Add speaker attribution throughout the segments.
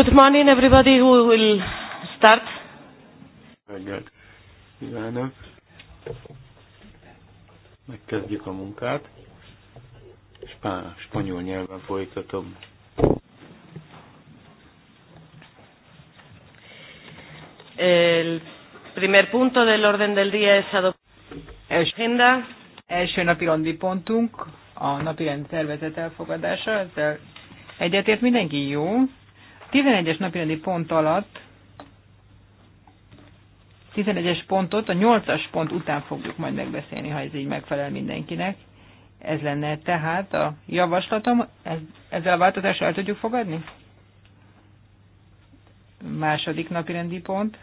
Speaker 1: Good morning everybody who will start.
Speaker 2: Megkezdjük a munkát. Spán, spanyol nyelven folytatom.
Speaker 1: El primer punto del orden del día es agenda. Első napi rendi pontunk
Speaker 3: a napi rend szervezet elfogadása, ezzel egyetért mindenki jó. 11-es napirendi pont alatt 11-es pontot a 8-as pont után fogjuk majd megbeszélni, ha ez így megfelel mindenkinek. Ez lenne tehát a javaslatom, ez, ezzel a változással el tudjuk fogadni? Második napirendi pont.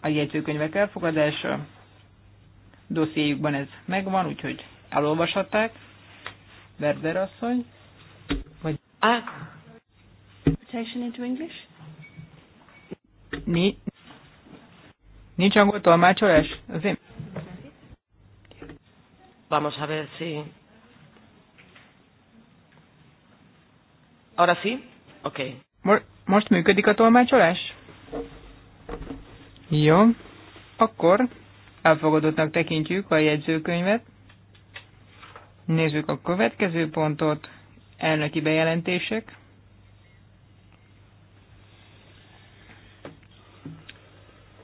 Speaker 3: A jegyzőkönyvek elfogadása. Dossziéjukban ez megvan, úgyhogy elolvashatták. Berder asszony. Ah.
Speaker 4: Interpretation into English?
Speaker 3: Ni, nincs angol tolmácsolás? Az én...
Speaker 1: Vamos a ver si... Ahora sí? Ok.
Speaker 3: Most működik a tolmácsolás? Jó. Akkor elfogadottnak tekintjük a jegyzőkönyvet. Nézzük a következő pontot elnöki bejelentések.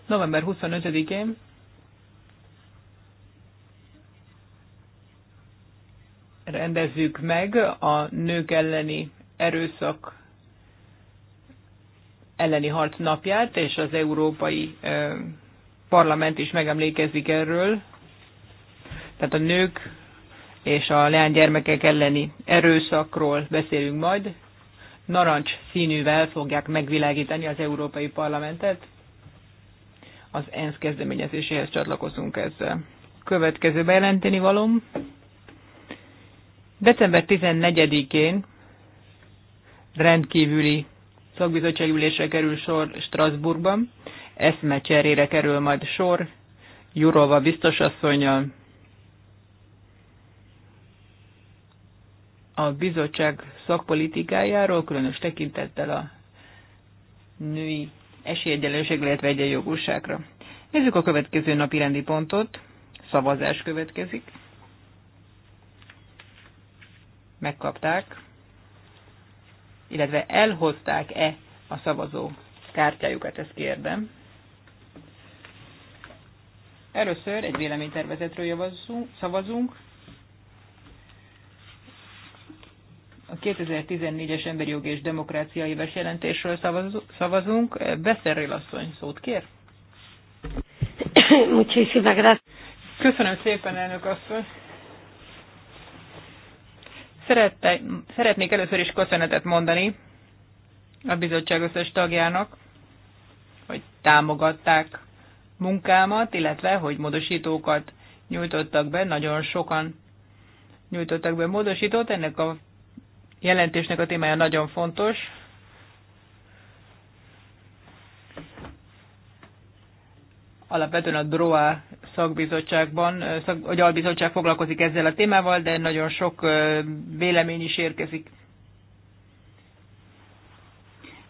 Speaker 3: November 25-én rendezzük meg a nők elleni erőszak elleni harc napját, és az Európai Parlament is megemlékezik erről. Tehát a nők és a leánygyermekek elleni erőszakról beszélünk majd. Narancs színűvel fogják megvilágítani az Európai Parlamentet. Az ENSZ kezdeményezéséhez csatlakozunk ezzel. Következő bejelenteni valom. December 14-én rendkívüli szakbizottsági ülésre kerül sor Strasbourgban. Eszmecserére kerül majd sor Jurova biztosasszonyjal, a bizottság szakpolitikájáról, különös tekintettel a női esélyegyenlőség, illetve egyenjogúságra. Nézzük a következő napi rendi pontot. Szavazás következik. Megkapták, illetve elhozták-e a szavazó kártyájukat, ezt kérdem. Először egy véleménytervezetről szavazunk, A 2014-es Emberi Jogi és Demokrácia éves jelentésről szavazunk. Beszerrél asszony, szót kér? Köszönöm szépen, elnök asszony. Szerette, szeretnék először is köszönetet mondani a bizottság összes tagjának, hogy támogatták munkámat, illetve hogy módosítókat nyújtottak be, nagyon sokan nyújtottak be módosítót, ennek a jelentésnek a témája nagyon fontos. Alapvetően a DROA szakbizottságban, szak, albizottság foglalkozik ezzel a témával, de nagyon sok vélemény is érkezik.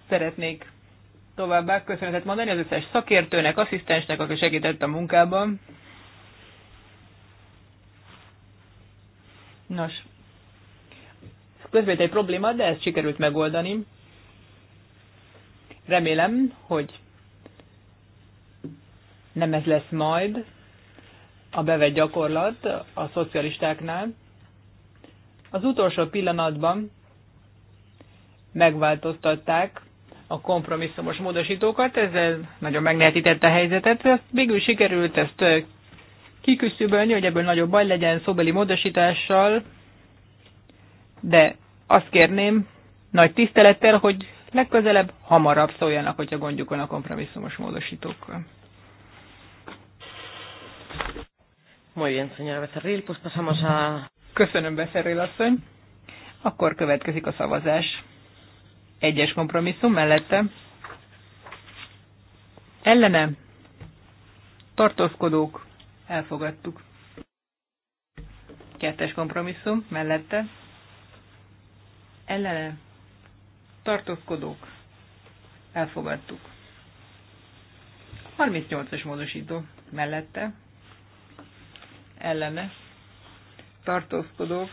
Speaker 3: Szeretnék továbbá köszönetet mondani az összes szakértőnek, asszisztensnek, aki segített a munkában. Nos, közvet egy probléma, de ezt sikerült megoldani. Remélem, hogy nem ez lesz majd a bevett gyakorlat a szocialistáknál. Az utolsó pillanatban megváltoztatták a kompromisszumos módosítókat, ezzel nagyon megnehezítette a helyzetet. Végül sikerült ezt kiküszöbölni, hogy ebből nagyobb baj legyen szóbeli módosítással, de azt kérném nagy tisztelettel, hogy legközelebb hamarabb szóljanak, hogyha gondjuk van a kompromisszumos módosítókkal.
Speaker 1: Muy bien, señora Becerril, pues pasamos a... Köszönöm, Becerril asszony.
Speaker 3: Akkor következik a szavazás. Egyes kompromisszum mellette. Ellene tartózkodók elfogadtuk. Kettes kompromisszum mellette ellene tartózkodók elfogadtuk. 38-as módosító mellette ellene tartózkodók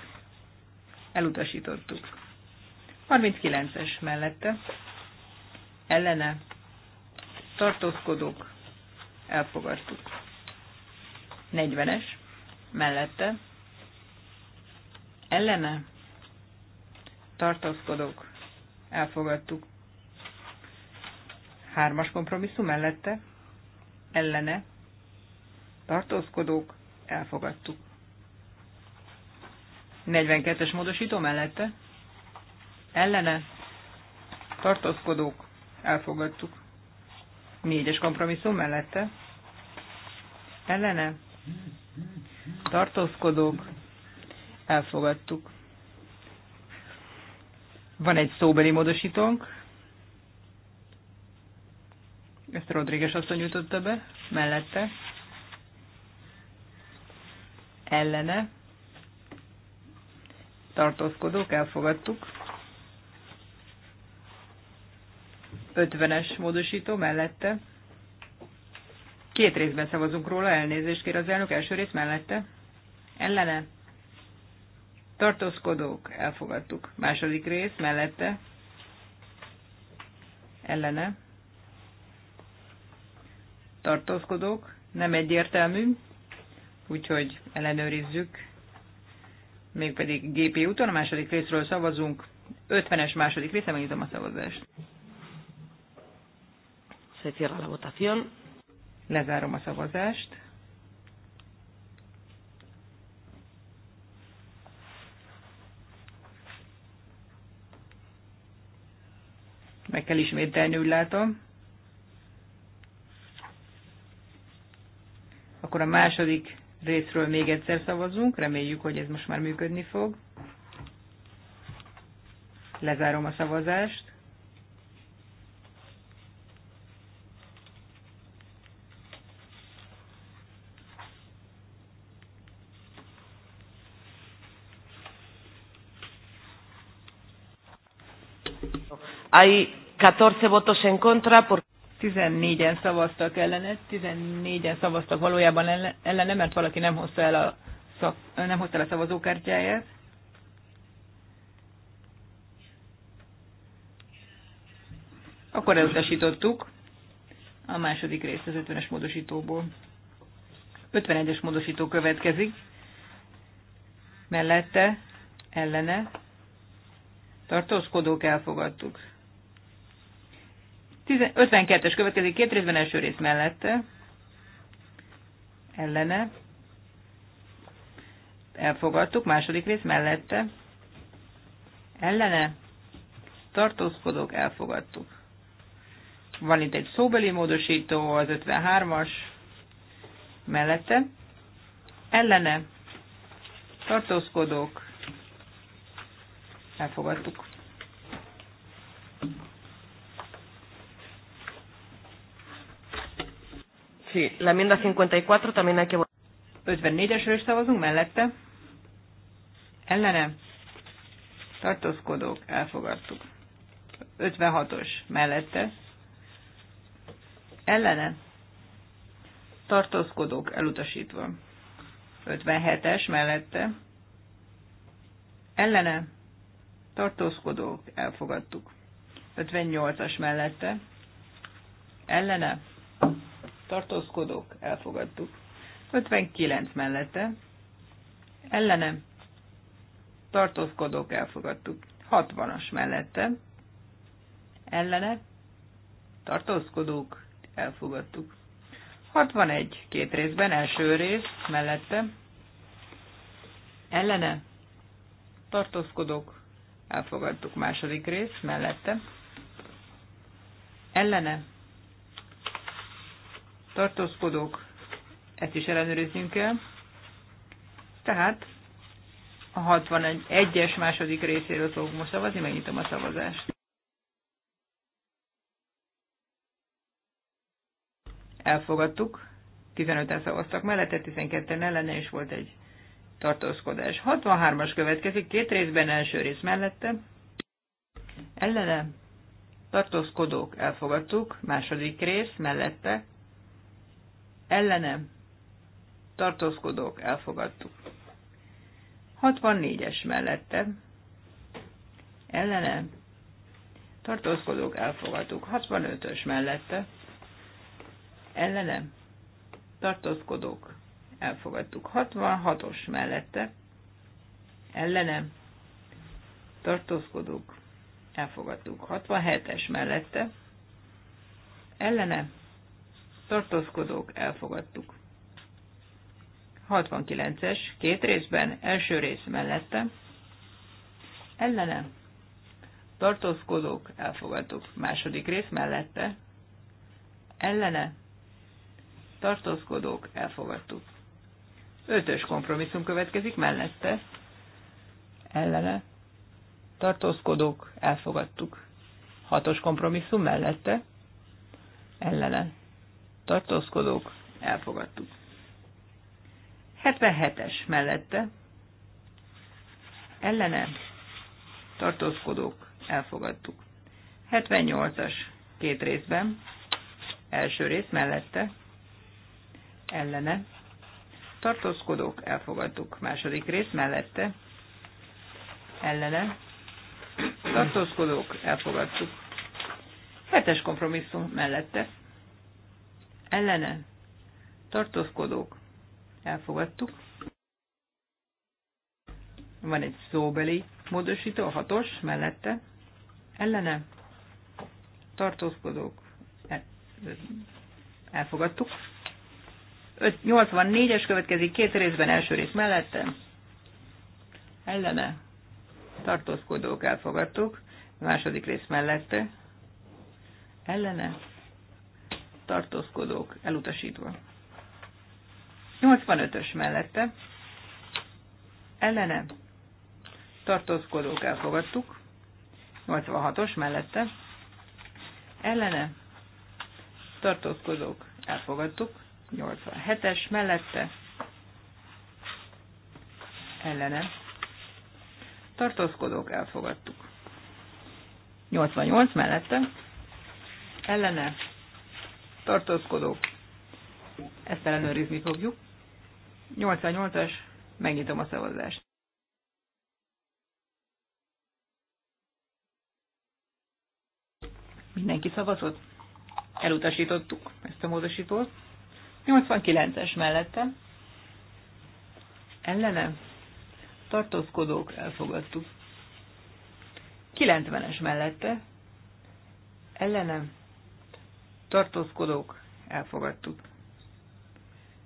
Speaker 3: elutasítottuk. 39-es mellette ellene tartózkodók elfogadtuk. 40-es mellette ellene tartózkodók, elfogadtuk. Hármas kompromisszum mellette, ellene, tartózkodók, elfogadtuk. 42-es módosító mellette, ellene, tartózkodók, elfogadtuk. 4-es kompromisszum mellette, ellene, tartózkodók, elfogadtuk. Van egy szóbeli módosítónk. Ezt Rodríguez asszony jutotta be, mellette. Ellene. Tartózkodók, elfogadtuk. 50-es módosító mellette. Két részben szavazunk róla, elnézést kér az elnök, első rész mellette. Ellene tartózkodók, elfogadtuk. Második rész, mellette, ellene, tartózkodók, nem egyértelmű, úgyhogy ellenőrizzük, mégpedig GP úton a második részről szavazunk, 50-es második része, megnyitom a szavazást. Se cierra la votación.
Speaker 5: Lezárom a szavazást.
Speaker 3: meg kell ismételni, úgy látom. Akkor a második részről még egyszer szavazunk, reméljük, hogy ez most már működni fog. Lezárom a
Speaker 5: szavazást.
Speaker 1: I 14 votos en contra. Por... 14-en szavaztak
Speaker 3: ellene, 14-en szavaztak valójában ellene, mert valaki nem hozta el a, szav, nem hozta el a szavazókártyáját. Akkor elutasítottuk a második részt az 50-es módosítóból. 51-es módosító következik. Mellette, ellene, tartózkodók elfogadtuk. 52-es következik két részben első rész mellette. Ellene. Elfogadtuk. Második rész mellette. Ellene. Tartózkodók. Elfogadtuk. Van itt egy szóbeli módosító, az 53-as mellette. Ellene. Tartózkodók. Elfogadtuk.
Speaker 1: Sí, la enmienda 54 también hay que... 54-esről szavazunk mellette. Ellene.
Speaker 3: Tartózkodók, elfogadtuk. 56-os mellette. Ellene. Tartózkodók, elutasítva. 57-es mellette. Ellene. Tartózkodók, elfogadtuk. 58-as mellette. Ellene tartózkodók, elfogadtuk. 59 mellette, ellenem, tartózkodók, elfogadtuk. 60-as mellette, ellene, tartózkodók, elfogadtuk. 61 két részben, első rész mellette, ellene, tartózkodók, elfogadtuk második rész mellette, ellene, tartózkodók, ezt is ellenőriznünk kell. Tehát a 61-es második részéről fogunk most szavazni, megnyitom a szavazást. Elfogadtuk, 15-en szavaztak mellette, 12-en ellene, is volt egy tartózkodás. 63-as következik, két részben első rész mellette. Ellene tartózkodók elfogadtuk, második rész mellette ellenem tartózkodók elfogadtuk. 64-es mellette Ellenem tartózkodók elfogadtuk. 65-ös mellette Ellenem tartózkodók elfogadtuk. 66-os mellette Ellenem tartózkodók elfogadtuk. 67-es mellette Ellenem tartózkodók, elfogadtuk. 69-es, két részben, első rész mellette, ellene, tartózkodók, elfogadtuk. Második rész mellette, ellene, tartózkodók, elfogadtuk. Ötös kompromisszum következik mellette, ellene, tartózkodók, elfogadtuk. Hatos kompromisszum mellette, ellene, tartózkodók, elfogadtuk. 77-es mellette, ellene, tartózkodók, elfogadtuk. 78-as két részben, első rész mellette, ellene, tartózkodók, elfogadtuk. Második rész mellette, ellene, tartózkodók, elfogadtuk. Hetes kompromisszum mellette, ellene tartózkodók elfogadtuk. Van egy szóbeli módosító, a hatos mellette ellene tartózkodók e- elfogadtuk. 84-es következik két részben, első rész mellette ellene tartózkodók elfogadtuk, a második rész mellette ellene tartózkodók elutasítva. 85-ös mellette ellene tartózkodók elfogadtuk, 86-os mellette ellene tartózkodók elfogadtuk, 87-es mellette ellene tartózkodók elfogadtuk. 88 mellette ellene tartózkodók, ezt ellenőrizni fogjuk. 88-as, megnyitom a szavazást. Mindenki szavazott? Elutasítottuk ezt a módosítót. 89-es mellette. Ellene? Tartózkodók, elfogadtuk. 90-es mellette. Ellenem tartózkodók, elfogadtuk.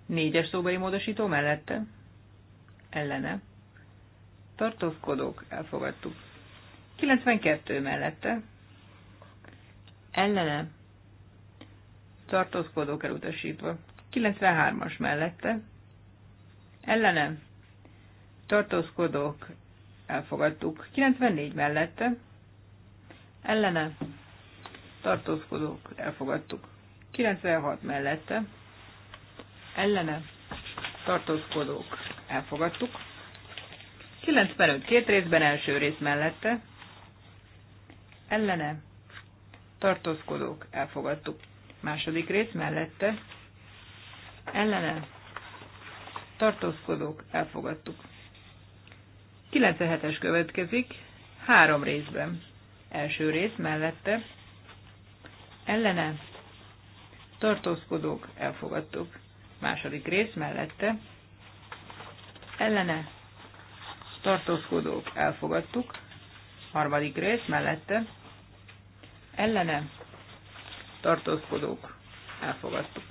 Speaker 3: Négyes szóbeli módosító mellette, ellene, tartózkodók, elfogadtuk. 92 mellette, ellene, tartózkodók elutasítva. 93-as mellette, ellene, tartózkodók, elfogadtuk. 94 mellette, ellene, tartózkodók, elfogadtuk. 96 mellette, ellene, tartózkodók, elfogadtuk. 95 két részben, első rész mellette, ellene, tartózkodók, elfogadtuk. Második rész mellette, ellene, tartózkodók, elfogadtuk. 97-es következik, három részben. Első rész mellette, ellene tartózkodók elfogadtuk. Második rész mellette ellene tartózkodók elfogadtuk. Harmadik rész mellette ellene tartózkodók elfogadtuk.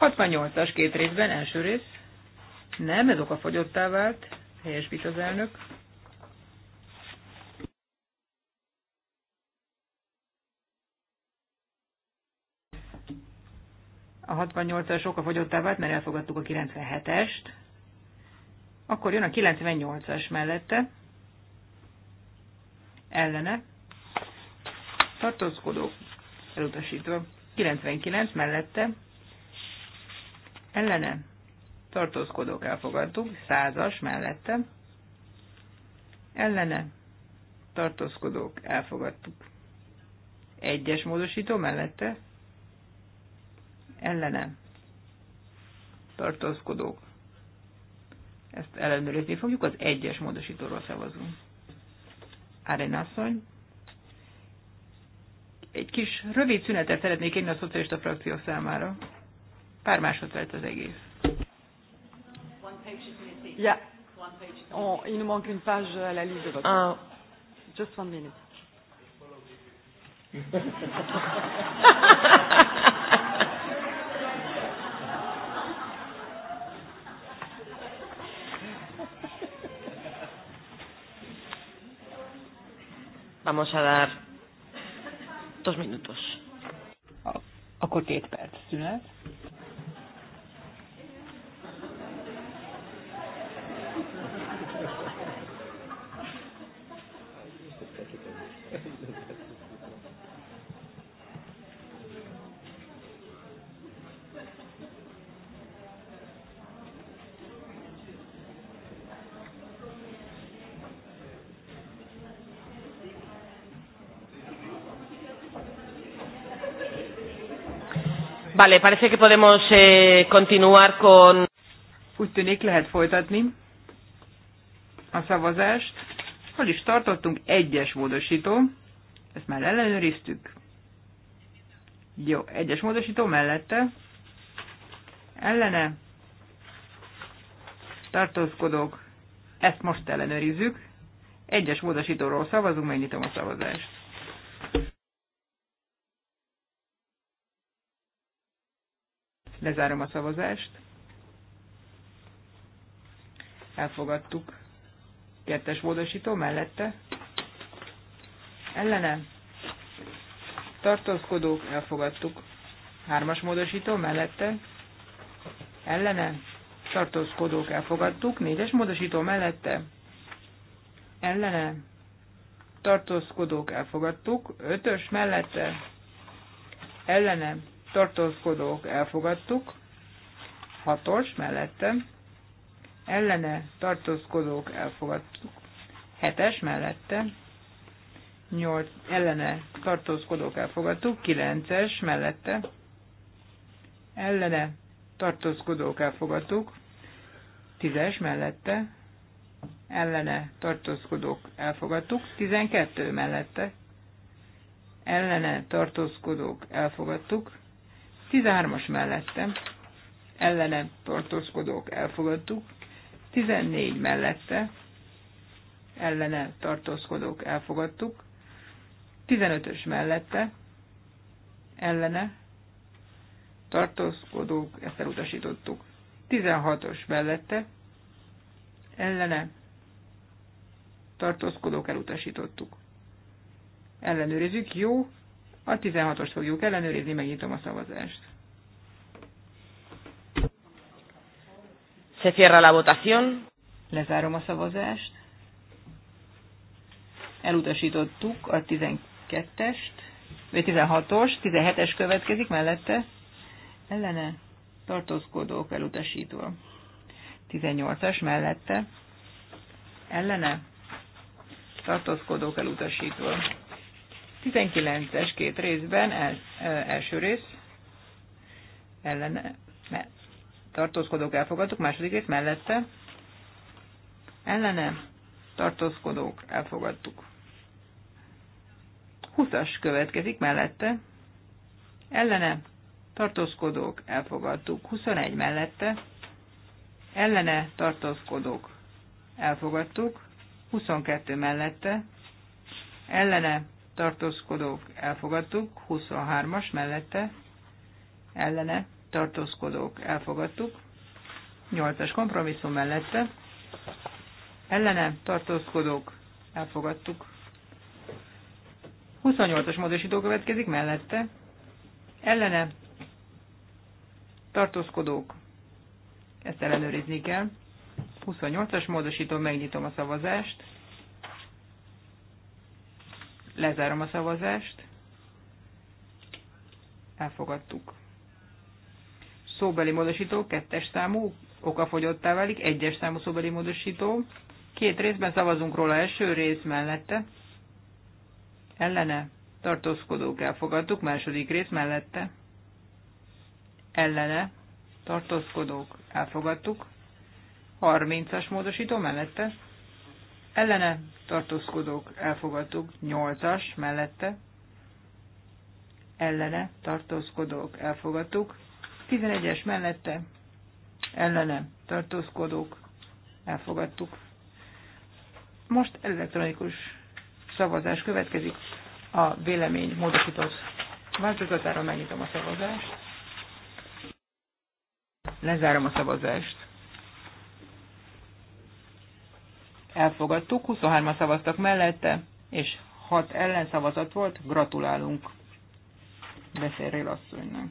Speaker 3: 68-as két részben első rész. Nem, ez fogyottá vált, helyesbít az elnök. a 68-as sokkal fogyottá vált, mert elfogadtuk a 97-est, akkor jön a 98-as mellette, ellene, Tartózkodó. elutasítva, 99 mellette, ellene, tartózkodók elfogadtuk, 100-as mellette, ellene, tartózkodók elfogadtuk. Egyes módosító mellette, ellene tartózkodók. Ezt ellenőrizni fogjuk, az egyes módosítóról szavazunk. Árenasszony. Egy kis rövid szünetet szeretnék én a szocialista frakció számára. Pár másodperc az egész.
Speaker 4: Yeah. On, oh,
Speaker 6: il nous manque une page à la liste de ah. Just one minute.
Speaker 1: Vamos a dar dos minutos. Akkor két perc szünet. Vale, parece que podemos eh, continuar con... Úgy tűnik, lehet folytatni a szavazást. Hol is tartottunk?
Speaker 3: Egyes módosító. Ezt már ellenőriztük. Jó, egyes módosító mellette. Ellene. Tartózkodók. Ezt most ellenőrizzük. Egyes módosítóról szavazunk, megnyitom a szavazást. Lezárom a szavazást. Elfogadtuk. Kettes módosító mellette. Ellene. Tartózkodók. Elfogadtuk. Hármas módosító mellette. Ellene. Tartózkodók. Elfogadtuk. Négyes módosító mellette. Ellene. Tartózkodók. Elfogadtuk. Ötös mellette. Ellene tartózkodók elfogadtuk, hatos mellette, ellene tartózkodók elfogadtuk, hetes mellette, nyolc ellene tartózkodók elfogadtuk, kilences mellette, ellene tartózkodók elfogadtuk, tízes mellette, ellene tartózkodók elfogadtuk, tizenkettő mellette, ellene tartózkodók elfogadtuk, 13-as mellette ellene tartózkodók elfogadtuk, 14 mellette ellene tartózkodók elfogadtuk, 15-ös mellette ellene tartózkodók, ezt elutasítottuk. 16-os mellette ellene tartózkodók elutasítottuk. Ellenőrizzük, jó, a 16 os fogjuk ellenőrizni, megnyitom a szavazást. Se cierra la votación. Lezárom a szavazást. Elutasítottuk a 12-est, vagy 16-os, 17-es következik mellette. Ellene tartózkodók elutasítva. 18-as mellette. Ellene tartózkodók elutasítva. 19-es két részben, el, első rész, ellene, me tartózkodók elfogadtuk, második rész mellette, ellene, tartózkodók elfogadtuk. 20-as következik mellette, ellene, tartózkodók elfogadtuk. 21 mellette, ellene, tartózkodók elfogadtuk. 22 mellette, ellene tartózkodók elfogadtuk, 23-as mellette ellene tartózkodók elfogadtuk, 8-as kompromisszum mellette ellene tartózkodók elfogadtuk. 28-as módosító következik mellette ellene tartózkodók ezt ellenőrizni kell. 28-as módosító, megnyitom a szavazást. Lezárom a szavazást. Elfogadtuk. Szóbeli módosító, kettes számú, okafogyottá válik, egyes számú szóbeli módosító. Két részben szavazunk róla, első rész mellette. Ellene tartózkodók elfogadtuk, második rész mellette. Ellene tartózkodók elfogadtuk. 30-as módosító mellette ellene tartózkodók elfogadtuk, 8-as mellette ellene tartózkodók elfogadtuk, 11-es mellette ellene tartózkodók elfogadtuk. Most elektronikus szavazás következik a vélemény módosított változatára. Megnyitom a szavazást. Lezárom a szavazást. elfogadtuk, 23-an szavaztak mellette, és 6 ellenszavazat volt. Gratulálunk Beszérél asszonynak.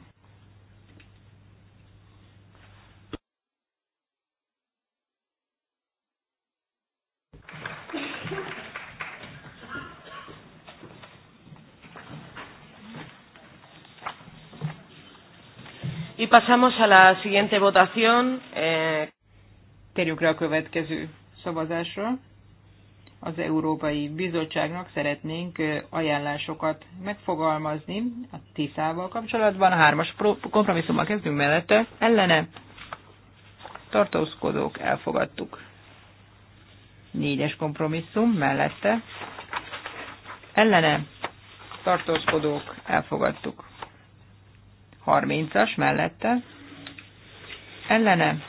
Speaker 1: Y pasamos a la siguiente votación. Eh...
Speaker 3: Térjük rá a következő szavazásra. Az Európai Bizottságnak szeretnénk ajánlásokat megfogalmazni a TISZ-ával kapcsolatban. Hármas kompromisszummal kezdünk mellette. Ellene tartózkodók elfogadtuk. Négyes kompromisszum mellette. Ellene tartózkodók elfogadtuk. 30-as mellette. Ellene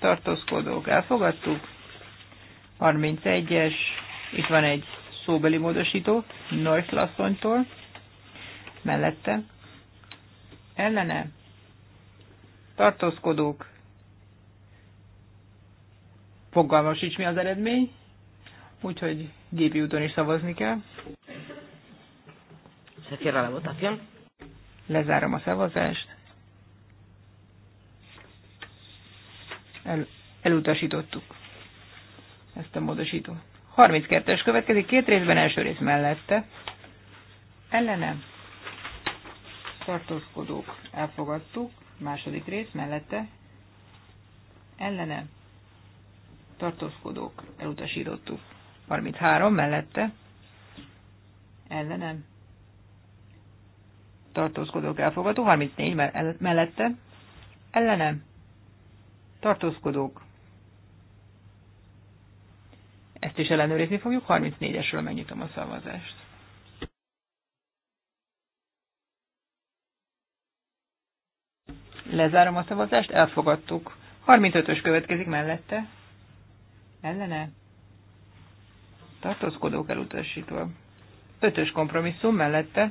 Speaker 3: tartózkodók elfogadtuk. 31-es, itt van egy szóbeli módosító, North Lassonytól, mellette. Ellene tartózkodók, fogalmasíts mi az eredmény, úgyhogy gépi úton is szavazni kell. Lezárom a szavazást. El, elutasítottuk ezt a módosító. 32-es következik, két részben első rész mellette. Ellene tartózkodók elfogadtuk, második rész mellette. Ellene tartózkodók elutasítottuk. 33 mellette. Ellene tartózkodók elfogadtuk, 34 mellette. Ellene tartózkodók ezt is ellenőrizni fogjuk. 34-esről megnyitom a szavazást. Lezárom a szavazást, elfogadtuk. 35-ös következik mellette. Ellene? Tartózkodók elutasítva. 5-ös kompromisszum mellette.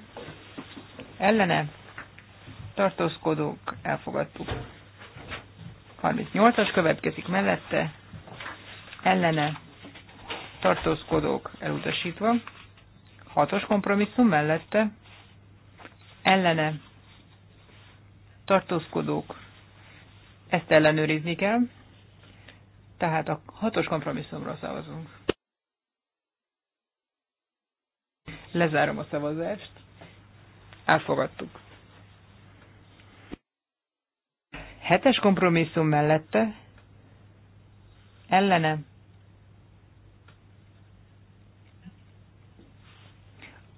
Speaker 3: Ellene? Tartózkodók elfogadtuk. 38-as következik mellette. Ellene? tartózkodók elutasítva, hatos kompromisszum mellette, ellene tartózkodók, ezt ellenőrizni kell, tehát a hatos kompromisszumra szavazunk. Lezárom a szavazást. Elfogadtuk. Hetes kompromisszum mellette ellene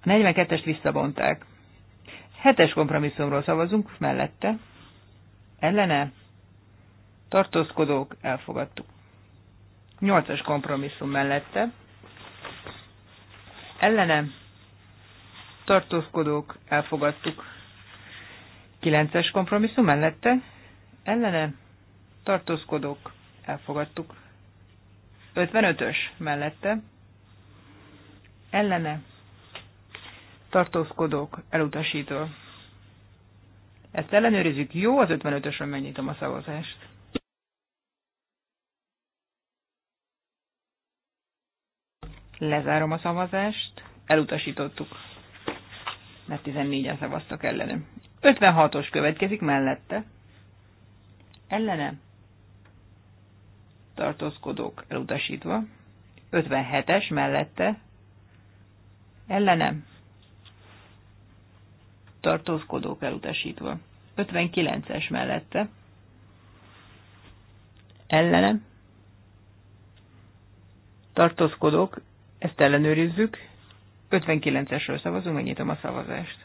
Speaker 3: 42-est visszabonták. Hetes kompromisszumról szavazunk, mellette. Ellene. Tartózkodók, elfogadtuk. Nyolcas kompromisszum mellette. Ellene. Tartózkodók, elfogadtuk. Kilences kompromisszum mellette. Ellene. Tartózkodók, elfogadtuk. 55-ös mellette. Ellene tartózkodók, elutasító. Ezt ellenőrizzük. Jó, az 55-ösön megnyitom a szavazást. Lezárom a szavazást. Elutasítottuk. Mert 14-en szavaztak ellenem. 56-os következik mellette. Ellenem. Tartózkodók elutasítva. 57-es mellette. Ellenem tartózkodók elutasítva. 59-es mellette. Ellene. Tartózkodók, ezt ellenőrizzük. 59-esről szavazunk, megnyitom a szavazást.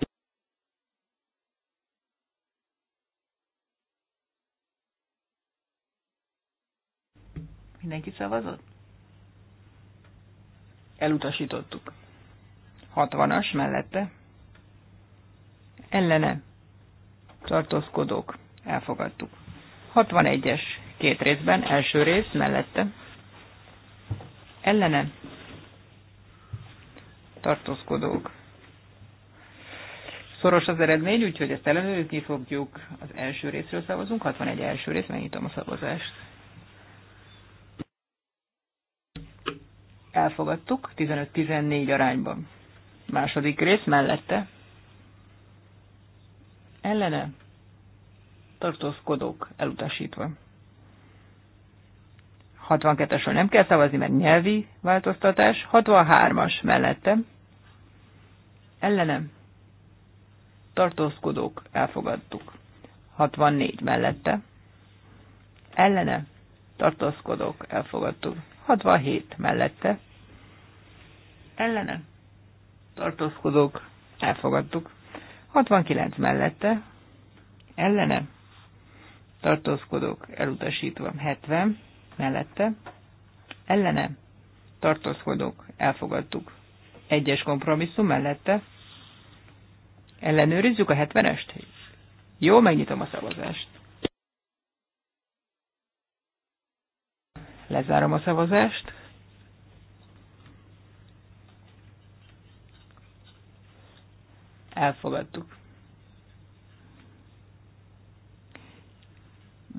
Speaker 3: Mindenki szavazott? Elutasítottuk. 60-as mellette ellene tartózkodók elfogadtuk. 61-es két részben, első rész mellette ellene tartózkodók. Szoros az eredmény, úgyhogy ezt ellenőrizni fogjuk. Az első részről szavazunk, 61 első rész, megnyitom a szavazást. Elfogadtuk, 15-14 arányban. Második rész mellette, ellene tartózkodók elutasítva. 62-esről nem kell szavazni, mert nyelvi változtatás. 63-as mellette ellenem tartózkodók elfogadtuk. 64 mellette ellene tartózkodók elfogadtuk. 67 mellette ellene tartózkodók elfogadtuk. 69 mellette, ellene, tartózkodok, elutasítva 70 mellette, ellene, tartózkodok, elfogadtuk. Egyes kompromisszum mellette, ellenőrizzük a 70-est? Jó, megnyitom a szavazást. Lezárom a szavazást. elfogadtuk.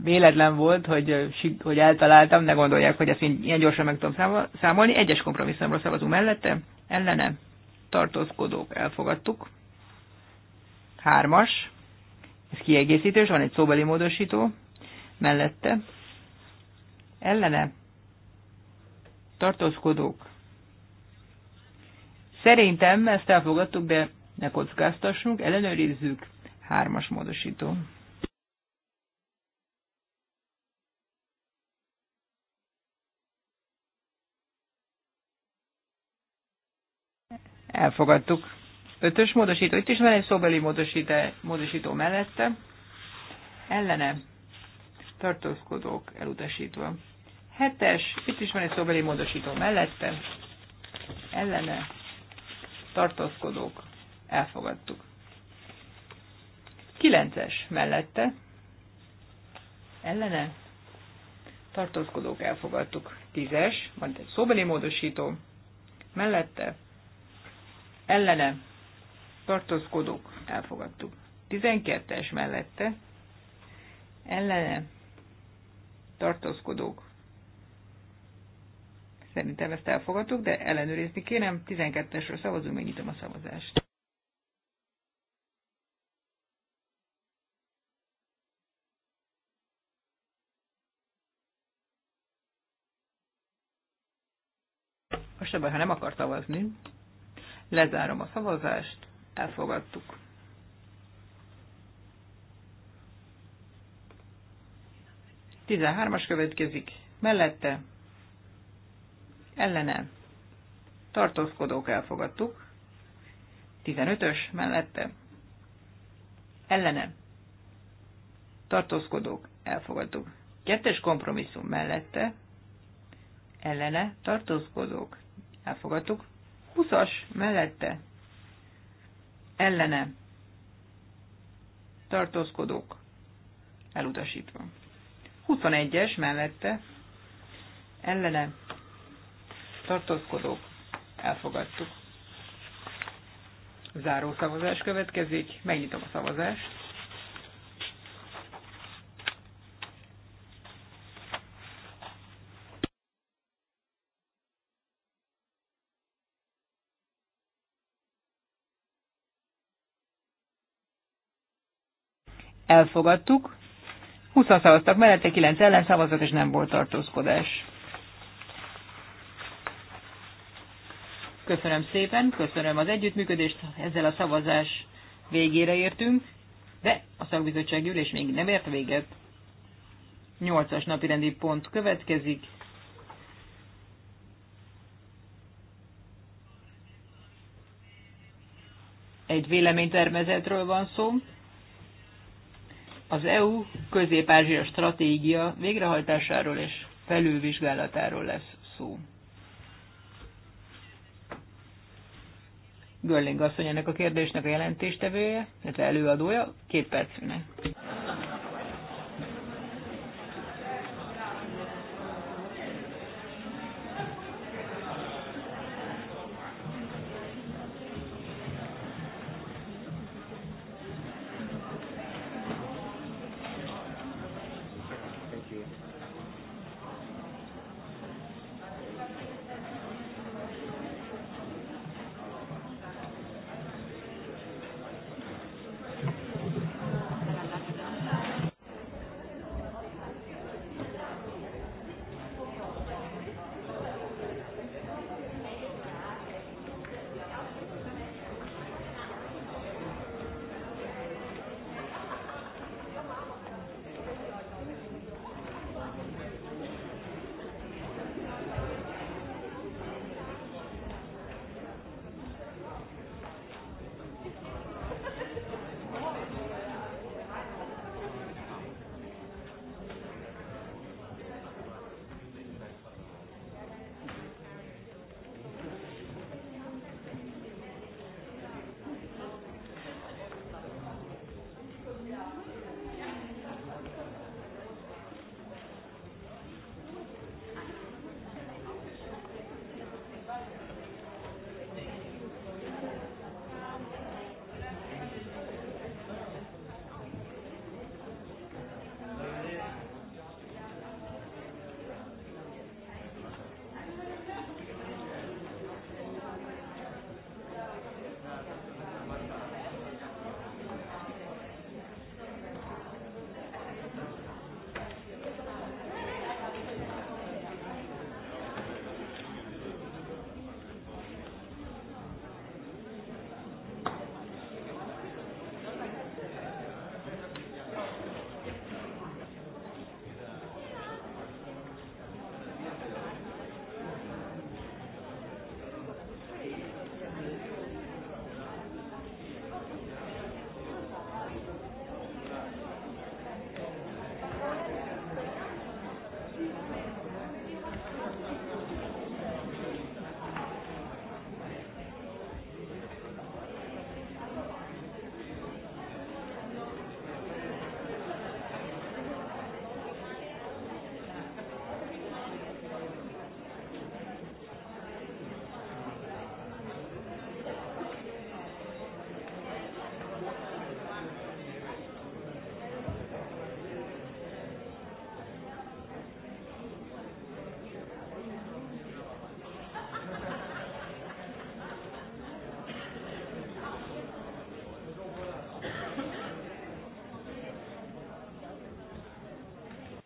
Speaker 3: Véletlen volt, hogy, hogy eltaláltam, ne gondolják, hogy ezt ilyen gyorsan meg tudom számolni. Egyes kompromisszumra szavazunk mellette, ellene tartózkodók elfogadtuk. Hármas, ez kiegészítős, van egy szóbeli módosító mellette. Ellene tartózkodók. Szerintem ezt elfogadtuk, de ne kockáztassunk, ellenőrizzük, hármas módosító. Elfogadtuk. Ötös módosító. Itt is van egy szóbeli módosító mellette. Ellene. Tartózkodók elutasítva. Hetes. Itt is van egy szóbeli módosító mellette. Ellene. Tartózkodók elfogadtuk. 9-es mellette ellene tartózkodók elfogadtuk. 10-es, majd egy szóbeli módosító mellette ellene tartózkodók elfogadtuk. 12-es mellette ellene tartózkodók Szerintem ezt elfogadtuk, de ellenőrizni kérem. 12-esről szavazunk,
Speaker 5: megnyitom a szavazást.
Speaker 3: se baj, ha nem akar szavazni. Lezárom a szavazást, elfogadtuk. Tizenhármas következik, mellette, ellene, tartózkodók elfogadtuk. 15-ös mellette. Ellene. Tartózkodók elfogadtuk. Kettes kompromisszum mellette. Ellene tartózkodók elfogadtuk. 20-as mellette ellene tartózkodók elutasítva. 21-es mellette ellene tartózkodók elfogadtuk. Záró szavazás következik, megnyitom a szavazást. elfogadtuk. 20 szavaztak mellette, 9 ellen szavazat, és nem volt tartózkodás. Köszönöm szépen, köszönöm az együttműködést, ezzel a szavazás végére értünk, de a szakbizottság ülés még nem ért véget. 8-as napirendi pont következik. Egy véleménytermezetről van szó az EU közép-ázsia stratégia végrehajtásáról és felülvizsgálatáról lesz szó. Görling asszony ennek a kérdésnek a jelentéstevője, illetve előadója, két percűnek.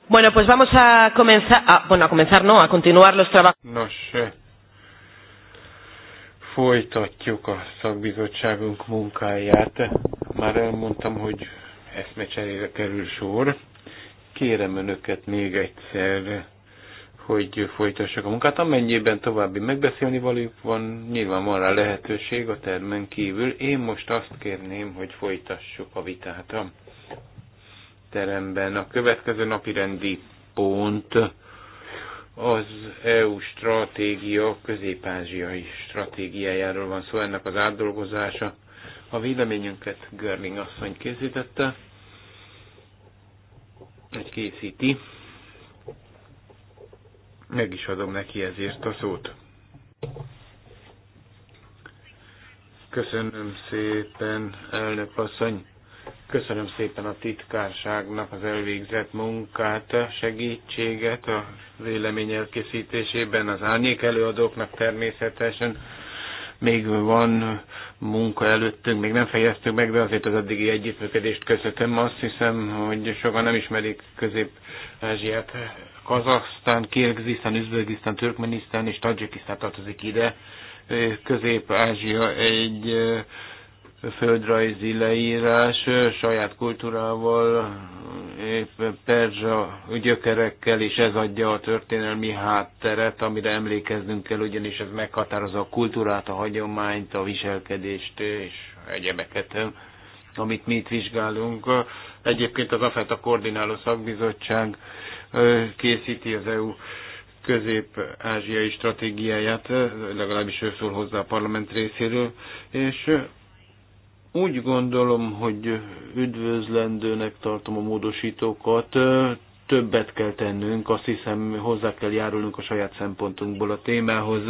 Speaker 1: Bueno, pues vamos a comenzar, a, bueno, a comenzar no, a continuar los trabajos. sé. Eh,
Speaker 2: folytatjuk a szakbizottságunk munkáját. Már elmondtam, hogy eszmecserére kerül sor. Kérem önöket még egyszer, hogy folytassák a munkát. Amennyiben további megbeszélni valójuk van, nyilván van rá lehetőség a termen kívül. Én most azt kérném, hogy folytassuk a vitát teremben. A következő napi rendi pont az EU stratégia, közép-ázsiai stratégiájáról van szó, ennek az átdolgozása. A véleményünket Görling asszony készítette, egy készíti. Meg is adom neki ezért a szót. Köszönöm szépen, elnök asszony. Köszönöm szépen a titkárságnak az elvégzett munkát, segítséget a vélemény elkészítésében, az árnyék előadóknak természetesen. Még van munka előttünk, még nem fejeztük meg, de azért az addigi együttműködést köszönöm. Azt hiszem, hogy sokan nem ismerik Közép-Ázsiát. Kazaksztán, Kirgizisztán, Üzbegisztán, Türkmenisztán és Tadzsikisztán tartozik ide. Közép-Ázsia egy földrajzi leírás, saját kultúrával, épp perzsa gyökerekkel, és ez adja a történelmi hátteret, amire emlékeznünk kell, ugyanis ez meghatározza a kultúrát, a hagyományt, a viselkedést és egyebeket, amit mi itt vizsgálunk. Egyébként az AFET a koordináló szakbizottság készíti az EU közép-ázsiai stratégiáját, legalábbis ő szól hozzá a parlament részéről, és úgy gondolom, hogy üdvözlendőnek tartom a módosítókat. Többet kell tennünk, azt hiszem hozzá kell járulnunk a saját szempontunkból a témához.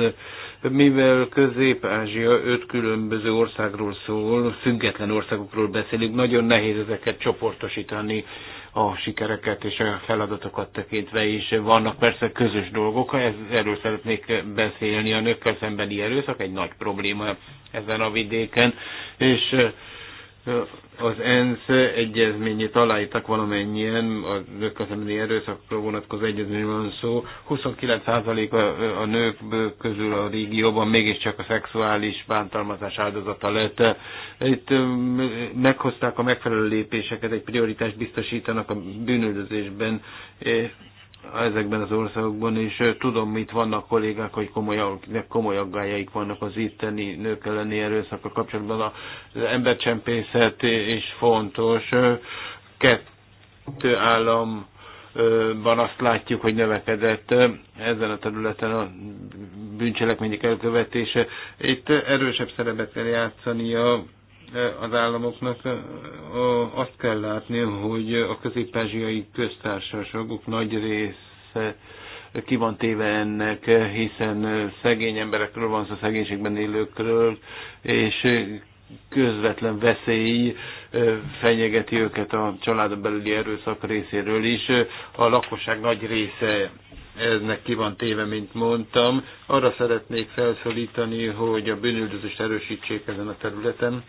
Speaker 2: Mivel Közép-Ázsia öt különböző országról szól, független országokról beszélünk, nagyon nehéz ezeket csoportosítani a sikereket és a feladatokat tekintve is. Vannak persze közös dolgok, ez, erről szeretnék beszélni. A nőkkel szembeni erőszak egy nagy probléma ezen a vidéken, és az ENSZ egyezményét aláírtak valamennyien, a nők az emberi erőszakra vonatkozó egyezmény van szó. 29% a, a nők közül a régióban mégiscsak a szexuális bántalmazás áldozata lett. Itt meghozták a megfelelő lépéseket, egy prioritást biztosítanak a bűnöldözésben, ezekben az országokban, és tudom, mit vannak kollégák, hogy komoly, komoly aggájaik vannak az itteni nők elleni erőszakkal kapcsolatban. Az embercsempészet is fontos. Kettő állam van azt látjuk, hogy növekedett ezen a területen a bűncselekmények elkövetése. Itt erősebb szerepet kell játszani a az államoknak azt kell látni, hogy a közép-ázsiai köztársaságok nagy része ki van téve ennek, hiszen szegény emberekről van szó, szegénységben élőkről, és közvetlen veszély fenyegeti őket a családon belüli erőszak részéről is. A lakosság nagy része eznek ki van téve, mint mondtam. Arra szeretnék felszólítani, hogy a bűnüldözést erősítsék ezen a területen.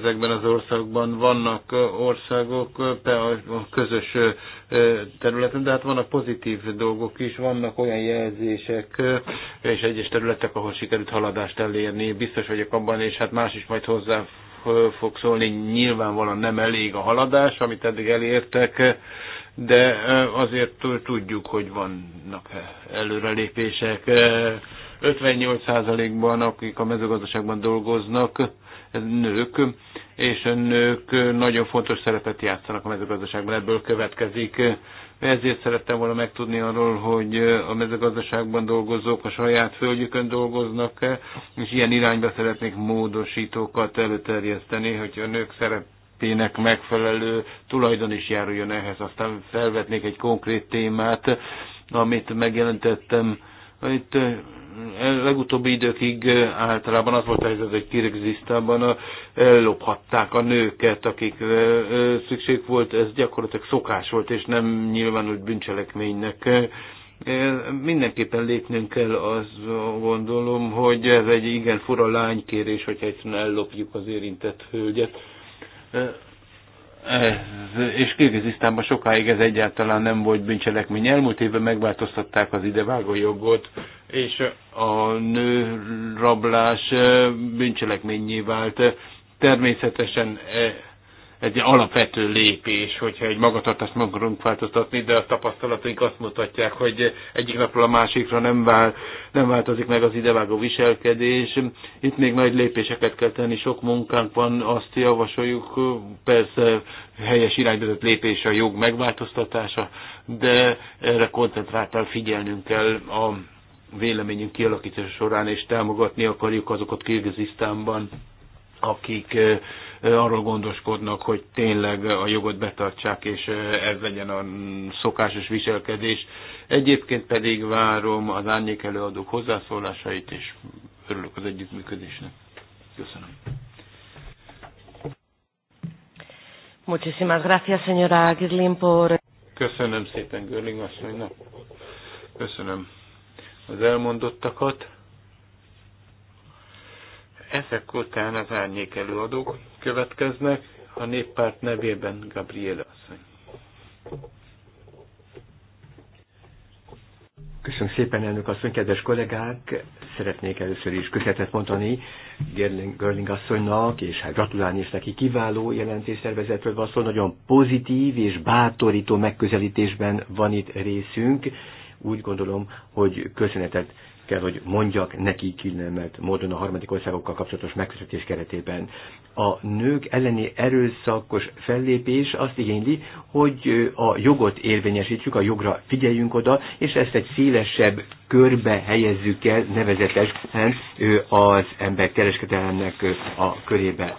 Speaker 2: Ezekben az országban vannak országok a közös területen, de hát vannak pozitív dolgok is, vannak olyan jelzések és egyes területek, ahol sikerült haladást elérni. Biztos vagyok abban, és hát más is majd hozzá fog szólni, nyilvánvalóan nem elég a haladás, amit eddig elértek de azért tudjuk, hogy vannak e, előrelépések. 58%-ban, e, akik a mezőgazdaságban dolgoznak, e, nők, és a nők nagyon fontos szerepet játszanak a mezőgazdaságban, ebből következik. Ezért szerettem volna megtudni arról, hogy a mezőgazdaságban dolgozók a saját földjükön dolgoznak, és ilyen irányba szeretnék módosítókat előterjeszteni, hogy a nők szerep szerepének megfelelő tulajdon is járuljon ehhez. Aztán felvetnék egy konkrét témát, amit megjelentettem. Itt eh, legutóbbi időkig eh, általában az volt a helyzet, hogy Kirgizisztában eh, ellophatták a nőket, akik szükség volt, ez gyakorlatilag szokás volt, és nem nyilvánult bűncselekménynek. Mindenképpen lépnünk kell, az gondolom, hogy ez egy igen fura lánykérés, hogyha egyszerűen ellopjuk az érintett hölgyet. Ez, és Kirgizisztánban sokáig ez egyáltalán nem volt bűncselekmény. Elmúlt évben megváltoztatták az idevágó jogot, és a nő rablás bűncselekményé vált. Természetesen egy alapvető lépés, hogyha egy magatartást meg akarunk változtatni, de a tapasztalataink azt mutatják, hogy egyik napról a másikra nem, vál, nem változik meg az idevágó viselkedés. Itt még nagy lépéseket kell tenni, sok munkánk van, azt javasoljuk, persze helyes irányított lépés a jog megváltoztatása, de erre koncentráltan figyelnünk kell a véleményünk kialakítása során, és támogatni akarjuk azokat Kirgizisztánban, akik eh, arról gondoskodnak, hogy tényleg a jogot betartsák, és ez legyen a mm, szokásos viselkedés. Egyébként pedig várom az árnyék előadók hozzászólásait, és örülök az együttműködésnek. Köszönöm.
Speaker 1: Muchísimas gracias, señora Girlin, por...
Speaker 2: Köszönöm szépen Görling asszonynak. Köszönöm az elmondottakat. Ezek után az árnyék előadók következnek, a néppárt nevében Gabriela
Speaker 7: asszony. Köszönöm szépen, elnök asszony, kedves kollégák! Szeretnék először is köszönetet mondani Gerling, Görling asszonynak, és hát gratulálni is neki kiváló jelentésszervezetről van szó, nagyon pozitív és bátorító megközelítésben van itt részünk. Úgy gondolom, hogy köszönetet kell, hogy mondjak neki illemelt módon a harmadik országokkal kapcsolatos megközelítés keretében. A nők elleni erőszakos fellépés azt igényli, hogy a jogot érvényesítsük, a jogra figyeljünk oda, és ezt egy szélesebb körbe helyezzük el nevezetesen az emberkereskedelemnek a körébe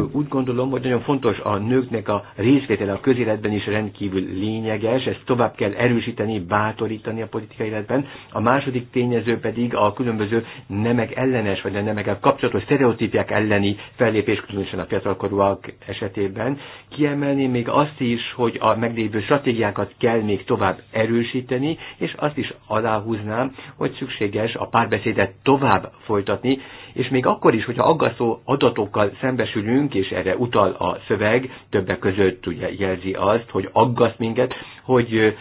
Speaker 7: úgy gondolom, hogy nagyon fontos a nőknek a részvétele a közéletben is rendkívül lényeges, ezt tovább kell erősíteni, bátorítani a politikai életben. A második tényező pedig a különböző nemek ellenes, vagy a nemekkel kapcsolatos sztereotípiák elleni fellépés, különösen a fiatalkorúak esetében. Kiemelném még azt is, hogy a meglévő stratégiákat kell még tovább erősíteni, és azt is aláhúznám, hogy szükséges a párbeszédet tovább folytatni, és még akkor is, hogyha aggasztó adatokkal szembesülünk, figyelnünk, és erre utal a szöveg, többek között ugye jelzi azt, hogy aggaszt minket, hogy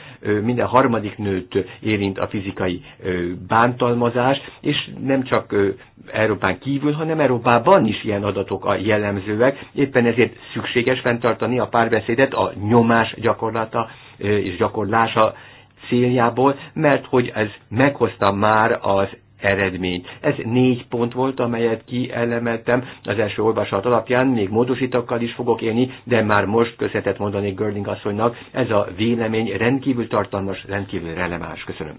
Speaker 7: minden harmadik nőt érint a fizikai bántalmazás, és nem csak Európán kívül, hanem Európában is ilyen adatok a jellemzőek. Éppen ezért szükséges fenntartani a párbeszédet a nyomás gyakorlata és gyakorlása céljából, mert hogy ez meghozta már az eredményt. Ez négy pont volt, amelyet kielemeltem az első olvasat alapján, még módosítakkal is fogok élni, de már most köszönetet mondani Görling asszonynak, ez a vélemény rendkívül tartalmas, rendkívül releváns. Köszönöm.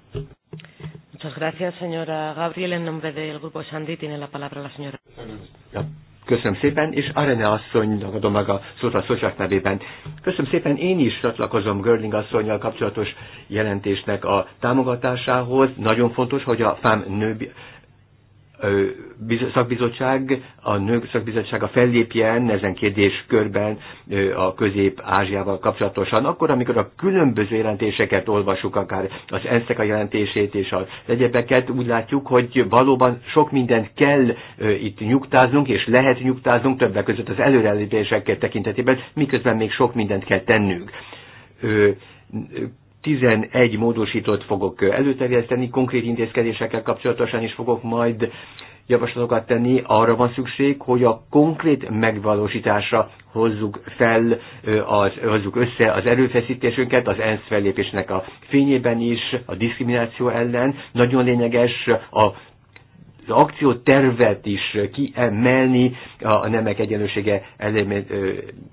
Speaker 1: Muchas gracias, señora Gabriel. En nombre del Grupo Sandi tiene la palabra la señora. Köszönöm.
Speaker 7: Ja. Köszönöm szépen, és Arene asszonynak adom meg a szót a Szosák nevében. Köszönöm szépen, én is csatlakozom Görling asszonynal kapcsolatos jelentésnek a támogatásához. Nagyon fontos, hogy a FAM nő szakbizottság, a nők szakbizottsága fellépjen ezen kérdéskörben a közép-ázsiával kapcsolatosan, akkor, amikor a különböző jelentéseket olvasuk, akár az ensz e a jelentését és az egyebeket, úgy látjuk, hogy valóban sok mindent kell itt nyugtáznunk, és lehet nyugtáznunk többek között az előrelépések tekintetében, miközben még sok mindent kell tennünk 11 módosítót fogok előterjeszteni, konkrét intézkedésekkel kapcsolatosan is fogok majd javaslatokat tenni. Arra van szükség, hogy a konkrét megvalósításra hozzuk fel, az, hozzuk össze az erőfeszítésünket az ENSZ fellépésnek a fényében is, a diszkrimináció ellen. Nagyon lényeges a az akciótervet is kiemelni a nemek egyenlősége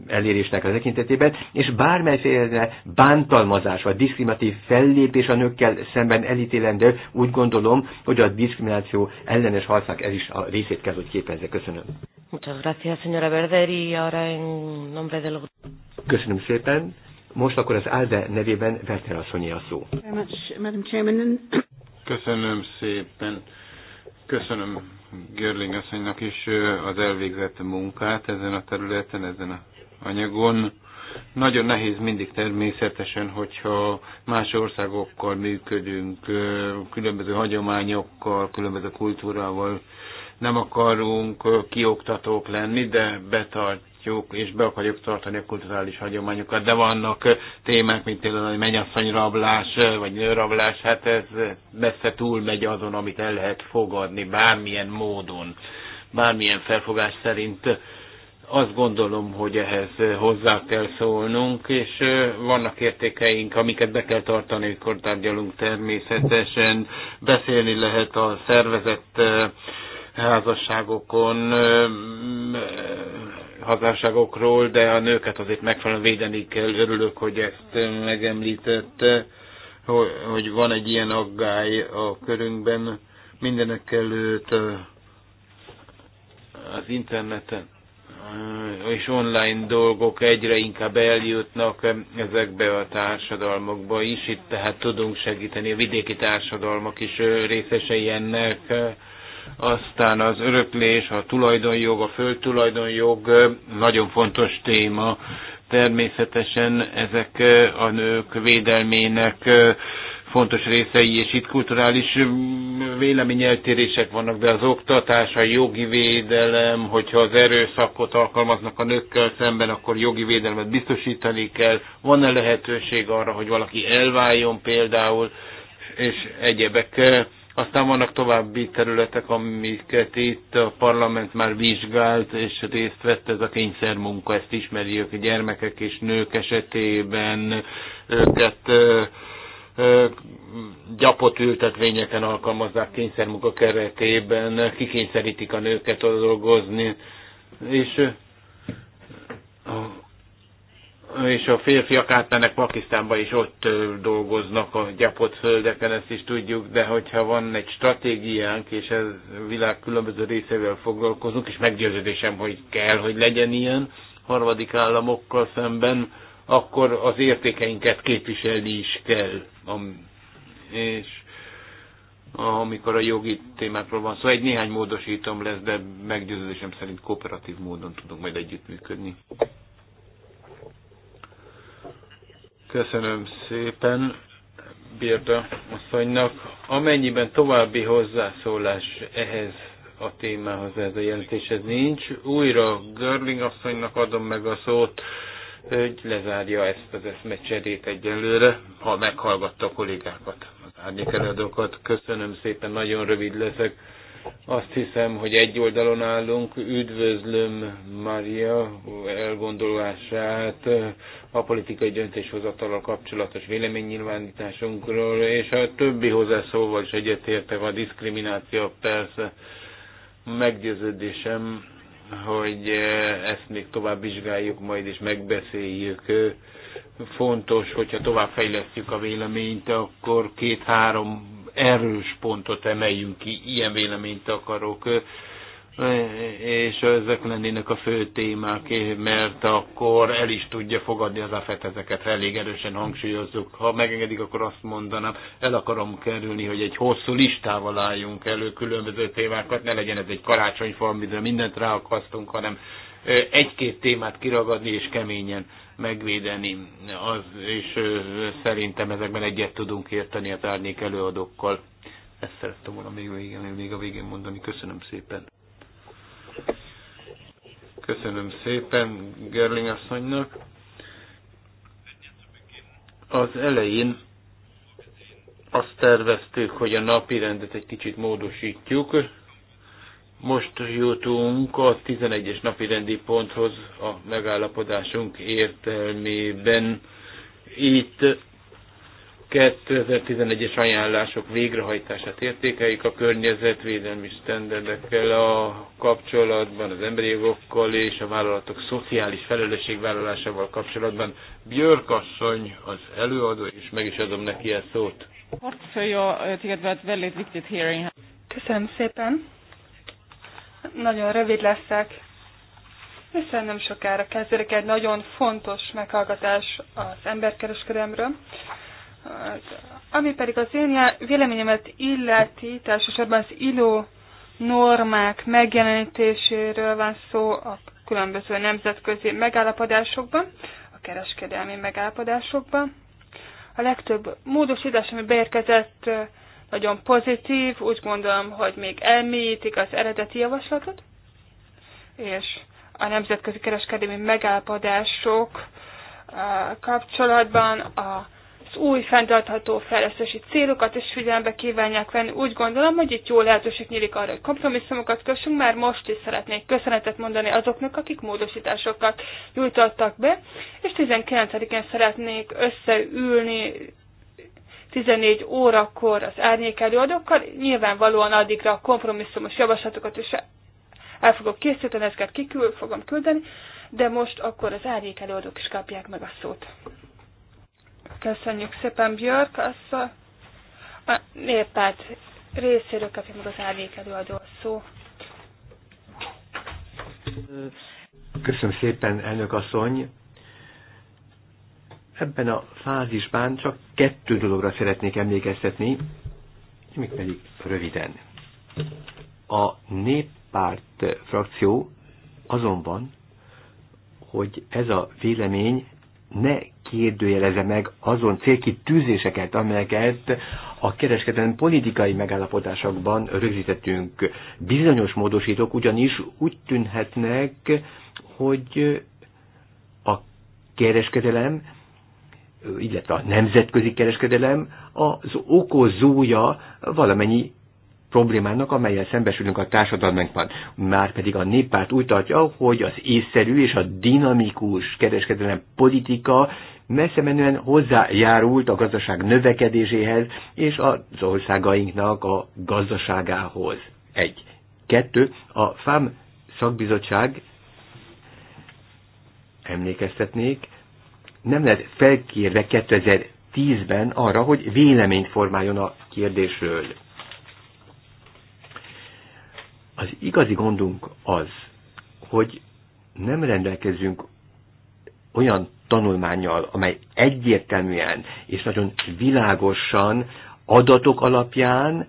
Speaker 7: elérésnek a tekintetében, és bármelyféle bántalmazás vagy diszkriminatív fellépés a nőkkel szemben elítélendő, úgy gondolom, hogy a diszkrimináció ellenes harcnak ez is a részét kell, hogy képezze. Köszönöm.
Speaker 1: Muchas gracias, señora Berder, y ahora en nombre del
Speaker 7: Köszönöm szépen. Most akkor az ALDE nevében Werther asszonyi a szó.
Speaker 2: Köszönöm szépen. Köszönöm Görling asszonynak is az elvégzett munkát ezen a területen, ezen a anyagon. Nagyon nehéz mindig természetesen, hogyha más országokkal működünk, különböző hagyományokkal, különböző kultúrával, nem akarunk kioktatók lenni, de betart, tartjuk, és be akarjuk tartani a kulturális hagyományokat, de vannak eh, témák, mint például a mennyasszony rablás, eh, vagy nőrablás, hát ez eh, messze túl megy azon, amit el lehet fogadni bármilyen módon, bármilyen felfogás szerint azt gondolom, hogy ehhez hozzá kell szólnunk, és vannak értékeink, amiket be kell tartani, amikor tárgyalunk természetesen. Beszélni lehet a szervezett házasságokon, hazárságokról, de a nőket azért megfelelően védeni kell. Örülök, hogy ezt megemlítette, hogy van egy ilyen aggály a körünkben. Mindenek előtt az interneten és online dolgok egyre inkább eljutnak ezekbe a társadalmakba is. Itt tehát tudunk segíteni, a vidéki társadalmak is részesei ennek aztán az öröklés, a tulajdonjog, a földtulajdonjog nagyon fontos téma. Természetesen ezek a nők védelmének fontos részei, és itt kulturális véleményeltérések vannak, de az oktatás, a jogi védelem, hogyha az erőszakot alkalmaznak a nőkkel szemben, akkor jogi védelmet biztosítani kell. Van-e lehetőség arra, hogy valaki elváljon például, és egyebek aztán vannak további területek, amiket itt a parlament már vizsgált, és részt vett ez a kényszermunka, ezt ismerjük a gyermekek és nők esetében, őket gyapott ültetvényeken alkalmazzák kényszermunka keretében, kikényszerítik a nőket dolgozni, és és a férfiak átmennek Pakisztánba, és ott dolgoznak a gyapott földeken, ezt is tudjuk, de hogyha van egy stratégiánk, és ez világ különböző részével foglalkozunk, és meggyőződésem, hogy kell, hogy legyen ilyen harmadik államokkal szemben, akkor az értékeinket képviselni is kell. És amikor a jogi témákról van szó, szóval egy néhány módosítom lesz, de meggyőződésem szerint kooperatív módon tudunk majd együttműködni. Köszönöm szépen Birda asszonynak. Amennyiben további hozzászólás ehhez a témához, ez a jelentéshez nincs, újra Görling asszonynak adom meg a szót, hogy lezárja ezt az eszmecserét egyelőre, ha meghallgatta a kollégákat, az árnyék Köszönöm szépen, nagyon rövid leszek azt hiszem, hogy egy oldalon állunk. Üdvözlöm Maria elgondolását a politikai döntéshozatalal kapcsolatos véleménynyilvánításunkról, és a többi hozzászóval is egyetértek a diszkrimináció persze meggyőződésem, hogy ezt még tovább vizsgáljuk majd és megbeszéljük. Fontos, hogyha tovább fejlesztjük a véleményt, akkor két-három erős pontot emeljünk ki, ilyen véleményt akarok, és ezek lennének a fő témák, mert akkor el is tudja fogadni az AFET ezeket, elég erősen hangsúlyozzuk. Ha megengedik, akkor azt mondanám, el akarom kerülni, hogy egy hosszú listával álljunk elő különböző témákat, ne legyen ez egy karácsonyfa, amire mindent ráakasztunk, hanem egy-két témát kiragadni és keményen megvédeni. Az, és szerintem ezekben egyet tudunk érteni az árnyék előadókkal. Ezt szerettem volna még, végén, még a végén mondani. Köszönöm szépen. Köszönöm szépen Gerling asszonynak. Az elején azt terveztük, hogy a napi rendet egy kicsit módosítjuk, most jutunk a 11-es napi rendi ponthoz a megállapodásunk értelmében. Itt 2011-es ajánlások végrehajtását értékeljük a környezetvédelmi sztenderdekkel a kapcsolatban, az emberi jogokkal és a vállalatok szociális felelősségvállalásával kapcsolatban. Björk asszony az előadó, és meg is adom neki a szót.
Speaker 3: Uh,
Speaker 8: Köszönöm szépen. Nagyon rövid leszek, hiszen nem sokára kezdődik egy nagyon fontos meghallgatás az emberkereskedelemről. Ami pedig az én véleményemet illeti, elsősorban az illó normák megjelenítéséről van szó a különböző nemzetközi megállapodásokban, a kereskedelmi megállapodásokban. A legtöbb módosítás, ami beérkezett, nagyon pozitív, úgy gondolom, hogy még elmélyítik az eredeti javaslatot, és a nemzetközi kereskedelmi megállapodások uh, kapcsolatban a az új fenntartható fejlesztési célokat is figyelembe kívánják venni. Úgy gondolom, hogy itt jó lehetőség nyílik arra, hogy kompromisszumokat kössünk, már most is szeretnék köszönetet mondani azoknak, akik módosításokat nyújtottak be, és 19-én szeretnék összeülni 14 órakor az árnyék előadókkal, nyilvánvalóan addigra a kompromisszumos javaslatokat is el fogok készíteni, ezeket kikül fogom küldeni, de most akkor az árnyék előadók is kapják meg a szót. Köszönjük szépen Björk, az a, a néppárt részéről kapja meg az árnyék előadó a szó.
Speaker 7: Köszönöm szépen, elnök asszony. Ebben a fázisban csak kettő dologra szeretnék emlékeztetni, pedig röviden. A néppárt frakció azonban, hogy ez a vélemény ne kérdőjeleze meg azon célkitűzéseket, amelyeket a kereskedelmi politikai megállapodásokban rögzítettünk. Bizonyos módosítók ugyanis úgy tűnhetnek, hogy a kereskedelem illetve a nemzetközi kereskedelem az okozója valamennyi problémának, amelyel szembesülünk a társadalmunkban. Márpedig a néppárt úgy tartja, hogy az észszerű és a dinamikus kereskedelem politika messze menően hozzájárult a gazdaság növekedéséhez és az országainknak a gazdaságához. Egy. Kettő. A FAM szakbizottság emlékeztetnék, nem lehet felkérve 2010-ben arra, hogy véleményt formáljon a kérdésről. Az igazi gondunk az, hogy nem rendelkezünk olyan tanulmányjal, amely egyértelműen és nagyon világosan adatok alapján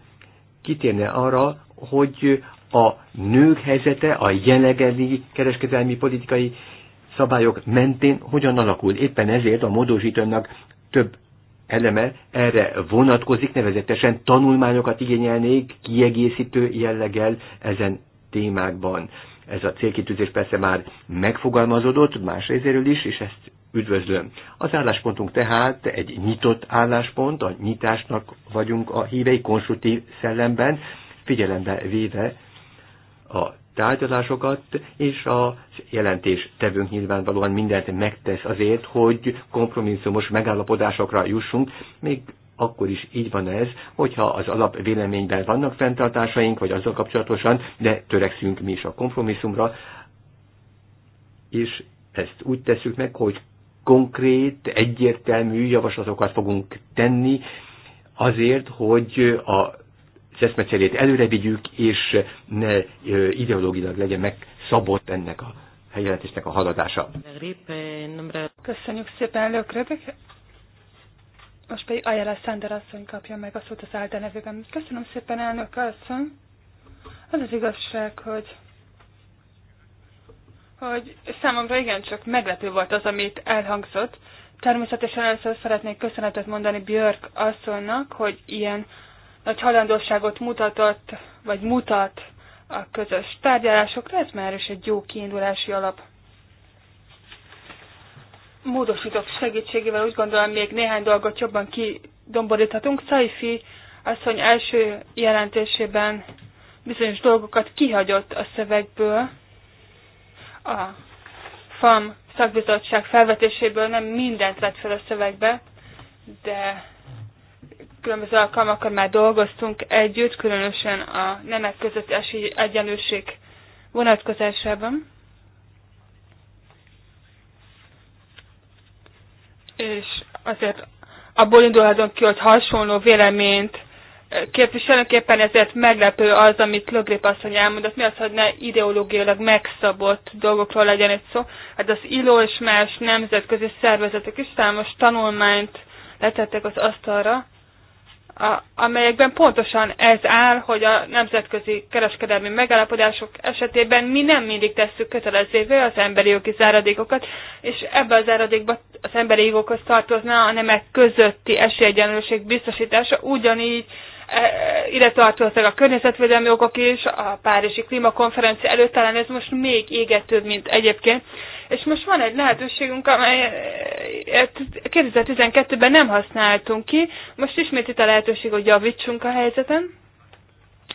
Speaker 7: kitérne arra, hogy a nők helyzete a jelenlegi kereskedelmi politikai szabályok mentén hogyan alakul. Éppen ezért a módosítónak több eleme erre vonatkozik, nevezetesen tanulmányokat igényelnék kiegészítő jelleggel ezen témákban. Ez a célkitűzés persze már megfogalmazódott, más részéről is, és ezt üdvözlöm. Az álláspontunk tehát egy nyitott álláspont, a nyitásnak vagyunk a hívei konstruktív szellemben, figyelembe véve a tárgyalásokat, és a jelentés tevünk nyilvánvalóan mindent megtesz azért, hogy kompromisszumos megállapodásokra jussunk, még akkor is így van ez, hogyha az alap véleményben vannak fenntartásaink, vagy azzal kapcsolatosan, de törekszünk mi is a kompromisszumra, és ezt úgy tesszük meg, hogy konkrét, egyértelmű javaslatokat fogunk tenni, azért, hogy a eszmecserét előre vigyük, és ne ideológilag legyen megszabott ennek a helyjelentésnek a haladása.
Speaker 8: Köszönjük szépen, Lökröbek. Most pedig Ajala Szender asszony kapja meg a szót az Álda nevében. Köszönöm szépen, elnök asszony. Az az igazság, hogy hogy számomra igencsak meglepő volt az, amit elhangzott. Természetesen először szeretnék köszönetet mondani Björk asszonynak, hogy ilyen nagy halandóságot mutatott, vagy mutat a közös tárgyalásokra, ez már is egy jó kiindulási alap. Módosítok segítségével úgy gondolom még néhány dolgot jobban kidomboríthatunk. Caifi asszony első jelentésében bizonyos dolgokat kihagyott a szövegből, a FAM szakbizottság felvetéséből nem mindent vett fel a szövegbe, de különböző alkalmakkor már dolgoztunk együtt, különösen a nemek közötti egyenlőség vonatkozásában. És azért abból indulhatunk ki, hogy hasonló véleményt eh, képviselünk, éppen ezért meglepő az, amit Lögrép asszony elmondott, mi az, hogy ne ideológiailag megszabott dolgokról legyen egy szó. Hát az ILO és más nemzetközi szervezetek is számos tanulmányt letettek az asztalra, a, amelyekben pontosan ez áll, hogy a nemzetközi kereskedelmi megállapodások esetében mi nem mindig tesszük kötelezővé az emberi jogi záradékokat, és ebbe a záradékba az emberi jogokhoz tartozna a nemek közötti esélyegyenlőség biztosítása, ugyanígy e, ide tartoznak a környezetvédelmi jogok is, a Párizsi Klímakonferencia előtt, talán ez most még égetőbb, mint egyébként, és most van egy lehetőségünk, amelyet 2012-ben nem használtunk ki, most ismét itt a lehetőség, hogy javítsunk a helyzeten.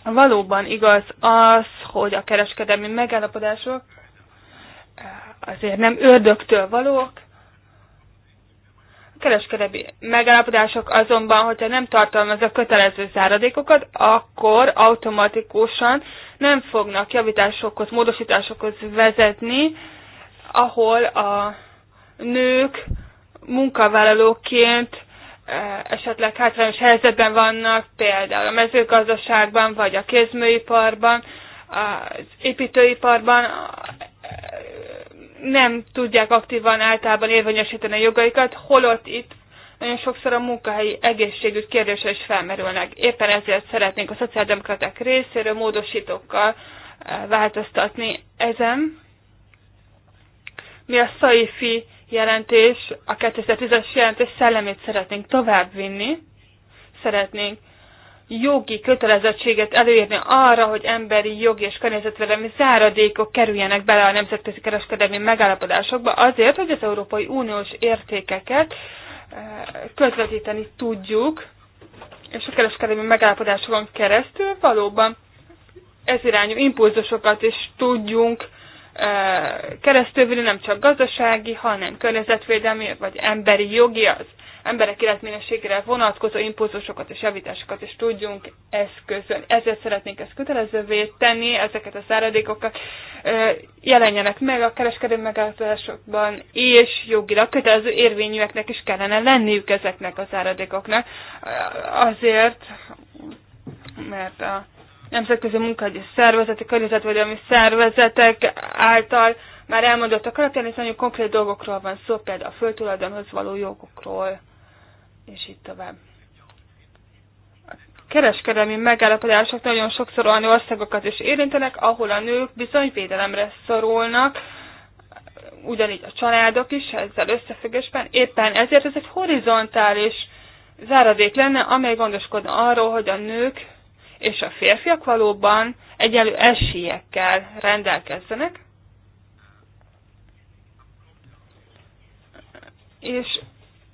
Speaker 8: Valóban igaz az, hogy a kereskedelmi megállapodások eh, azért nem ördögtől valók, a kereskedelmi megállapodások azonban, hogyha nem a kötelező záradékokat, akkor automatikusan nem fognak javításokhoz, módosításokhoz vezetni, ahol a nők munkavállalóként e, esetleg hátrányos helyzetben vannak, például a mezőgazdaságban, vagy a kézműiparban, az építőiparban e, nem tudják aktívan általában érvényesíteni a jogaikat, holott itt nagyon sokszor a munkahelyi egészségügy kérdése is felmerülnek. Éppen ezért szeretnénk a szociáldemokraták részéről módosítókkal e, változtatni ezen. Mi a szaifi jelentés, a 2010-es jelentés szellemét szeretnénk továbbvinni, szeretnénk jogi kötelezettséget előírni arra, hogy emberi jogi és környezetvédelmi záradékok kerüljenek bele a nemzetközi kereskedelmi megállapodásokba azért, hogy az Európai Uniós értékeket eh, közvetíteni tudjuk, és a kereskedelmi megállapodásokon keresztül valóban ez irányú impulzusokat is tudjunk keresztülvinni nem csak gazdasági, hanem környezetvédelmi vagy emberi jogi az emberek életminőségére vonatkozó impulzusokat és javításokat is tudjunk eszközön. Ezért szeretnénk ezt kötelezővé tenni, ezeket a záradékokat jelenjenek meg a kereskedelmi megállapodásokban, és jogilag kötelező érvényűeknek is kellene lenniük ezeknek a záradékoknak. Azért, mert a nemzetközi munkahelyi szervezetek, környezetvédelmi szervezetek által már elmondott a alapján, hiszen nagyon konkrét dolgokról van szó, például a földtulajdonhoz való jogokról, és így tovább. A kereskedelmi megállapodások nagyon sokszor olyan országokat is érintenek, ahol a nők bizony védelemre szorulnak, ugyanígy a családok is ezzel összefüggésben. Éppen ezért ez egy horizontális záradék lenne, amely gondoskodna arról, hogy a nők és a férfiak valóban egyenlő esélyekkel rendelkezzenek, és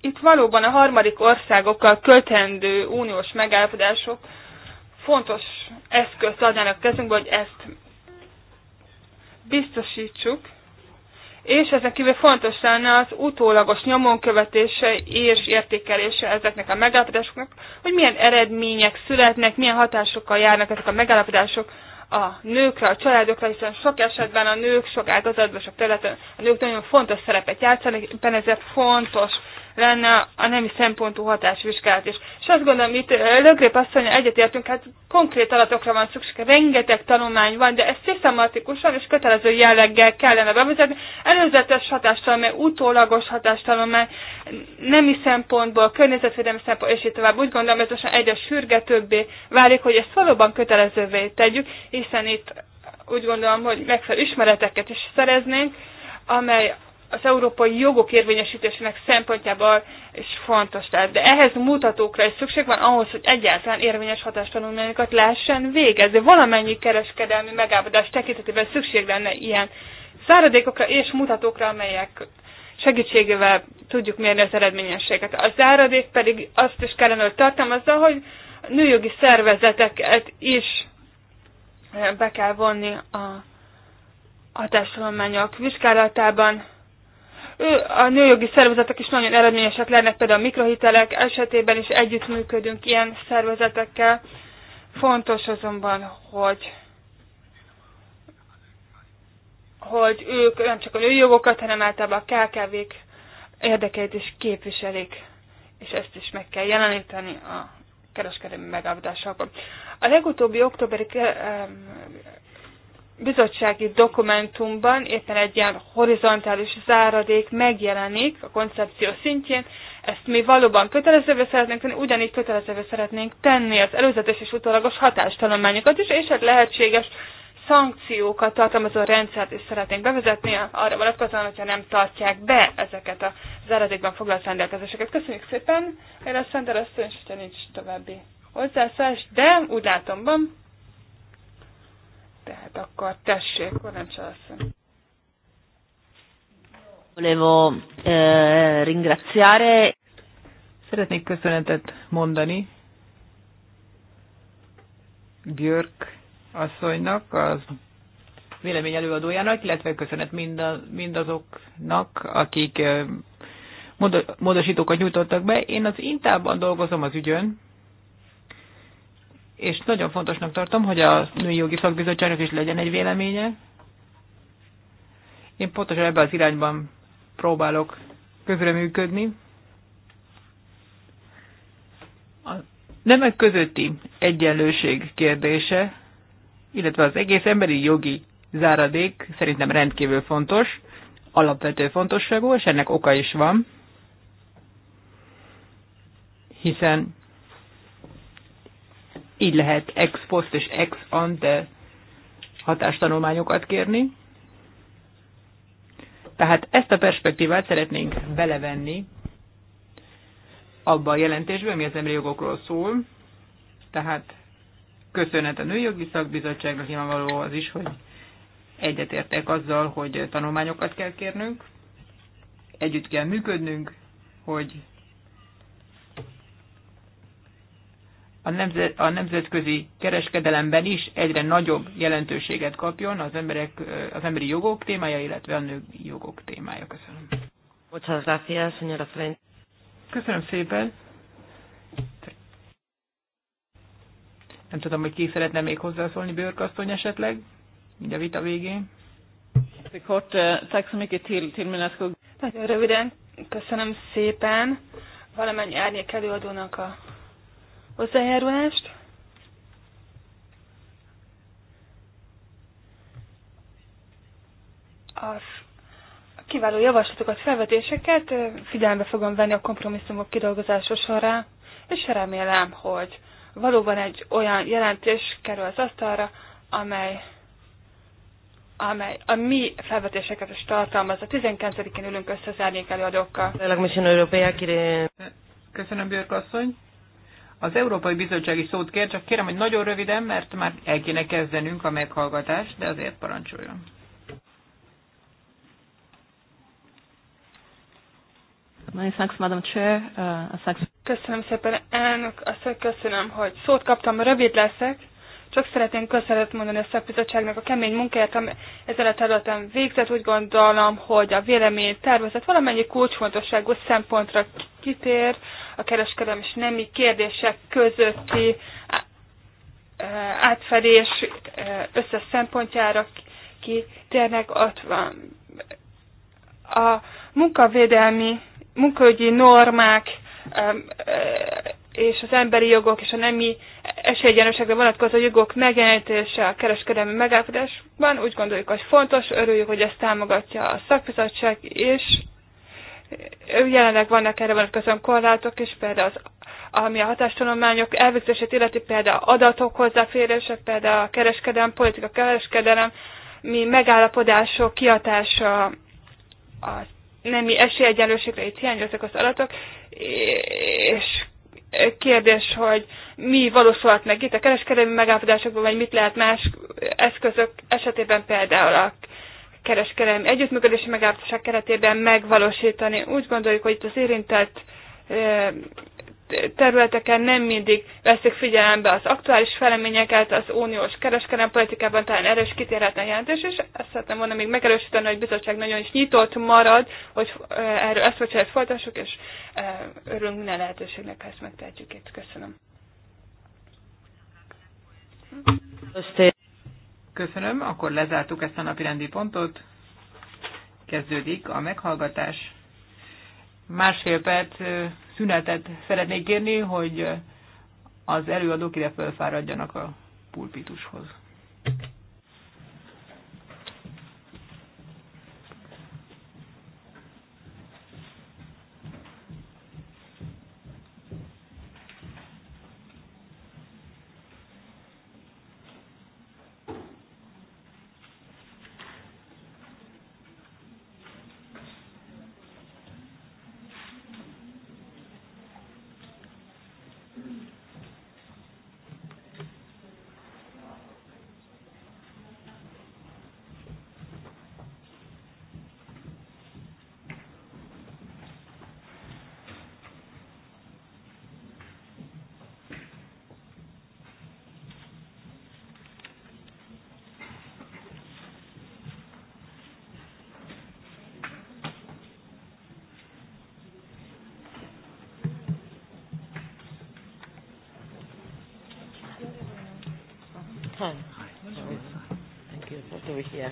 Speaker 8: itt valóban a harmadik országokkal kötendő uniós megállapodások fontos eszközt adnának kezünkbe, hogy ezt biztosítsuk, és ezek kívül fontos lenne az utólagos nyomon követése és értékelése ezeknek a megállapodásoknak, hogy milyen eredmények születnek, milyen hatásokkal járnak ezek a megállapodások a nőkre, a családokra, hiszen sok esetben a nők sok ágazatban, sok területen a nők nagyon fontos szerepet játszanak, éppen ezért fontos lenne a nemi szempontú hatásvizsgálat is. És azt gondolom, itt Lögrép asszony egyetértünk, hát konkrét adatokra van szükség, rengeteg tanulmány van, de ezt szisztematikusan és kötelező jelleggel kellene bevezetni. Előzetes hatástanulmány, utólagos hatástanulmány, nemi szempontból, környezetvédelmi szempontból, és így tovább. Úgy gondolom, ez most egyre sürgetőbbé válik, hogy ezt valóban kötelezővé tegyük, hiszen itt úgy gondolom, hogy megfelelő ismereteket is szereznénk, amely az európai jogok érvényesítésének szempontjából is fontos. Tehát, de ehhez mutatókra is szükség van ahhoz, hogy egyáltalán érvényes hatástanulmányokat lehessen végezni. Valamennyi kereskedelmi megállapodás tekintetében szükség lenne ilyen száradékokra és mutatókra, amelyek segítségével tudjuk mérni az eredményességet. A záradék pedig azt is kellene, hogy tartalmazza, hogy nőjogi szervezeteket is eh, be kell vonni a hatásolományok vizsgálatában ő, a nőjogi szervezetek is nagyon eredményesek lennek, például a mikrohitelek esetében is együttműködünk ilyen szervezetekkel. Fontos azonban, hogy hogy ők nem csak a női jogokat, hanem általában a KKV-k érdekeit is képviselik, és ezt is meg kell jeleníteni a kereskedelmi megállapodásokban. A legutóbbi októberi bizottsági dokumentumban éppen egy ilyen horizontális záradék megjelenik a koncepció szintjén, ezt mi valóban kötelezővé szeretnénk tenni, ugyanígy kötelezővé szeretnénk tenni az előzetes és utólagos hatástanulmányokat is, és egy lehetséges szankciókat tartalmazó rendszert is szeretnénk bevezetni, arra vonatkozóan, hogyha nem tartják be ezeket a záradékban foglalt rendelkezéseket. Köszönjük szépen, Éles Szender, azt hogyha nincs további hozzászás, de úgy látom, van. Tehát akkor tessék, nem csalszom.
Speaker 1: Volevo eh, ringraziare.
Speaker 3: Szeretnék köszönetet mondani Björk asszonynak, az vélemény előadójának, illetve köszönet mind a, mindazoknak, akik eh, módosítókat nyújtottak be. Én az Intában dolgozom az ügyön, és nagyon fontosnak tartom, hogy a női jogi szakbizottságnak is legyen egy véleménye. Én pontosan ebben az irányban próbálok közreműködni. A nemek közötti egyenlőség kérdése, illetve az egész emberi jogi záradék szerintem rendkívül fontos, alapvető fontosságú, és ennek oka is van, hiszen így lehet ex post és ex ante hatástanulmányokat kérni. Tehát ezt a perspektívát szeretnénk belevenni abba a jelentésbe, ami az emberi jogokról szól. Tehát köszönet a Nőjogi Szakbizottságnak, nyilvánvaló az is, hogy egyetértek azzal, hogy tanulmányokat kell kérnünk, együtt kell működnünk, hogy a, nemzet, a nemzetközi kereskedelemben is egyre nagyobb jelentőséget kapjon az, emberek, az emberi jogok témája,
Speaker 1: illetve a nők jogok témája. Köszönöm. Köszönöm szépen. Nem tudom, hogy
Speaker 3: ki szeretne még hozzászólni, Bőrkasztony esetleg, így a vita végén. Uh, Nagyon röviden, köszönöm szépen
Speaker 8: valamennyi árnyék előadónak a hozzájárulást. Az kiváló javaslatokat, felvetéseket figyelembe fogom venni a kompromisszumok kidolgozása során, és remélem, hogy valóban egy olyan jelentés kerül az asztalra, amely amely a mi felvetéseket is A 19-én ülünk össze az árnyék előadókkal.
Speaker 1: Köszönöm,
Speaker 3: Björk asszony.
Speaker 1: Az Európai Bizottság is szót kér, csak kérem, hogy nagyon röviden,
Speaker 3: mert már el kéne kezdenünk a meghallgatást, de azért parancsoljon.
Speaker 4: Uh,
Speaker 8: köszönöm szépen, elnök azt köszönöm, hogy szót kaptam, rövid leszek. Csak szeretném köszönet mondani a szakbizottságnak a kemény munkáját, ami ezzel a területen végzett. Úgy gondolom, hogy a vélemény tervezett valamennyi kulcsfontosságú szempontra kitér a kereskedelem és nemi kérdések közötti átfedés összes szempontjára kitérnek, ott van a munkavédelmi, munkaügyi normák és az emberi jogok és a nemi esélyegyenlőségre vonatkozó jogok megjelenítése a kereskedelmi megállapodásban. Úgy gondoljuk, hogy fontos, örüljük, hogy ezt támogatja a szakbizottság és Jelenleg vannak erre vonatkozóan korlátok is, például az, ami a hatástanulmányok elvégzését illeti, például adatok hozzáférése, például a kereskedelem, politika kereskedelem, mi megállapodások kiadása a nemi esélyegyenlőségre itt hiányoznak az adatok, és kérdés, hogy mi valósulhat meg itt a kereskedelmi megállapodásokban, vagy mit lehet más eszközök esetében például a kereskedelmi együttműködési megállapodások keretében megvalósítani. Úgy gondoljuk, hogy itt az érintett területeken nem mindig veszik figyelembe az aktuális feleményeket, az uniós kereskedelmi politikában talán erős kitérhetne a jelentés, és ezt szeretném volna még megerősíteni, hogy bizottság nagyon is nyitott marad, hogy eh, erről ezt vagy folytassuk, és eh, örülünk minden lehetőségnek, ha ezt megtehetjük itt. Köszönöm.
Speaker 3: Köszönöm, akkor lezártuk ezt a napi rendi pontot. Kezdődik a meghallgatás másfél perc szünetet szeretnék kérni, hogy az előadók ide felfáradjanak a pulpitushoz.
Speaker 1: What do we hear?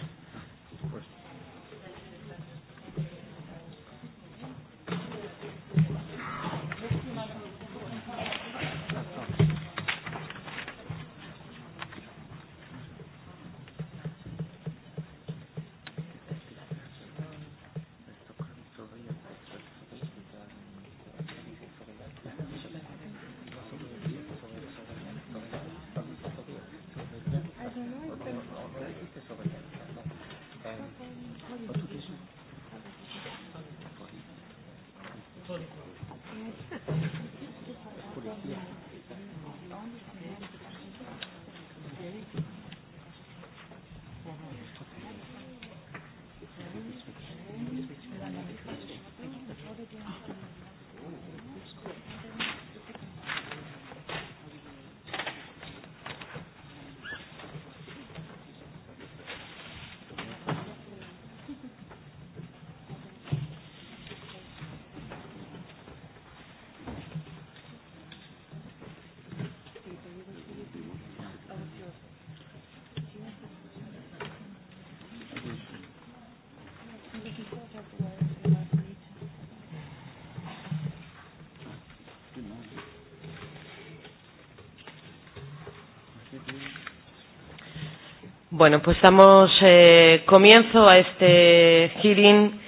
Speaker 1: Bueno, pues damos eh, comienzo a este hearing.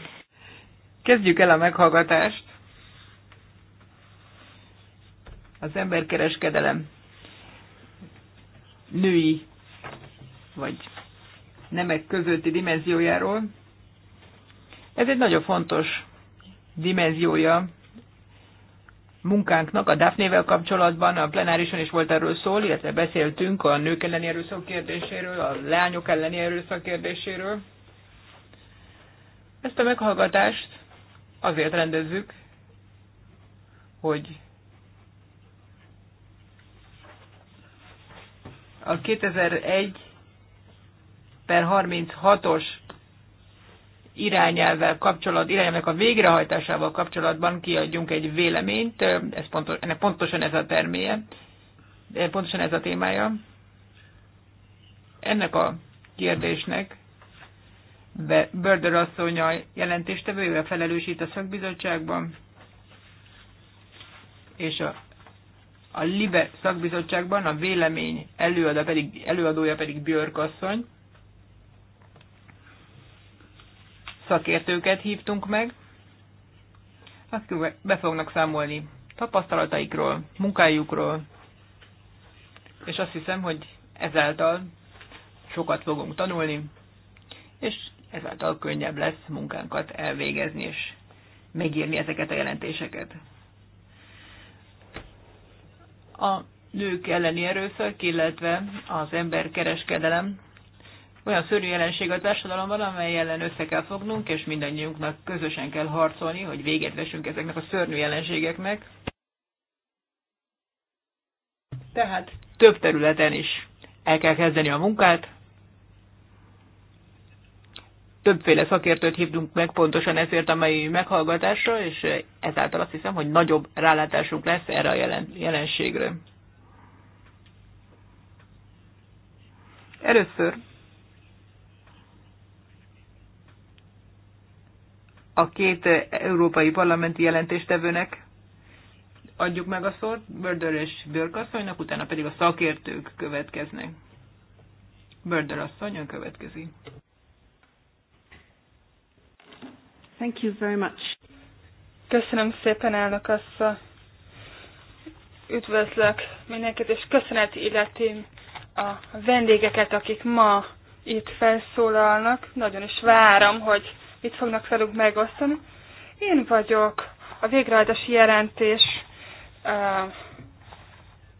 Speaker 1: Kezdjük el a meghallgatást.
Speaker 3: Az emberkereskedelem női vagy nemek közötti dimenziójáról. Ez egy nagyon fontos dimenziója munkánknak a Daphnével kapcsolatban, a plenárison is volt erről szó, illetve beszéltünk a nők elleni erőszak kérdéséről, a lányok elleni erőszak kérdéséről. Ezt a meghallgatást azért rendezzük, hogy a 2001 per 36-os irányelvvel kapcsolat, irányelvek a végrehajtásával kapcsolatban kiadjunk egy véleményt, ez pontos, ennek pontosan ez a terméje, pontosan ez a témája. Ennek a kérdésnek Börder asszony a jelentéstevőjével felelősít a szakbizottságban, és a, a LIBE szakbizottságban a vélemény előadója pedig, előadója pedig Björk asszony. szakértőket hívtunk meg, akik be fognak számolni tapasztalataikról, munkájukról, és azt hiszem, hogy ezáltal sokat fogunk tanulni, és ezáltal könnyebb lesz munkánkat elvégezni és megírni ezeket a jelentéseket. A nők elleni erőszak, illetve az emberkereskedelem olyan szörnyű jelenség a társadalomban, amely ellen össze kell fognunk, és mindannyiunknak közösen kell harcolni, hogy véget vessünk ezeknek a szörnyű jelenségeknek. Tehát több területen is el kell kezdeni a munkát. Többféle szakértőt hívtunk meg pontosan ezért a mai meghallgatásra, és ezáltal azt hiszem, hogy nagyobb rálátásunk lesz erre a jelen jelenségre. Először a két európai parlamenti jelentéstevőnek adjuk meg a szót, Bördör és Björk asszonynak, utána pedig a szakértők következnek. Bördör asszony, ön következik.
Speaker 8: Thank you very much. Köszönöm szépen, elnök assza. Üdvözlök mindenkit, és köszönet illetim a vendégeket, akik ma itt felszólalnak. Nagyon is várom, hogy mit fognak velük megosztani. Én vagyok a végrehajtási jelentés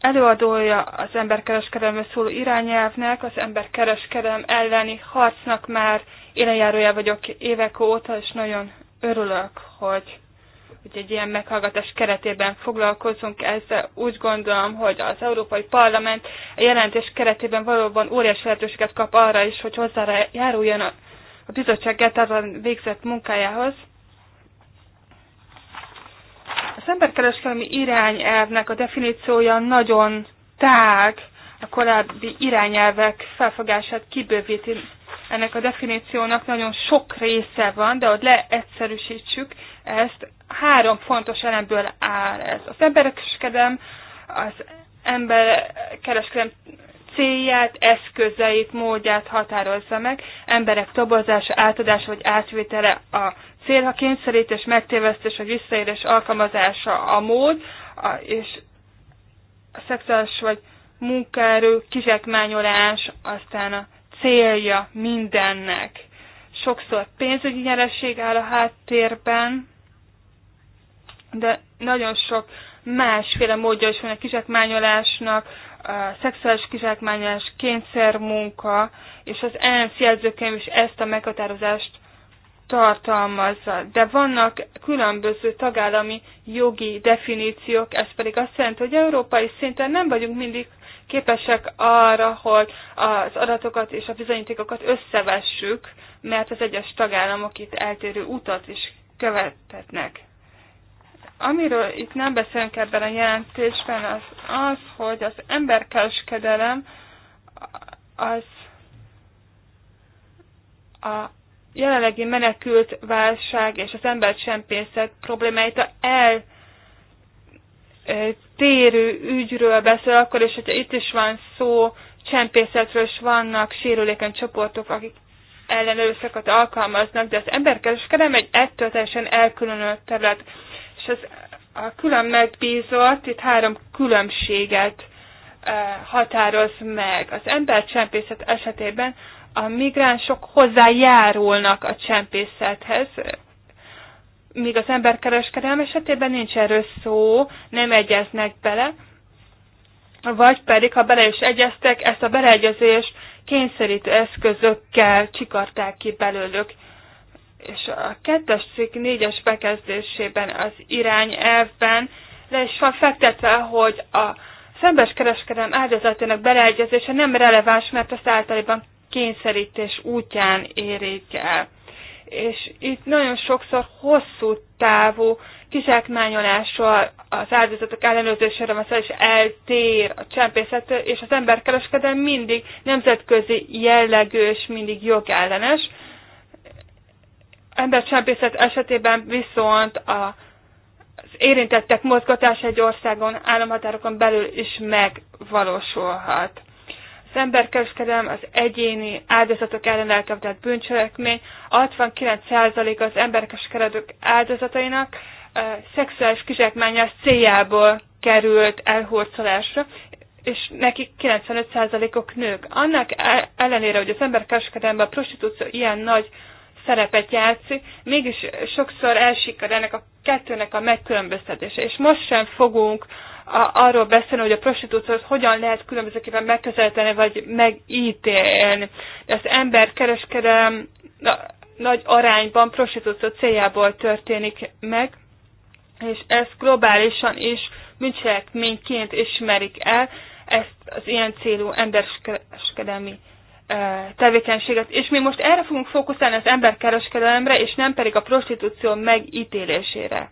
Speaker 8: előadója az emberkereskedelme szóló irányelvnek, az emberkereskedelem elleni harcnak már élenjárója vagyok évek óta, és nagyon örülök, hogy, hogy egy ilyen meghallgatás keretében foglalkozunk ezzel. Úgy gondolom, hogy az Európai Parlament a jelentés keretében valóban óriási lehetőséget kap arra is, hogy hozzájáruljon a bizottság általában végzett munkájához. Az emberkereskedelmi irányelvnek a definíciója nagyon tág, a korábbi irányelvek felfogását kibővíti. Ennek a definíciónak nagyon sok része van, de hogy leegyszerűsítsük ezt, három fontos elemből áll ez. Az emberkereskedelem, az emberkereskedelem célját, eszközeit, módját határozza meg, emberek tobozása, átadása vagy átvétele a cél, ha kényszerítés, megtévesztés vagy visszaérés alkalmazása a mód, a, és a szexuális vagy munkaerő kizsákmányolás, aztán a célja mindennek. Sokszor pénzügyi nyereség áll a háttérben, de nagyon sok másféle módja is van a kizsákmányolásnak, a szexuális kizsákmányás, kényszermunka és az ENSZ jegyzőkönyv is ezt a meghatározást tartalmazza. De vannak különböző tagállami jogi definíciók, ez pedig azt jelenti, hogy európai szinten nem vagyunk mindig képesek arra, hogy az adatokat és a bizonyítékokat összevessük, mert az egyes tagállamok itt eltérő utat is követhetnek. Amiről itt nem beszélünk ebben a jelentésben, az az, hogy az emberkereskedelem az a jelenlegi menekült válság és az embercsempészet problémáit a el térő ügyről beszél, akkor is, hogyha itt is van szó csempészetről, és vannak sérülékeny csoportok, akik ellen alkalmaznak, de az emberkereskedelem egy ettől teljesen elkülönült terület és az, a külön megbízott itt három különbséget határoz meg. Az embercsempészet esetében a migránsok hozzájárulnak a csempészethez, míg az emberkereskedelem esetében nincs erről szó, nem egyeznek bele, vagy pedig, ha bele is egyeztek, ezt a beleegyezést kényszerítő eszközökkel csikarták ki belőlük és a kettes cikk négyes bekezdésében az elvben le is van fektetve, hogy a szembes kereskedelem áldozatának beleegyezése nem releváns, mert azt általában kényszerítés útján érik el. És itt nagyon sokszor hosszú távú kizsákmányolásról, az áldozatok ellenőrzésére van és eltér a csempészet, és az emberkereskedelem mindig nemzetközi jellegű és mindig jogellenes embercsempészet esetében viszont a, az érintettek mozgatása egy országon, államhatárokon belül is megvalósulhat. Az emberkereskedelem az egyéni áldozatok ellen elkövetett bűncselekmény. 69% az emberkereskedők áldozatainak e, szexuális kizsákmányás céljából került elhurcolásra, és nekik 95 -ok nők. Annak e- ellenére, hogy az emberkereskedelemben a prostitúció ilyen nagy szerepet játszik, mégis sokszor elsikad ennek a kettőnek a megkülönböztetése. És most sem fogunk a, arról beszélni, hogy a prostitúciót hogyan lehet különbözőképpen megközelíteni, vagy megítélni. az ember kereskedelem na, nagy arányban prostitúció céljából történik meg, és ezt globálisan is bűncselekményként ismerik el, ezt az ilyen célú emberkereskedelmi tevékenységet, és mi most erre fogunk fókuszálni az emberkereskedelemre, és nem pedig a prostitúció megítélésére.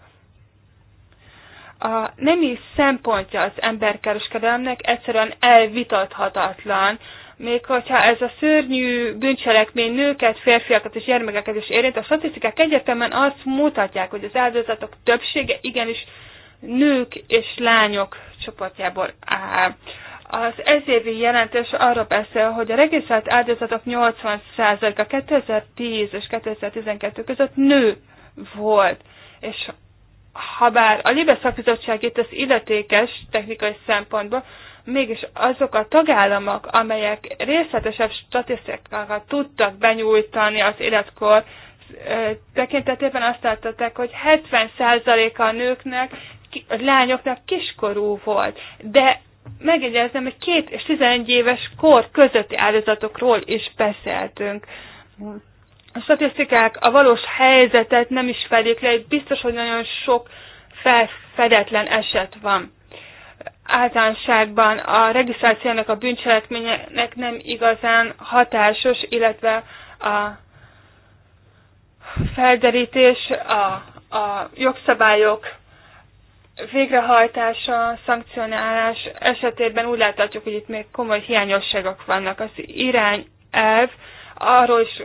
Speaker 8: A nemi szempontja az emberkereskedelemnek egyszerűen elvitathatatlan, még hogyha ez a szörnyű bűncselekmény nőket, férfiakat és gyermekeket is érint, a statisztikák egyetemen azt mutatják, hogy az áldozatok többsége igenis nők és lányok csoportjából áll. Az ezévi jelentés arra beszél, hogy a regisztrált áldozatok 80%-a 2010 és 2012 között nő volt. És ha bár a Libe szakbizottság itt az illetékes technikai szempontból, mégis azok a tagállamok, amelyek részletesebb statisztikákat tudtak benyújtani az életkor tekintetében azt láttatták, hogy 70%-a a nőknek, a lányoknak kiskorú volt, de megjegyezem, hogy két és 11 éves kor közötti áldozatokról is beszéltünk. A statisztikák a valós helyzetet nem is fedik le, biztos, hogy nagyon sok felfedetlen eset van. Általánosságban a regisztrációnak a bűncselekménynek nem igazán hatásos, illetve a felderítés, a, a jogszabályok végrehajtása, szankcionálás esetében úgy láthatjuk, hogy itt még komoly hiányosságok vannak. Az irányelv arról is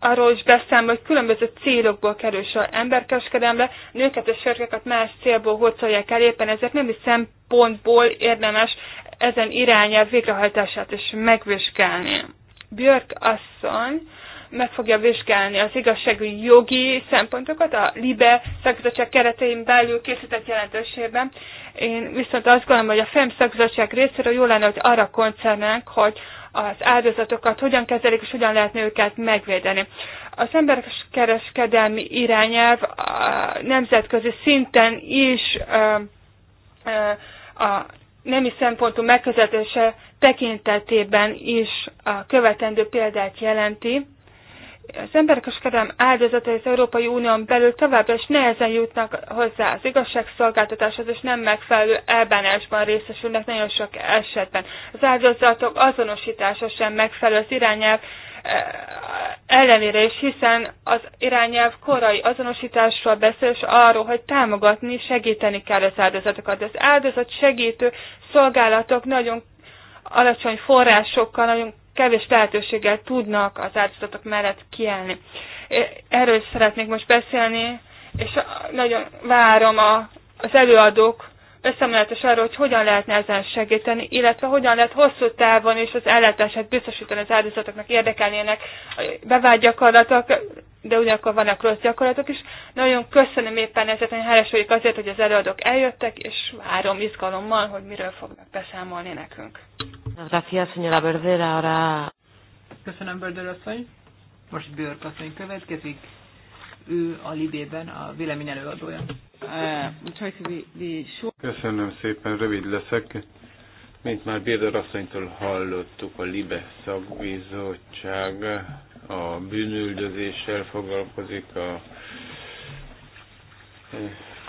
Speaker 8: arról is beszámol, hogy különböző célokból kerül sor emberkereskedelemre, nőket és sörkeket más célból hocolják el, éppen ezért nem is szempontból érdemes ezen irányelv végrehajtását is megvizsgálni. Björk asszony meg fogja vizsgálni az igazságügyi jogi szempontokat a LIBE szakbizottság keretein belül készített jelentősében. Én viszont azt gondolom, hogy a FEM szakbizottság részéről jó lenne, hogy arra koncernánk, hogy az áldozatokat hogyan kezelik, és hogyan lehetne őket megvédeni. Az emberkereskedelmi irányelv a nemzetközi szinten is a nemi szempontú megközelítése tekintetében is a követendő példát jelenti az emberkeskedelem áldozatai az Európai Unión belül továbbra is nehezen jutnak hozzá az igazságszolgáltatáshoz, és nem megfelelő elbánásban részesülnek nagyon sok esetben. Az áldozatok azonosítása sem megfelelő az irányelv eh, ellenére is, hiszen az irányelv korai azonosításról beszél, és arról, hogy támogatni, segíteni kell az áldozatokat. Az áldozat segítő szolgálatok nagyon alacsony forrásokkal, nagyon kevés lehetőséggel tudnak az áldozatok mellett kiállni. Erről is szeretnék most beszélni, és nagyon várom a, az előadók összemletes arról, hogy hogyan lehetne ezen segíteni, illetve hogyan lehet hosszú távon és az ellátását biztosítani az áldozatoknak, érdekelnének bevált gyakorlatok, de ugyanakkor vannak rossz gyakorlatok is. Nagyon köszönöm éppen ezért, hogy hálás vagyok azért, hogy az előadók eljöttek, és várom izgalommal, hogy miről fognak beszámolni nekünk.
Speaker 1: Gracias, señora Bördőr, ahora...
Speaker 3: Köszönöm, Bördőr asszony. Most Bördőr asszony következik ő a Libében a vélemény előadója.
Speaker 5: Uh,
Speaker 2: Köszönöm szépen, rövid leszek. Mint már Béda asszonytól hallottuk, a Libe szakbizottság a bűnüldözéssel foglalkozik, a eh,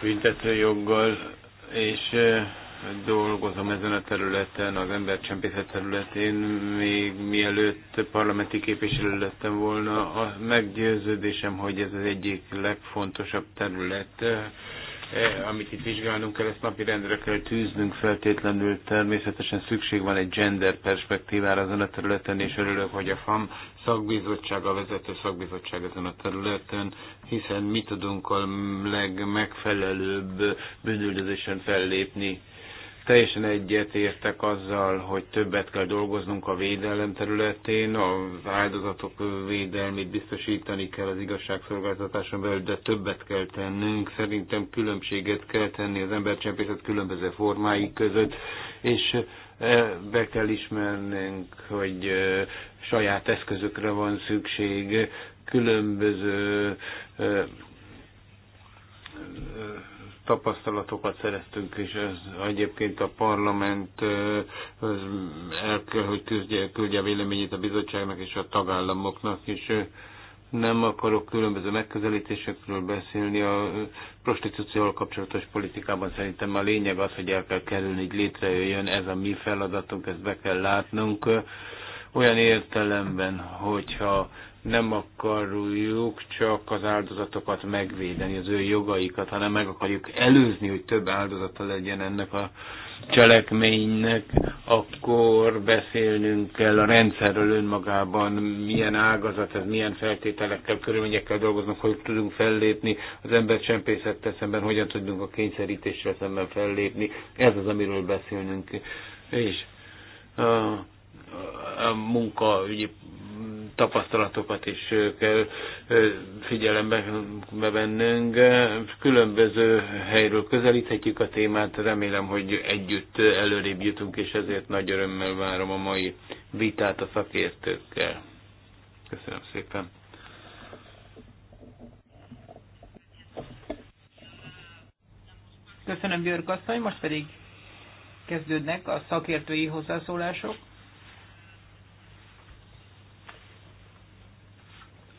Speaker 2: büntetőjoggal, és eh, dolgozom ezen a területen, az embercsempészet területén, még mielőtt parlamenti képviselő lettem volna, a meggyőződésem, hogy ez az egyik legfontosabb terület, eh, amit itt vizsgálnunk kell, ezt napi rendre kell tűznünk feltétlenül. Természetesen szükség van egy gender perspektívára ezen a területen, és örülök, hogy a FAM szakbizottság, a vezető szakbizottság ezen a területen, hiszen mi tudunk a legmegfelelőbb bűnüldözésen fellépni Teljesen egyetértek azzal, hogy többet kell dolgoznunk a védelem területén, az áldozatok védelmét biztosítani kell az igazságszolgáltatáson belül, de többet kell tennünk. Szerintem különbséget kell tenni az embercsempészet különböző formái között, és eh, be kell ismernünk, hogy eh, saját eszközökre van szükség, különböző eh, tapasztalatokat szereztünk, és ez egyébként a parlament az el kell, hogy küldje, küldje a véleményét a bizottságnak és a tagállamoknak, és nem akarok különböző megközelítésekről beszélni. A prostitúcióval kapcsolatos politikában szerintem a lényeg az, hogy el kell kerülni, hogy létrejöjjön ez a mi feladatunk, ezt be kell látnunk. Olyan értelemben, hogyha nem akarjuk csak az áldozatokat megvédeni, az ő jogaikat, hanem meg akarjuk előzni, hogy több áldozata legyen ennek a cselekménynek, akkor beszélnünk kell a rendszerről önmagában, milyen ágazat, ez milyen feltételekkel, körülményekkel dolgoznak, hogy tudunk fellépni, az ember csempészettel szemben hogyan tudunk a kényszerítésre szemben fellépni, ez az, amiről beszélnünk. És a munkaügyi tapasztalatokat is kell figyelembe vennünk. Különböző helyről közelíthetjük a témát, remélem, hogy együtt előrébb jutunk, és ezért nagy örömmel várom a mai vitát a szakértőkkel. Köszönöm szépen.
Speaker 3: Köszönöm, Györg asszony, most pedig kezdődnek a szakértői hozzászólások.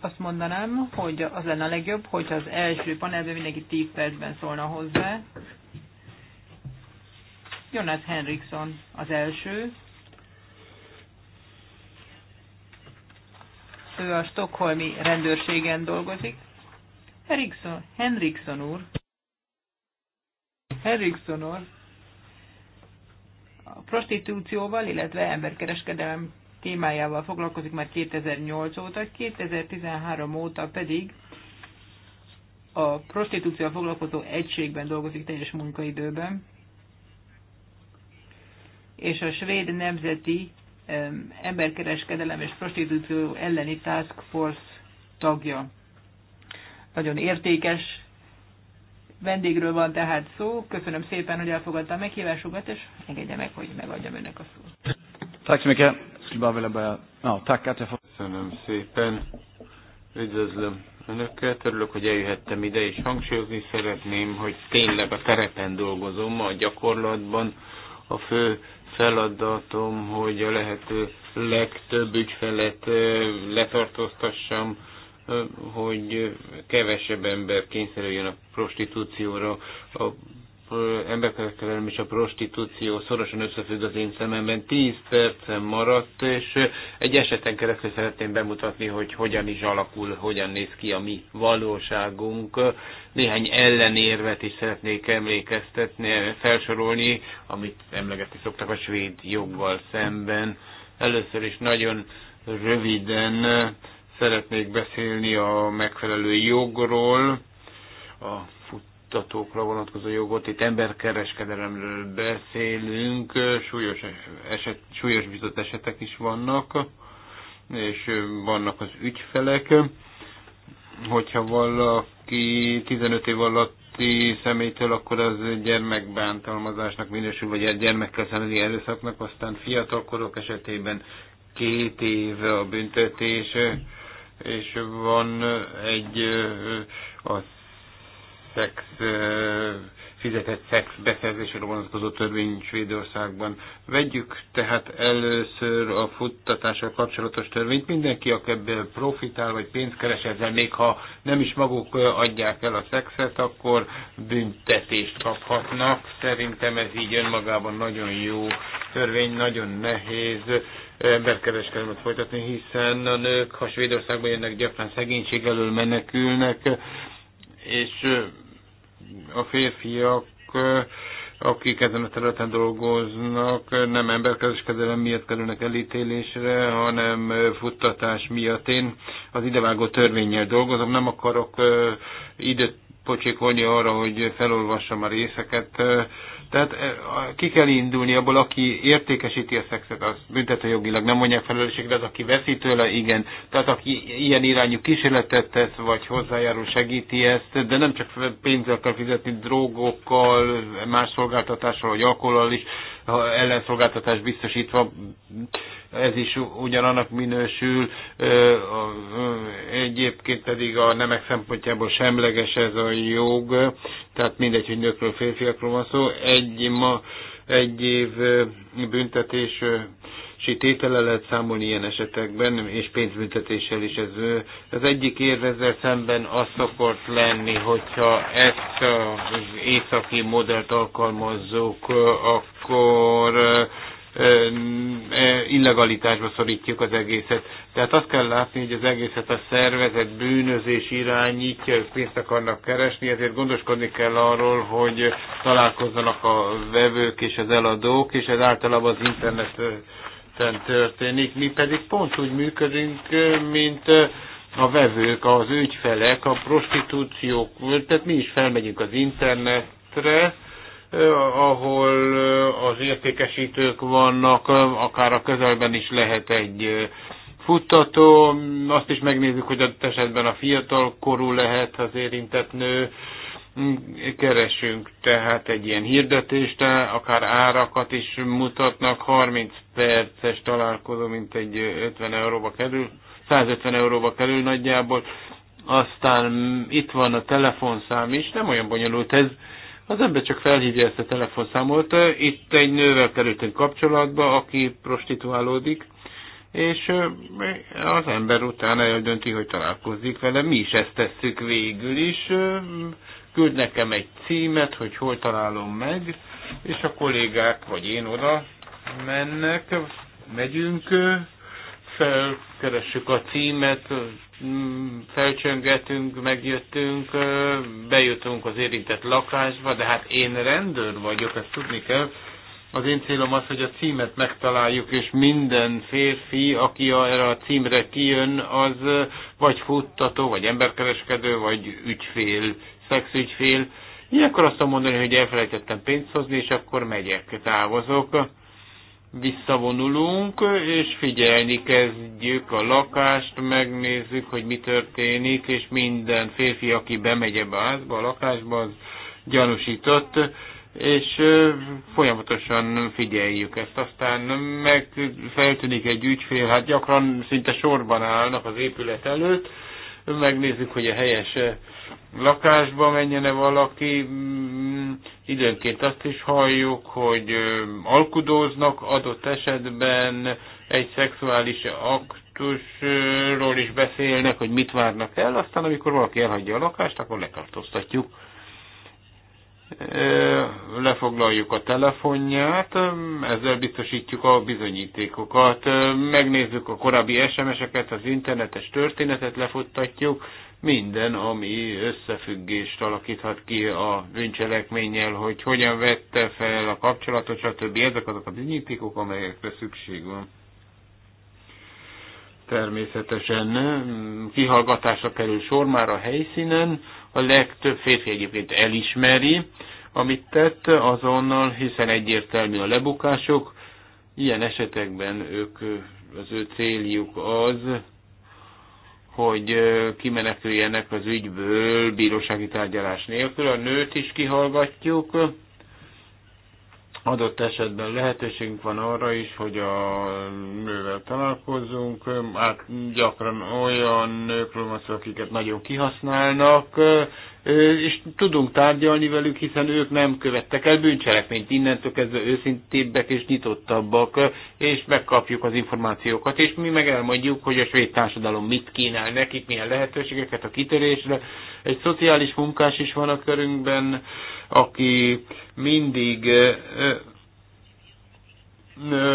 Speaker 3: azt mondanám, hogy az lenne a legjobb, hogy az első panelben mindenki 10 percben szólna hozzá. Jonas Henriksson az első. Ő a stokholmi rendőrségen dolgozik. Henriksson, Henriksson úr. Henriksson úr. A prostitúcióval, illetve emberkereskedelem témájával foglalkozik már 2008 óta, 2013 óta pedig a prostitúcióval foglalkozó egységben dolgozik teljes munkaidőben, és a svéd nemzeti emberkereskedelem és prostitúció elleni task force tagja. Nagyon értékes vendégről van tehát szó. Köszönöm szépen, hogy elfogadta a meghívásukat, és engedje meg, hogy megadjam önnek a szót.
Speaker 5: Tack så mycket skulle bara vilja börja ja, oh, tacka att hát, jag hát, får... Köszönöm
Speaker 2: szépen. Üdvözlöm önöket. Örülök, hogy eljöhettem ide, és hangsúlyozni szeretném, hogy tényleg a terepen dolgozom, a gyakorlatban a fő feladatom, hogy a lehető legtöbb ügyfelet letartóztassam, hogy kevesebb ember kényszerüljön a prostitúcióra. A emberkereskedelem és a prostitúció szorosan összefügg az én szememben. Tíz percen maradt, és egy eseten keresztül szeretném bemutatni, hogy hogyan is alakul, hogyan néz ki a mi valóságunk.
Speaker 9: Néhány ellenérvet
Speaker 2: is szeretnék emlékeztetni, felsorolni, amit emlegetni szoktak a svéd joggal szemben. Először is nagyon röviden szeretnék beszélni a megfelelő jogról, a szolgáltatókra vonatkozó jogot, itt emberkereskedelemről beszélünk, súlyos, eset, súlyos bizott esetek is vannak, és vannak az ügyfelek. Hogyha valaki 15 év alatti személytől, akkor az gyermekbántalmazásnak minősül, vagy egy gyermekkel szembeni erőszaknak, aztán fiatalkorok esetében két év a büntetés, és van egy az szex, fizetett szex beszerzésére vonatkozó törvény Svédországban. Vegyük tehát először a futtatással kapcsolatos törvényt. Mindenki, aki ebből profitál, vagy pénzt keres ezzel, még ha nem is maguk adják el a szexet, akkor büntetést kaphatnak. Szerintem ez így önmagában nagyon jó törvény, nagyon nehéz emberkereskedelmet folytatni, hiszen a nők, ha Svédországban jönnek, gyakran szegénység elől menekülnek, és a férfiak, eh, akik ezen a területen dolgoznak, eh, nem emberkereskedelem miatt kerülnek elítélésre, hanem eh, futtatás miatt. Én az idevágó törvényel dolgozom, nem akarok időt pocsékolni arra, hogy felolvassam a részeket, tehát eh, ki kell indulni abból, aki értékesíti a szexet, az büntetőjogilag nem mondják felelősségre, az aki veszi tőle, igen. Tehát aki ilyen irányú kísérletet tesz, vagy hozzájárul, segíti ezt, de nem csak pénzzel kell fizetni, drogokkal, más szolgáltatással, vagy alkoholal is, ha ellenszolgáltatás biztosítva, ez is ugyanannak minősül. Eh, eh, egyébként pedig a nemek szempontjából semleges ez a jog, tehát mindegy, hogy nőkről, férfiakról van szó. Egy egy, ma, egy év büntetési tétele lehet számolni ilyen esetekben, és pénzbüntetéssel is ez. Az egyik érv ezzel szemben az szokott lenni, hogyha ezt az északi modellt alkalmazzuk, akkor illegalitásba szorítjuk az egészet. Tehát azt kell látni, hogy az egészet a szervezet bűnözés irányítja, ők pénzt akarnak keresni, ezért gondoskodni kell arról, hogy találkozzanak a vevők és az eladók, és ez általában az interneten történik. Mi pedig pont úgy működünk, mint a vevők, az ügyfelek, a prostitúciók, tehát mi is felmegyünk az internetre, ahol az értékesítők vannak, akár a közelben is lehet egy futtató, azt is megnézzük, hogy adott esetben a fiatal korú lehet az érintett nő, keresünk tehát egy ilyen hirdetést, akár árakat is mutatnak, 30 perces találkozó, mint egy 50 euróba kerül, 150 euróba kerül nagyjából, aztán itt van a telefonszám is, nem olyan bonyolult ez, az ember csak felhívja ezt a telefonszámot. Itt egy nővel kerültünk kapcsolatba, aki prostituálódik, és az ember utána eldönti, hogy találkozik vele. Mi is ezt tesszük végül is. Küld nekem egy címet, hogy hol találom meg, és a kollégák vagy én oda mennek, megyünk, felkeressük a címet, Mm, felcsöngetünk, megjöttünk, bejutunk az érintett lakásba, de hát én rendőr vagyok, ezt tudni kell. Az én célom az, hogy a címet megtaláljuk, és minden férfi, aki erre a címre kijön, az vagy futtató, vagy emberkereskedő, vagy ügyfél, szexügyfél. Ilyenkor azt mondom, hogy elfelejtettem pénzt hozni, és akkor megyek, távozok visszavonulunk, és figyelni kezdjük a lakást, megnézzük, hogy mi történik, és minden férfi, aki bemegy ebbe a házba, a lakásba, az gyanúsított, és folyamatosan figyeljük ezt. Aztán meg feltűnik egy ügyfél, hát gyakran szinte sorban állnak az épület előtt, megnézzük, hogy a helyes eh, lakásba menjene valaki. Mm, időnként azt is halljuk, hogy eh, alkudóznak adott esetben, egy szexuális aktusról is beszélnek, hogy mit várnak el, aztán amikor valaki elhagyja a lakást, akkor letartóztatjuk lefoglaljuk a telefonját, ezzel biztosítjuk a bizonyítékokat, megnézzük a korábbi SMS-eket, az internetes történetet lefuttatjuk, minden, ami összefüggést alakíthat ki a bűncselekménnyel, hogy hogyan vette fel a kapcsolatot, stb. Ezek azok a bizonyítékok, amelyekre szükség van. Természetesen mm, kihallgatásra kerül sor már a helyszínen, a legtöbb férfi egyébként elismeri, amit tett azonnal, hiszen egyértelmű a lebukások. Ilyen esetekben ők, az ő céljuk az, hogy kimeneküljenek az ügyből bírósági tárgyalás nélkül. A nőt is kihallgatjuk Adott esetben lehetőségünk van arra is, hogy a nővel találkozzunk. Hát gyakran olyan nőkről van szó, akiket nagyon kihasználnak, és tudunk tárgyalni velük, hiszen ők nem követtek el bűncselekményt, innentől kezdve őszintébbek és nyitottabbak, és megkapjuk az információkat, és mi meg elmondjuk, hogy a svéd társadalom mit kínál nekik, milyen lehetőségeket a kitörésre, egy szociális munkás is van a körünkben, aki mindig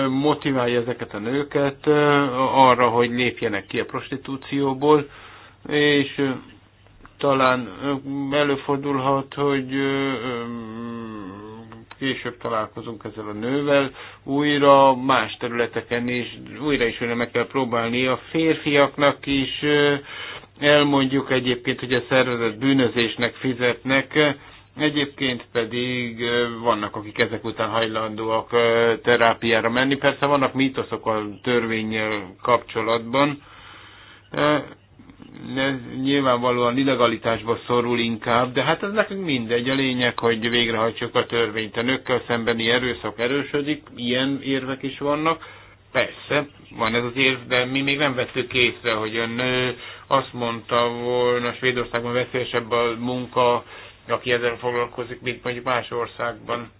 Speaker 2: motiválja ezeket a nőket arra, hogy lépjenek ki a prostitúcióból, és talán előfordulhat, hogy később találkozunk ezzel a nővel, újra más területeken is, újra is újra meg kell próbálni. A férfiaknak is Elmondjuk egyébként, hogy a szervezet bűnözésnek fizetnek, Egyébként pedig vannak, akik ezek után hajlandóak terápiára menni. Persze vannak mítoszok a törvényel kapcsolatban. Ez nyilvánvalóan illegalitásba szorul inkább, de hát ez nekünk mindegy. A lényeg, hogy végrehajtsuk a törvényt. A nőkkel szembeni erőszak erősödik, ilyen érvek is vannak Persze, van ez az érv, de mi még nem vettük észre, hogy a nő azt mondta volna, Svédországban veszélyesebb a munka, aki ezzel foglalkozik, mint mondjuk más országban.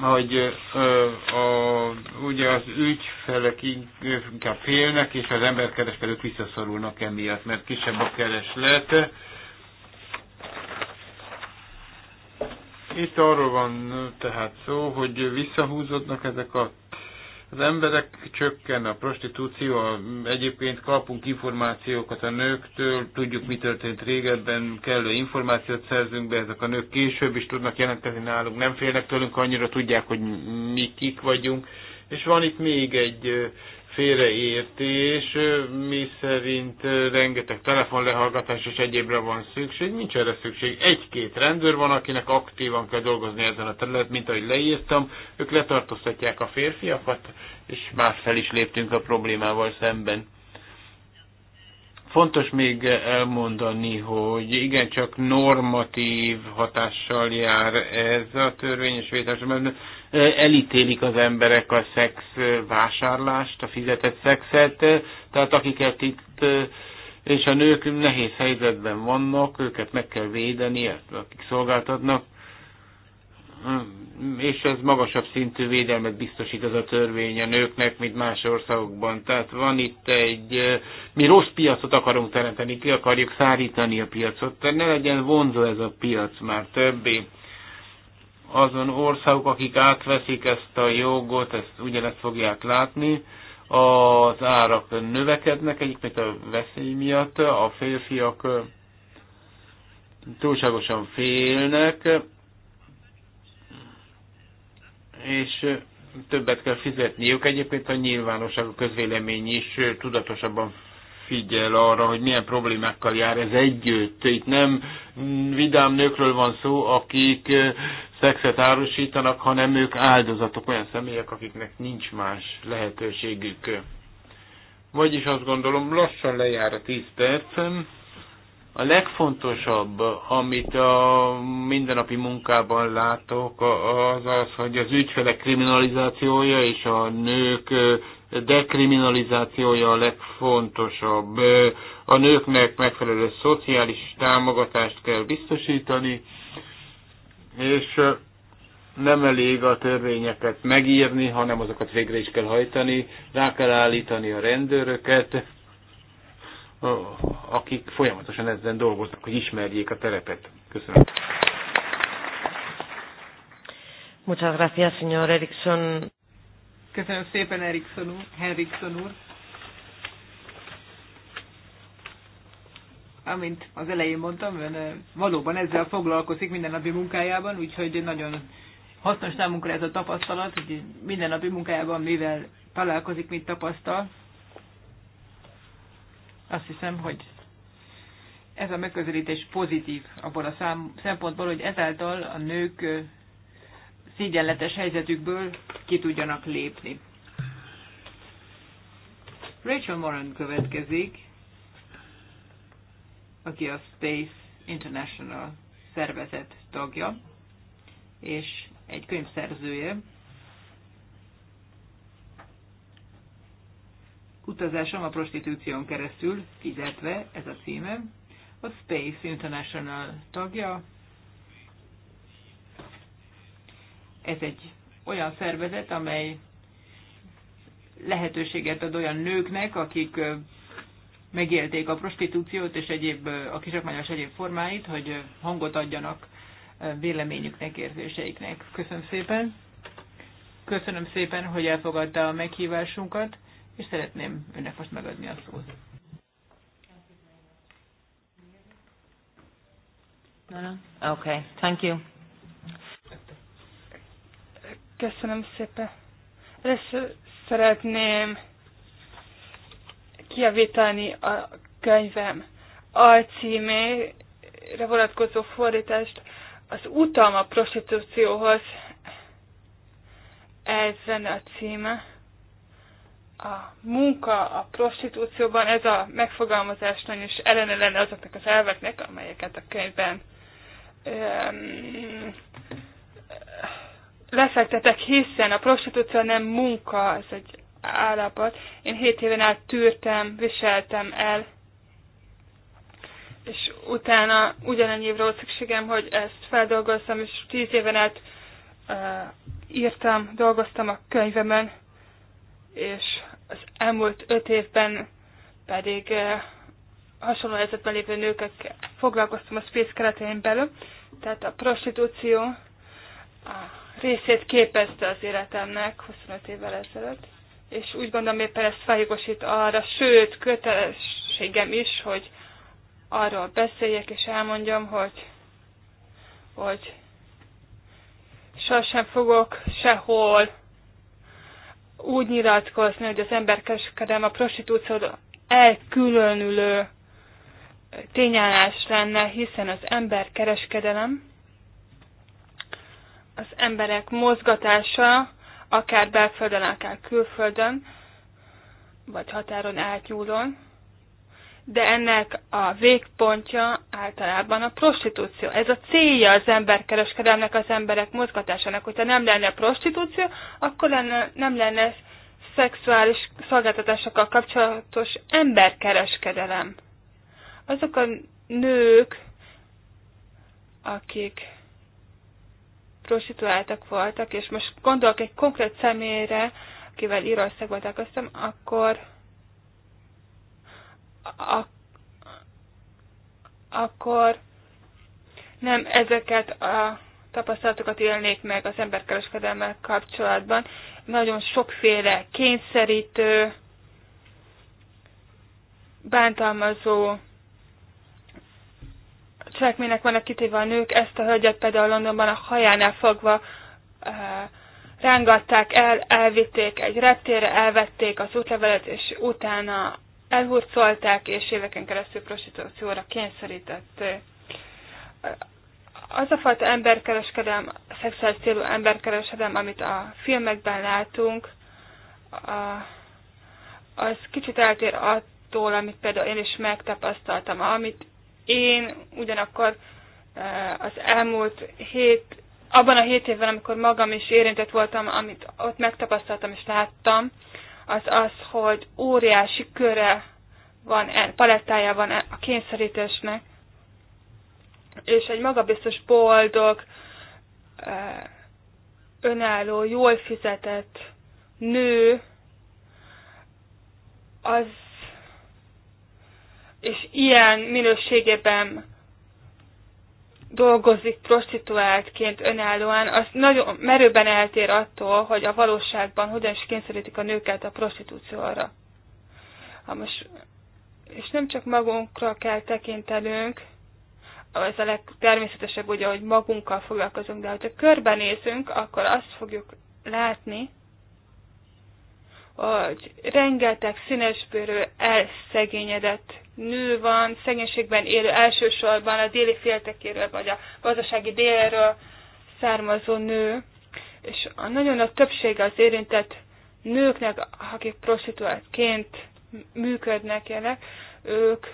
Speaker 2: hogy ö, a, ugye az ügyfelek inkább félnek, és az emberkereskedők visszaszorulnak emiatt, mert kisebb a kereslet, Itt arról van tehát szó, hogy visszahúzódnak ezek a az emberek csökken, a prostitúció, egyébként kapunk információkat a nőktől, tudjuk mi történt régebben, kellő információt szerzünk be, ezek a nők később is tudnak jelentkezni nálunk, nem félnek tőlünk annyira, tudják, hogy mi kik vagyunk. És van itt még egy félreértés, mi szerint rengeteg telefonlehallgatás és egyébre van szükség, nincs erre szükség. Egy-két rendőr van, akinek aktívan kell dolgozni ezen a terület, mint ahogy leírtam, ők letartóztatják a férfiakat, és már fel is léptünk a problémával szemben. Fontos még elmondani, hogy igencsak normatív hatással jár ez a törvényes vétás, mert elítélik az emberek a szex vásárlást, a fizetett szexet, tehát akiket itt és a nők nehéz helyzetben vannak, őket meg kell védeni, hát, akik szolgáltatnak, és ez magasabb szintű védelmet biztosít az a törvény a nőknek, mint más országokban. Tehát van itt egy, mi rossz piacot akarunk teremteni, ki akarjuk szárítani a piacot, tehát ne legyen vonzó ez a piac már többé azon országok, akik átveszik ezt a jogot, ezt ugyanezt fogják látni, az árak növekednek, egyébként a veszély miatt a férfiak túlságosan félnek, és többet kell fizetniük. Egyébként a nyilvánosság, a közvélemény is tudatosabban figyel arra, hogy milyen problémákkal jár ez együtt. Itt nem vidám nőkről van szó, akik eh, szexet árusítanak, hanem ők áldozatok, olyan személyek, akiknek nincs más lehetőségük. Vagyis azt gondolom, lassan lejár a 10 percem. A legfontosabb, amit a mindennapi munkában látok, az az, hogy az ügyfelek kriminalizációja és a nők eh, dekriminalizációja a legfontosabb. A nőknek megfelelő szociális támogatást kell biztosítani, és nem elég a törvényeket megírni, hanem azokat végre is kell hajtani, rá kell állítani a rendőröket, akik folyamatosan ezen dolgoznak, hogy ismerjék a terepet. Köszönöm.
Speaker 1: Muchas gracias, señor Erickson.
Speaker 3: Köszönöm szépen Erikson úr, Henrikson úr. Amint az elején mondtam, ön valóban ezzel foglalkozik mindennapi munkájában, úgyhogy nagyon hasznos számunkra ez a tapasztalat, hogy mindennapi munkájában mivel találkozik, mit tapasztal. Azt hiszem, hogy ez a megközelítés pozitív abból a szám, szempontból, hogy ezáltal a nők szégyenletes helyzetükből ki tudjanak lépni. Rachel Moran következik, aki a Space International szervezet tagja, és egy könyvszerzője. Utazásom a prostitúción keresztül, fizetve, ez a címe. A Space International tagja, Ez egy olyan szervezet, amely lehetőséget ad olyan nőknek, akik megélték a prostitúciót és egyéb, a kizsákmányos egyéb formáit, hogy hangot adjanak véleményüknek, érzéseiknek. Köszönöm szépen! Köszönöm szépen, hogy elfogadta a meghívásunkat, és szeretném önnek most megadni a szót.
Speaker 8: Oké, Okay, thank you. Köszönöm szépen. Először szeretném kiavítani a könyvem alcímére vonatkozó fordítást. Az utam a prostitúcióhoz, ez lenne a címe. A munka a prostitúcióban, ez a megfogalmazás nagyon is ellene lenne azoknak az elveknek, amelyeket a könyvben um, lefektetek, hiszen a prostitúció nem munka, ez egy állapot. Én hét éven át tűrtem, viseltem el, és utána ugyanannyi évre volt szükségem, hogy ezt feldolgozzam, és tíz éven át uh, írtam, dolgoztam a könyvemen, és az elmúlt öt évben pedig uh, hasonló helyzetben lévő nőkkel foglalkoztam a Space keretein belül, tehát a prostitúció, uh, részét képezte az életemnek 25 évvel ezelőtt, és úgy gondolom éppen ez felhigosít arra, sőt, kötelességem is, hogy arról beszéljek és elmondjam, hogy, hogy sosem fogok sehol úgy nyilatkozni, hogy az emberkereskedelem a prostitúció elkülönülő tényállás lenne, hiszen az emberkereskedelem az emberek mozgatása, akár belföldön, akár külföldön, vagy határon átnyúlon, de ennek a végpontja általában a prostitúció. Ez a célja az emberkereskedelmnek, az emberek mozgatásának. Hogyha nem lenne prostitúció, akkor lenne, nem lenne szexuális szolgáltatásokkal kapcsolatos emberkereskedelem. Azok a nők, akik prostituáltak voltak, és most gondolok egy konkrét személyre, akivel Írországba találkoztam, akkor a, akkor nem ezeket a tapasztalatokat élnék meg az emberkereskedelmel kapcsolatban. Nagyon sokféle kényszerítő, bántalmazó cselekménynek vannak kitéve a nők, ezt a hölgyet például Londonban a hajánál fogva e, rángatták el, elvitték egy reptére, elvették az útlevelet, és utána elhurcolták, és éveken keresztül prostitúcióra kényszerített. Az a fajta emberkereskedelem, szexuális célú emberkereskedelem, amit a filmekben látunk, az kicsit eltér attól, amit például én is megtapasztaltam, amit én ugyanakkor az elmúlt hét, abban a hét évben, amikor magam is érintett voltam, amit ott megtapasztaltam és láttam, az az, hogy óriási köre van, e, palettája van e, a kényszerítésnek, és egy magabiztos, boldog, önálló, jól fizetett nő az és ilyen minőségében dolgozik prostituáltként önállóan, az nagyon merőben eltér attól, hogy a valóságban hogyan is kényszerítik a nőket a prostitúcióra. Ha most, és nem csak magunkra kell tekintenünk, ez a legtermészetesebb, ugye, hogy magunkkal foglalkozunk, de ha körbenézünk, akkor azt fogjuk látni, hogy rengeteg színesbőrű elszegényedett nő van, szegénységben élő elsősorban a déli féltekéről, vagy a gazdasági délről származó nő, és a nagyon nagy többsége az érintett nőknek, akik prostituáltként működnek, élnek, ők,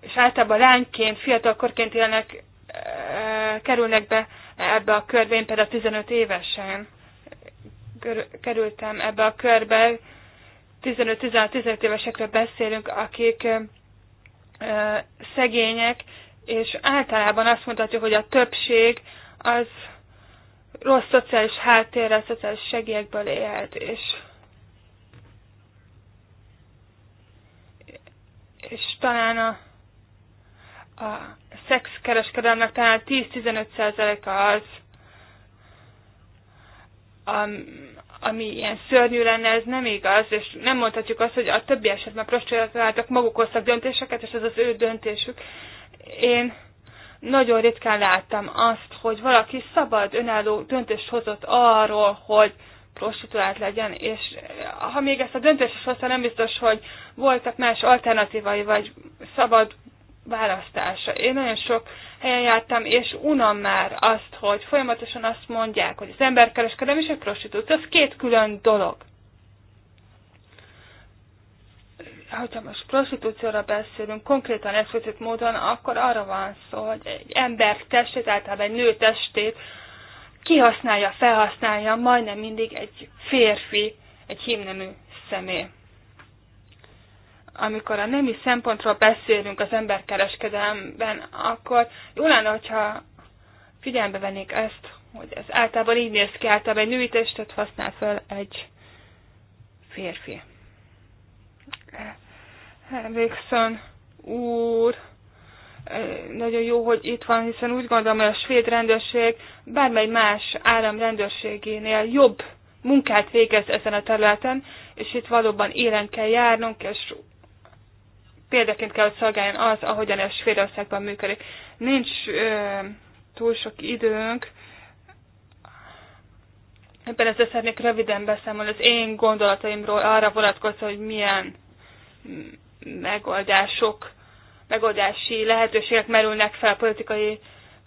Speaker 8: és általában lányként, fiatalkorként élnek, e, kerülnek be ebbe a körbe, én például 15 évesen kerültem ebbe a körbe, 15-16-17 évesekről beszélünk, akik eh, szegények, és általában azt mondhatjuk, hogy a többség az rossz szociális háttérre, szociális segélyekből élt, és, és talán a, a szexkereskedelmnek talán 10-15%-a az, ami ilyen szörnyű lenne, ez nem igaz, és nem mondhatjuk azt, hogy a többi esetben prostituáltak maguk hoztak döntéseket, és ez az ő döntésük. Én nagyon ritkán láttam azt, hogy valaki szabad, önálló döntést hozott arról, hogy prostituált legyen, és ha még ezt a döntést is hozta, nem biztos, hogy voltak más alternatívai, vagy szabad választása. Én nagyon sok helyen jártam, és unom már azt, hogy folyamatosan azt mondják, hogy az emberkereskedem és a prostitúció, az két külön dolog. Hogyha most prostitúcióra beszélünk, konkrétan eszközött módon, akkor arra van szó, hogy egy ember testét, általában egy nő testét kihasználja, felhasználja majdnem mindig egy férfi, egy hímnemű személy amikor a nemi szempontról beszélünk az emberkereskedelemben, akkor jó lenne, hogyha figyelembe vennék ezt, hogy ez általában így néz ki, általában egy női testet használ fel egy férfi. Henrikson úr, nagyon jó, hogy itt van, hiszen úgy gondolom, hogy a svéd rendőrség bármely más állam rendőrségénél jobb munkát végez ezen a területen, és itt valóban élen kell járnunk, és példaként kell, hogy szolgáljon az, ahogyan ez Svédországban működik. Nincs ö, túl sok időnk, ebben ezzel szeretnék röviden beszámolni az én gondolataimról arra vonatkozva, hogy milyen megoldások, megoldási lehetőségek merülnek fel a politikai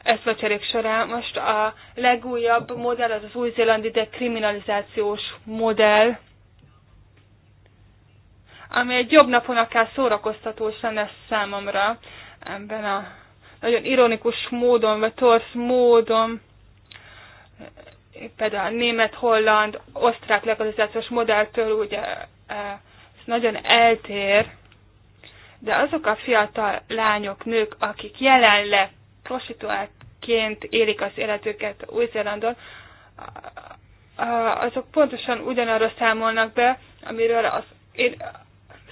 Speaker 8: eszmecserék során. Most a legújabb modell az az új-zélandi dekriminalizációs modell, ami egy jobb napon akár szórakoztató is lenne számomra ebben a nagyon ironikus módon, vagy torsz módon, például a német-holland, osztrák legalizációs modelltől ugye e, ez nagyon eltér, de azok a fiatal lányok, nők, akik jelenleg prostituáltként élik az életüket Új-Zélandon, azok pontosan ugyanarra számolnak be, amiről az én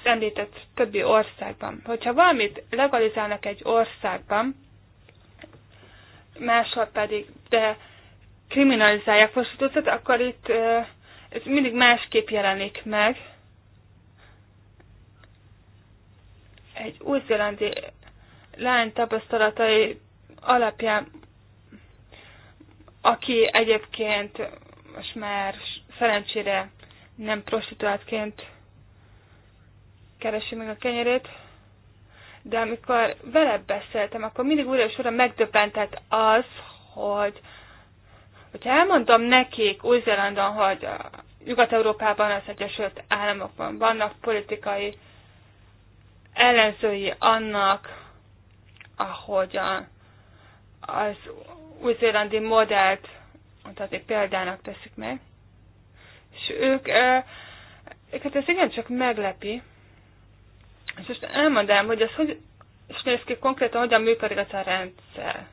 Speaker 8: említett többi országban. Hogyha valamit legalizálnak egy országban, máshol pedig, de kriminalizálják prostitúciót, akkor itt ez mindig másképp jelenik meg. Egy új-zélandi lány tapasztalatai alapján, aki egyébként most már szerencsére nem prostituáltként keresi meg a kenyerét, de amikor vele beszéltem, akkor mindig újra és újra megdöbbentett az, hogy hogyha elmondom nekik Új-Zélandon, hogy Nyugat-Európában, az Egyesült Államokban vannak politikai ellenzői annak, ahogy a, az új-zélandi modellt mondhatni példának teszik meg. És ők, őket ez igencsak meglepi, és most elmondám, hogy ez hogy és néz ki konkrétan, hogyan működik ez a rendszer.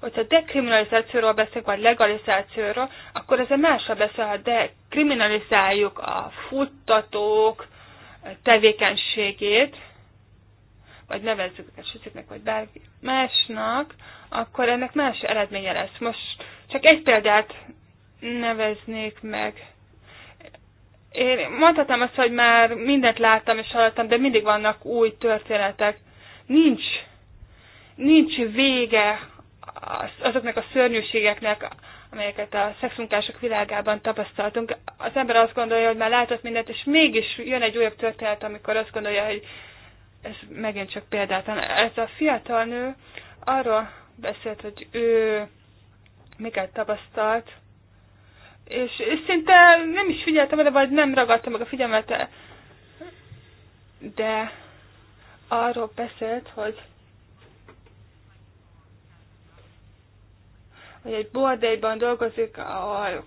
Speaker 8: Hogyha dekriminalizációról beszélünk, vagy legalizációról, akkor ez a másra beszél, ha dekriminalizáljuk a futtatók tevékenységét, vagy nevezzük őket sütiknek, vagy bárki másnak, akkor ennek más eredménye lesz. Most csak egy példát neveznék meg. Én mondhatom azt, hogy már mindent láttam és hallottam, de mindig vannak új történetek. Nincs, nincs vége az, azoknak a szörnyűségeknek, amelyeket a szexunkások világában tapasztaltunk. Az ember azt gondolja, hogy már látott mindent, és mégis jön egy újabb történet, amikor azt gondolja, hogy ez megint csak példátlan. Ez a fiatal nő arról beszélt, hogy ő miket tapasztalt, és, és szinte nem is figyeltem oda, vagy nem ragadtam meg a figyelmet, de arról beszélt, hogy, hogy egy bordélyban dolgozik, ahol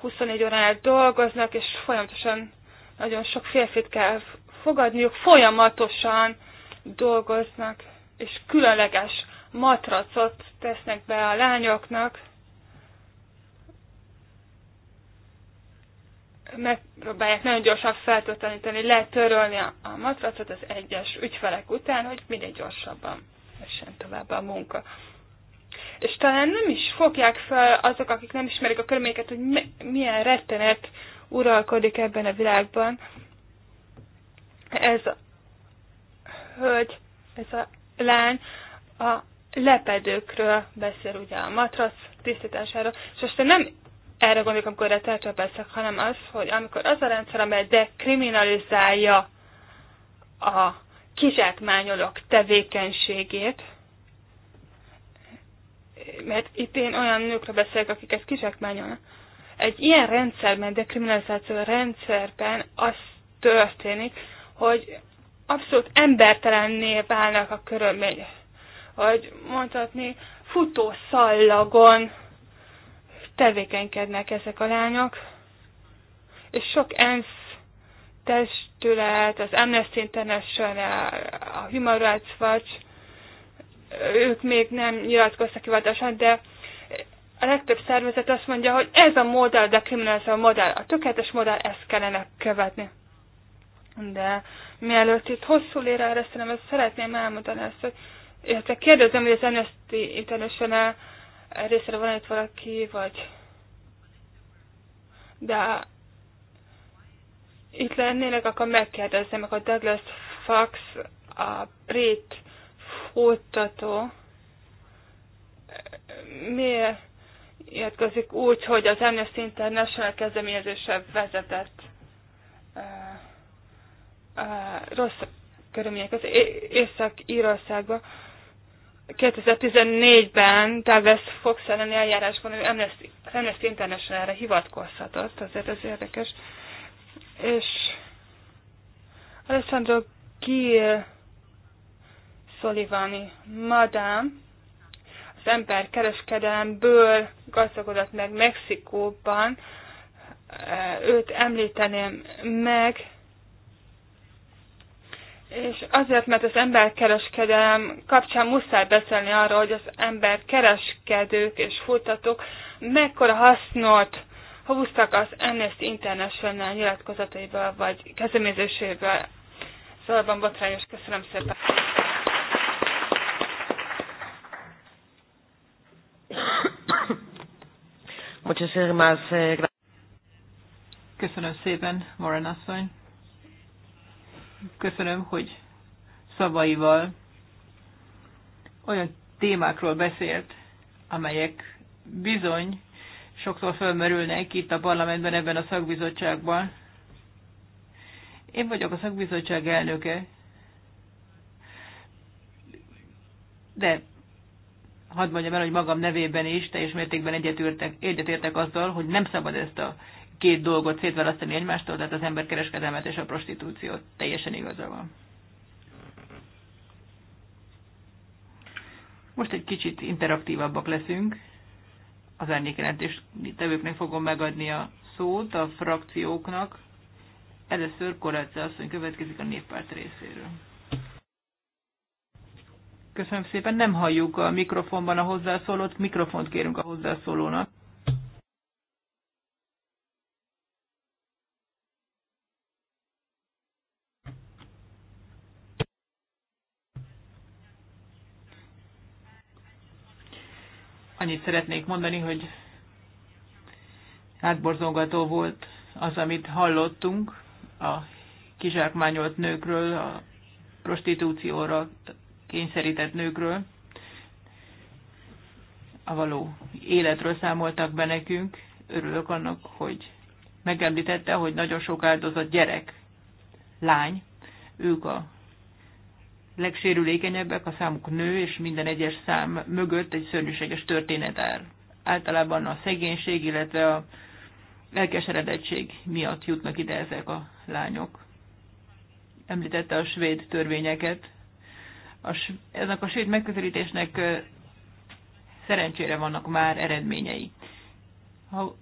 Speaker 8: 24 órán át dolgoznak, és folyamatosan nagyon sok férfit kell fogadniuk, folyamatosan dolgoznak, és különleges matracot tesznek be a lányoknak, megpróbálják nagyon gyorsan feltölteni, lehet törölni a, a matracot az egyes ügyfelek után, hogy minél gyorsabban essen tovább a munka. És talán nem is fogják fel azok, akik nem ismerik a körülményeket, hogy mi, milyen rettenet uralkodik ebben a világban. Ez a hölgy, ez a lány a lepedőkről beszél ugye a matrac tisztításáról, és aztán nem erre gondolok, amikor erre telcsapeszek, hanem az, hogy amikor az a rendszer, amely dekriminalizálja a kizsákmányolók tevékenységét, mert itt én olyan nőkről beszélek, akik ezt kizsákmányolnak, egy ilyen rendszerben, dekriminalizáció rendszerben az történik, hogy abszolút embertelenné válnak a körülmények. Hogy mondhatni, futószallagon tevékenykednek ezek a lányok, és sok ENSZ testület, az Amnesty International, a Human Rights Watch, ők még nem nyilatkoztak hivatalosan, de a legtöbb szervezet azt mondja, hogy ez a modell, de kriminalizáció a modell, a tökéletes modell, ezt kellene követni. De mielőtt itt hosszú lére erre ezt szeretném elmondani ezt, hogy illetve kérdezem, hogy az Amnesty International részre van itt valaki, vagy... De itt lennének, akkor megkérdezem, a Douglas Fox, a brit futtató, miért értkezik úgy, hogy az Amnesty International kezdeményezése vezetett uh, uh, rossz körülmények az Észak-Írországba. 2014-ben Tavesz Fox elleni eljárásban ő Amnesty, az Amnesty International-re hivatkozhatott, azért ez érdekes. És Alessandro Gil Solivani, Madame az ember kereskedelemből gazdagodott meg Mexikóban, őt említeném meg, és azért, mert az emberkereskedelem kapcsán muszáj beszélni arról, hogy az emberkereskedők és futtatók mekkora hasznot húztak az Amnesty International nyilatkozataiból vagy kezdeményezéséből. Szóval botrányos, köszönöm szépen.
Speaker 3: Köszönöm szépen, Warren asszony köszönöm, hogy szavaival olyan témákról beszélt, amelyek bizony sokszor fölmerülnek itt a parlamentben, ebben a szakbizottságban. Én vagyok a szakbizottság elnöke, de hadd mondjam el, hogy magam nevében is teljes mértékben egyetértek, egyetértek azzal, hogy nem szabad ezt a két dolgot szétválasztani egymástól, tehát az emberkereskedelmet és a prostitúciót. Teljesen igaza van. Most egy kicsit interaktívabbak leszünk. Az árnyékjelentés tevőknek fogom megadni a szót a frakcióknak. Először Koráce asszony következik a néppárt részéről. Köszönöm szépen, nem halljuk a mikrofonban a hozzászólót, mikrofont kérünk a hozzászólónak. annyit szeretnék mondani, hogy átborzongató volt az, amit hallottunk a kizsákmányolt nőkről, a prostitúcióra kényszerített nőkről. A való életről számoltak be nekünk. Örülök annak, hogy megemlítette, hogy nagyon sok áldozat gyerek, lány, ők a legsérülékenyebbek, a számuk nő, és minden egyes szám mögött egy szörnyűséges történet áll. Általában a szegénység, illetve a elkeseredettség miatt jutnak ide ezek a lányok. Említette a svéd törvényeket. A, ennek a svéd megközelítésnek szerencsére vannak már eredményei. Ha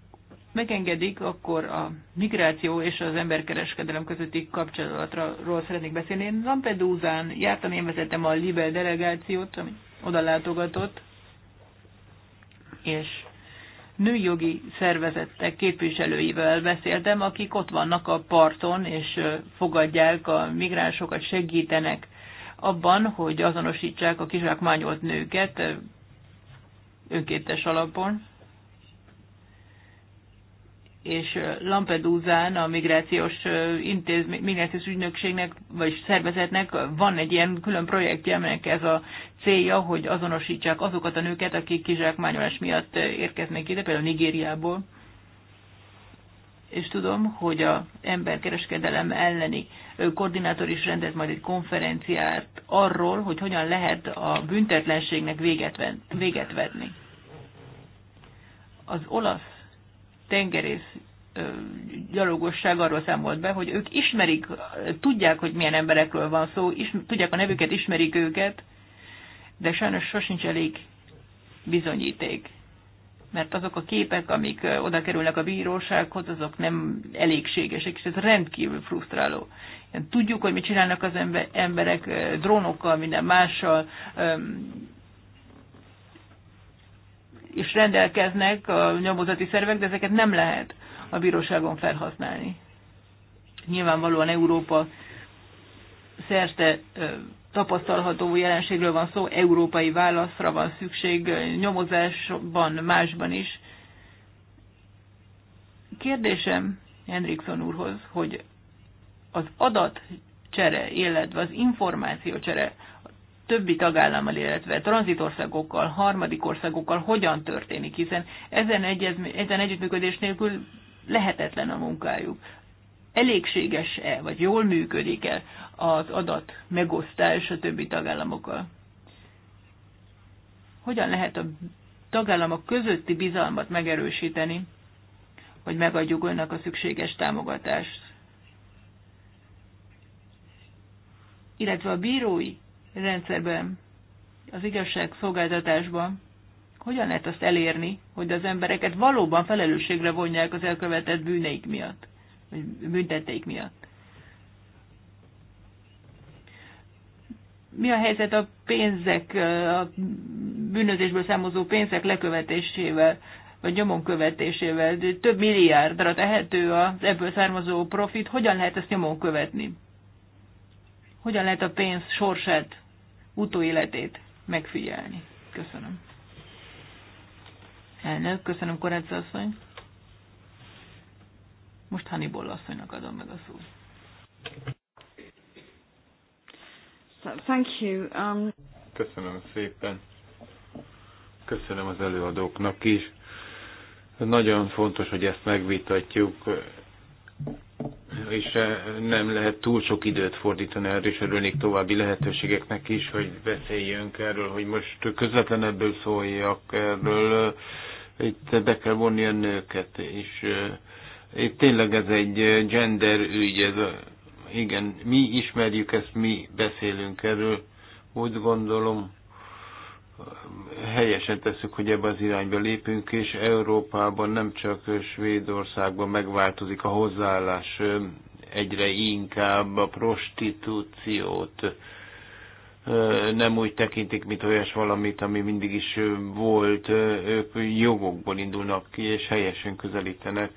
Speaker 3: megengedik, akkor a migráció és az emberkereskedelem közötti kapcsolatról szeretnék beszélni. Én Lampedusán jártam, én vezettem a Libe delegációt, ami oda látogatott, és nőjogi szervezettek képviselőivel beszéltem, akik ott vannak a parton, és fogadják a migránsokat, segítenek abban, hogy azonosítsák a kizsákmányolt nőket önkéntes alapon és Lampedusán a migrációs, intézmény, migrációs ügynökségnek vagy szervezetnek van egy ilyen külön projektje, aminek ez a célja, hogy azonosítsák azokat a nőket, akik kizsákmányolás miatt érkeznek ide, például Nigériából. És tudom, hogy a emberkereskedelem elleni koordinátor is rendez majd egy konferenciát arról, hogy hogyan lehet a büntetlenségnek véget, ven, véget vetni. Az olasz tengerész gyalogosság arról számolt be, hogy ők ismerik, tudják, hogy milyen emberekről van szó, is, tudják a nevüket, ismerik őket, de sajnos sosincs elég bizonyíték. Mert azok a képek, amik oda kerülnek a bírósághoz, azok nem elégségesek, és ez rendkívül frusztráló. Tudjuk, hogy mit csinálnak az emberek drónokkal, minden mással, is rendelkeznek a nyomozati szervek, de ezeket nem lehet a bíróságon felhasználni. Nyilvánvalóan Európa szerte tapasztalható jelenségről van szó, európai válaszra van szükség nyomozásban, másban is. Kérdésem Hendrikson úrhoz, hogy az adatcsere, illetve az információcsere, többi tagállammal, illetve tranzitországokkal, harmadik országokkal hogyan történik, hiszen ezen, egyez, ezen együttműködés nélkül lehetetlen a munkájuk. Elégséges-e, vagy jól működik-e az adat megosztás a többi tagállamokkal? Hogyan lehet a tagállamok közötti bizalmat megerősíteni, hogy megadjuk önnek a szükséges támogatást? Illetve a bírói rendszerben, az igazság szolgáltatásban hogyan lehet azt elérni, hogy az embereket valóban felelősségre vonják az elkövetett bűneik miatt, vagy bünteteik miatt. Mi a helyzet a pénzek, a bűnözésből számozó pénzek lekövetésével, vagy nyomon követésével? Több milliárdra tehető az ebből származó profit, hogyan lehet ezt nyomon követni? hogyan lehet a pénz sorsát, utóéletét megfigyelni. Köszönöm. Elnök, köszönöm Korácsa asszony. Most Hannibal asszonynak adom meg a szót.
Speaker 6: Thank you. Um...
Speaker 2: Köszönöm szépen. Köszönöm az előadóknak is. Nagyon fontos, hogy ezt megvitatjuk és eh, nem lehet túl sok időt fordítani erre, és örülnék további lehetőségeknek is, hogy beszéljünk erről, hogy most ebből szóljak erről. Itt be kell vonni a nőket, és eh, itt tényleg ez egy eh, gender ügy, ez a, igen, mi ismerjük ezt, mi beszélünk erről. Úgy gondolom, helyesen tesszük, hogy ebbe az irányba lépünk, és Európában nem csak Svédországban megváltozik a hozzáállás, egyre inkább a prostitúciót nem úgy tekintik, mint olyas valamit, ami mindig is volt, ők jogokból indulnak ki, és helyesen közelítenek.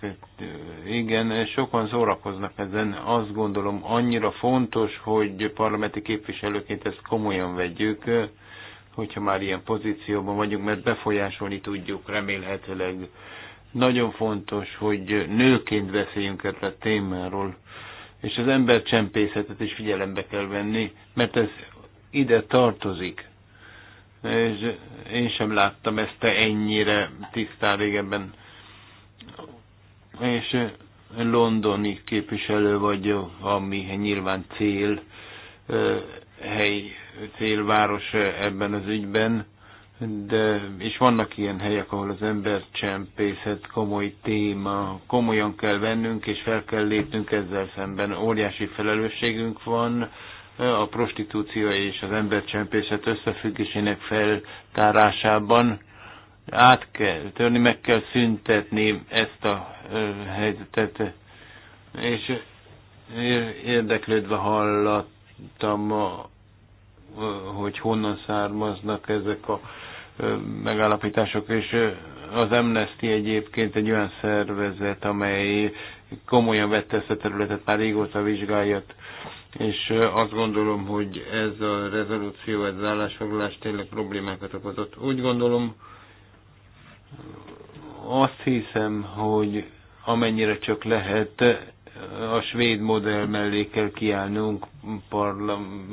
Speaker 2: Igen, sokan szórakoznak ezen. Azt gondolom, annyira fontos, hogy parlamenti képviselőként ezt komolyan vegyük, hogyha már ilyen pozícióban vagyunk, mert befolyásolni tudjuk remélhetőleg. Nagyon fontos, hogy nőként beszéljünk erről a témáról, és az ember csempészetet is figyelembe kell venni, mert ez ide tartozik. És én sem láttam ezt ennyire tisztán régebben. És londoni képviselő vagyok, ami nyilván cél hely célváros ebben az ügyben, de, és vannak ilyen helyek, ahol az embercsempészet komoly téma, komolyan kell vennünk, és fel kell lépnünk ezzel szemben. Óriási felelősségünk van, a prostitúció és az embercsempészet összefüggésének feltárásában át kell törni, meg kell szüntetni ezt a helyzetet. És érdeklődve hallattam hogy honnan származnak ezek a megállapítások, és az Amnesty egyébként egy olyan szervezet, amely komolyan vette ezt a területet, már régóta vizsgálja, és azt gondolom, hogy ez a rezolúció, ez az állásfoglalás tényleg problémákat okozott. Úgy gondolom, azt hiszem, hogy amennyire csak lehet, a svéd modell mellé kell kiállnunk,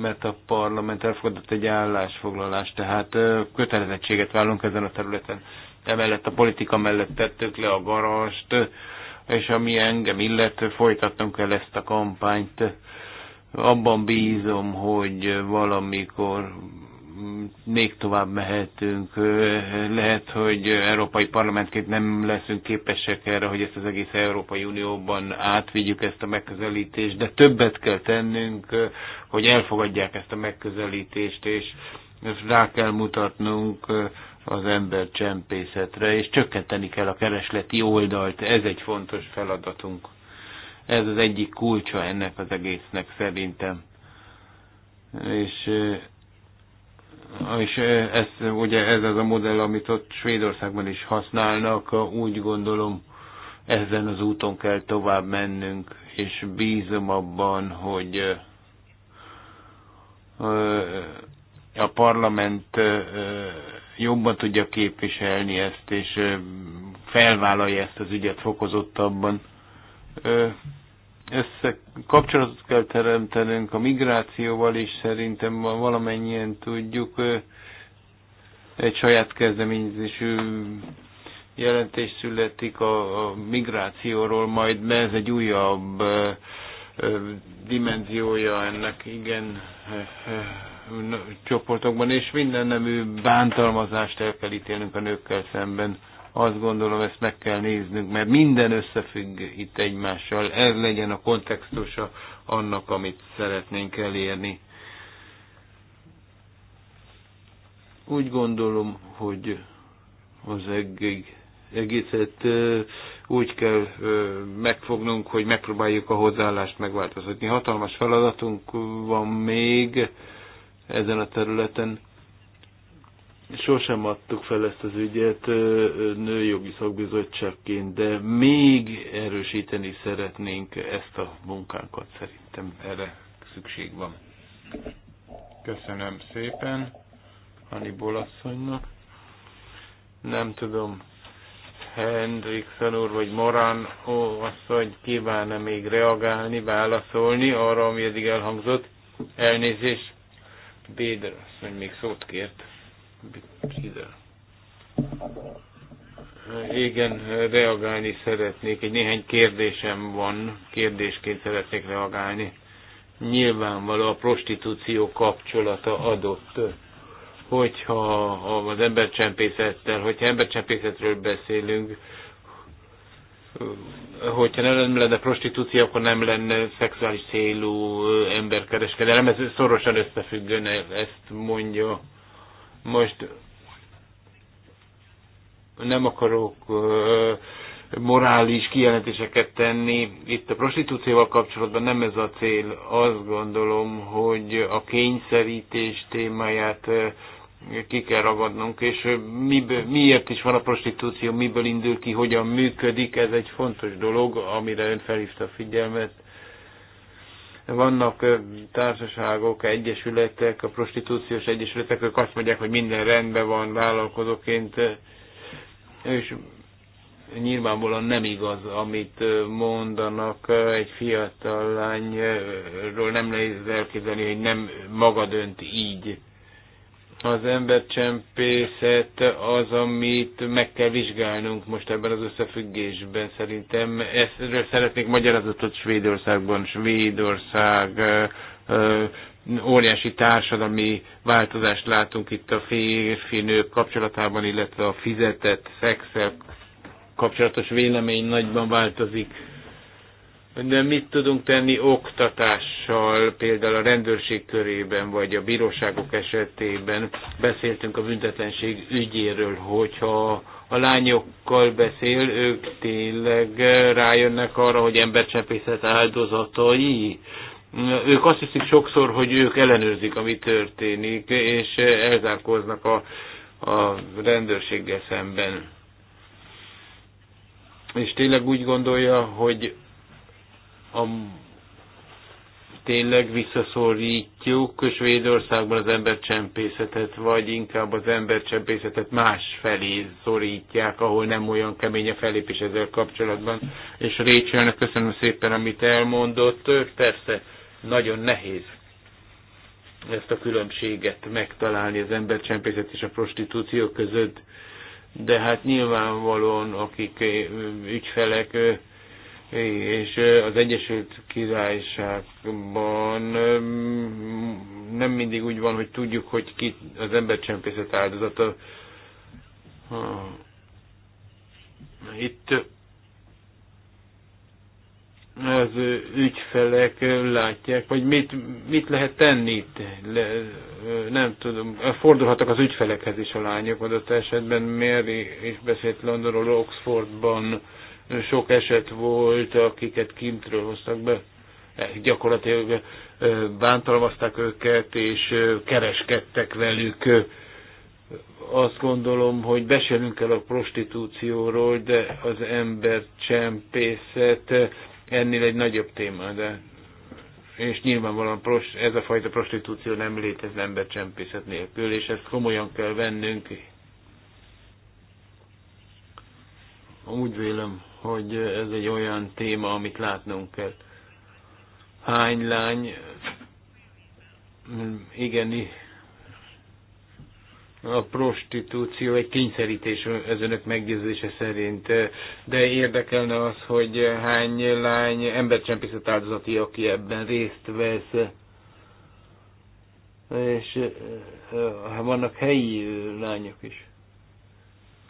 Speaker 2: mert a parlament elfogadott egy állásfoglalást, tehát kötelezettséget vállunk ezen a területen. Emellett a politika mellett tettük le a garast, és ami engem illet, folytatnunk kell ezt a kampányt. Abban bízom, hogy valamikor még tovább mehetünk. Lehet, hogy Európai Parlamentként nem leszünk képesek erre, hogy ezt az egész Európai Unióban átvigyük ezt a megközelítést, de többet kell tennünk, hogy elfogadják ezt a megközelítést, és rá kell mutatnunk az ember csempészetre, és csökkenteni kell a keresleti oldalt. Ez egy fontos feladatunk. Ez az egyik kulcsa ennek az egésznek szerintem. És és ez, ugye ez az a modell, amit ott Svédországban is használnak, úgy gondolom ezen az úton kell tovább mennünk, és bízom abban, hogy a parlament jobban tudja képviselni ezt, és felvállalja ezt az ügyet fokozottabban össze kapcsolatot kell teremtenünk a migrációval is, szerintem valamennyien tudjuk, egy saját kezdeményezésű jelentés születik a, migrációról majd, mert ez egy újabb dimenziója ennek, igen, csoportokban, és minden nemű bántalmazást el kell ítélnünk a nőkkel szemben. Azt gondolom, ezt meg kell néznünk, mert minden összefügg itt egymással. Ez legyen a kontextusa annak, amit szeretnénk elérni. Úgy gondolom, hogy az egég egészet úgy kell megfognunk, hogy megpróbáljuk a hozzáállást megváltoztatni. Hatalmas feladatunk van még ezen a területen sosem adtuk fel ezt az ügyet nőjogi szakbizottságként, de még erősíteni szeretnénk ezt a munkánkat szerintem. Erre szükség van. Köszönöm szépen Hannibal Bolasszonynak. Nem tudom, Hendrik úr vagy Morán ó, asszony kívánna még reagálni, válaszolni arra, ami eddig elhangzott. Elnézést, Béder asszony még szót kért. Igen, reagálni szeretnék. Egy néhány kérdésem van, kérdésként szeretnék reagálni. Nyilvánvaló a prostitúció kapcsolata adott, hogyha az embercsempészettel, hogyha embercsempészetről beszélünk, hogyha nem lenne prostitúció, akkor nem lenne szexuális célú emberkereskedelem. Ez szorosan összefüggően e- ezt mondja most nem akarok morális kijelentéseket tenni. Itt a prostitúcióval kapcsolatban nem ez a cél. Azt gondolom, hogy a kényszerítés témáját ki kell ragadnunk, és miből, miért is van a prostitúció, miből indul ki, hogyan működik, ez egy fontos dolog, amire ön felhívta a figyelmet. Vannak társaságok, egyesületek, a prostitúciós egyesületek, ők azt mondják, hogy minden rendben van vállalkozóként, és nyilvánvalóan nem igaz, amit mondanak egy fiatal lányról, nem lehet elképzelni, hogy nem maga dönt így az embercsempészet az, amit meg kell vizsgálnunk most ebben az összefüggésben szerintem. Ezről szeretnék magyarázatot Svédországban. Svédország óriási társadalmi változást látunk itt a férfi-nők kapcsolatában, illetve a fizetett szexel kapcsolatos vélemény nagyban változik de mit tudunk tenni oktatással, például a rendőrség körében, vagy a bíróságok esetében? Beszéltünk a büntetlenség ügyéről, hogyha a lányokkal beszél, ők tényleg rájönnek arra, hogy embercsempészet áldozatai. Ők azt hiszik sokszor, hogy ők ellenőrzik, ami történik, és elzárkoznak a, a rendőrséggel szemben. És tényleg úgy gondolja, hogy a, tényleg visszaszorítjuk Svédországban az embercsempészetet, vagy inkább az embercsempészetet más felé szorítják, ahol nem olyan kemény a felépés ezzel kapcsolatban. És Rachelnek köszönöm szépen, amit elmondott. Persze, nagyon nehéz ezt a különbséget megtalálni az embercsempészet és a prostitúció között. De hát nyilvánvalóan, akik ügyfelek, és az Egyesült Királyságban nem mindig úgy van, hogy tudjuk, hogy ki az embercsempészet áldozata. Itt az ügyfelek látják, vagy mit, mit lehet tenni itt? Le, nem tudom, fordulhatnak az ügyfelekhez is a lányok adott esetben. Mary is beszélt Londonról, Oxfordban, sok eset volt, akiket kintről hoztak be, e, gyakorlatilag bántalmazták őket, és kereskedtek velük. Azt gondolom, hogy beszélünk el a prostitúcióról, de az embercsempészet ennél egy nagyobb téma, de és nyilvánvalóan ez a fajta prostitúció nem létez embercsempészet nélkül, és ezt komolyan kell vennünk, Úgy vélem, hogy ez egy olyan téma, amit látnunk kell. Hány lány, igen, a prostitúció egy kényszerítés ez önök meggyőzése szerint, de érdekelne az, hogy hány lány embercsempészet áldozati, aki ebben részt vesz, és eh, eh, vannak helyi lányok is.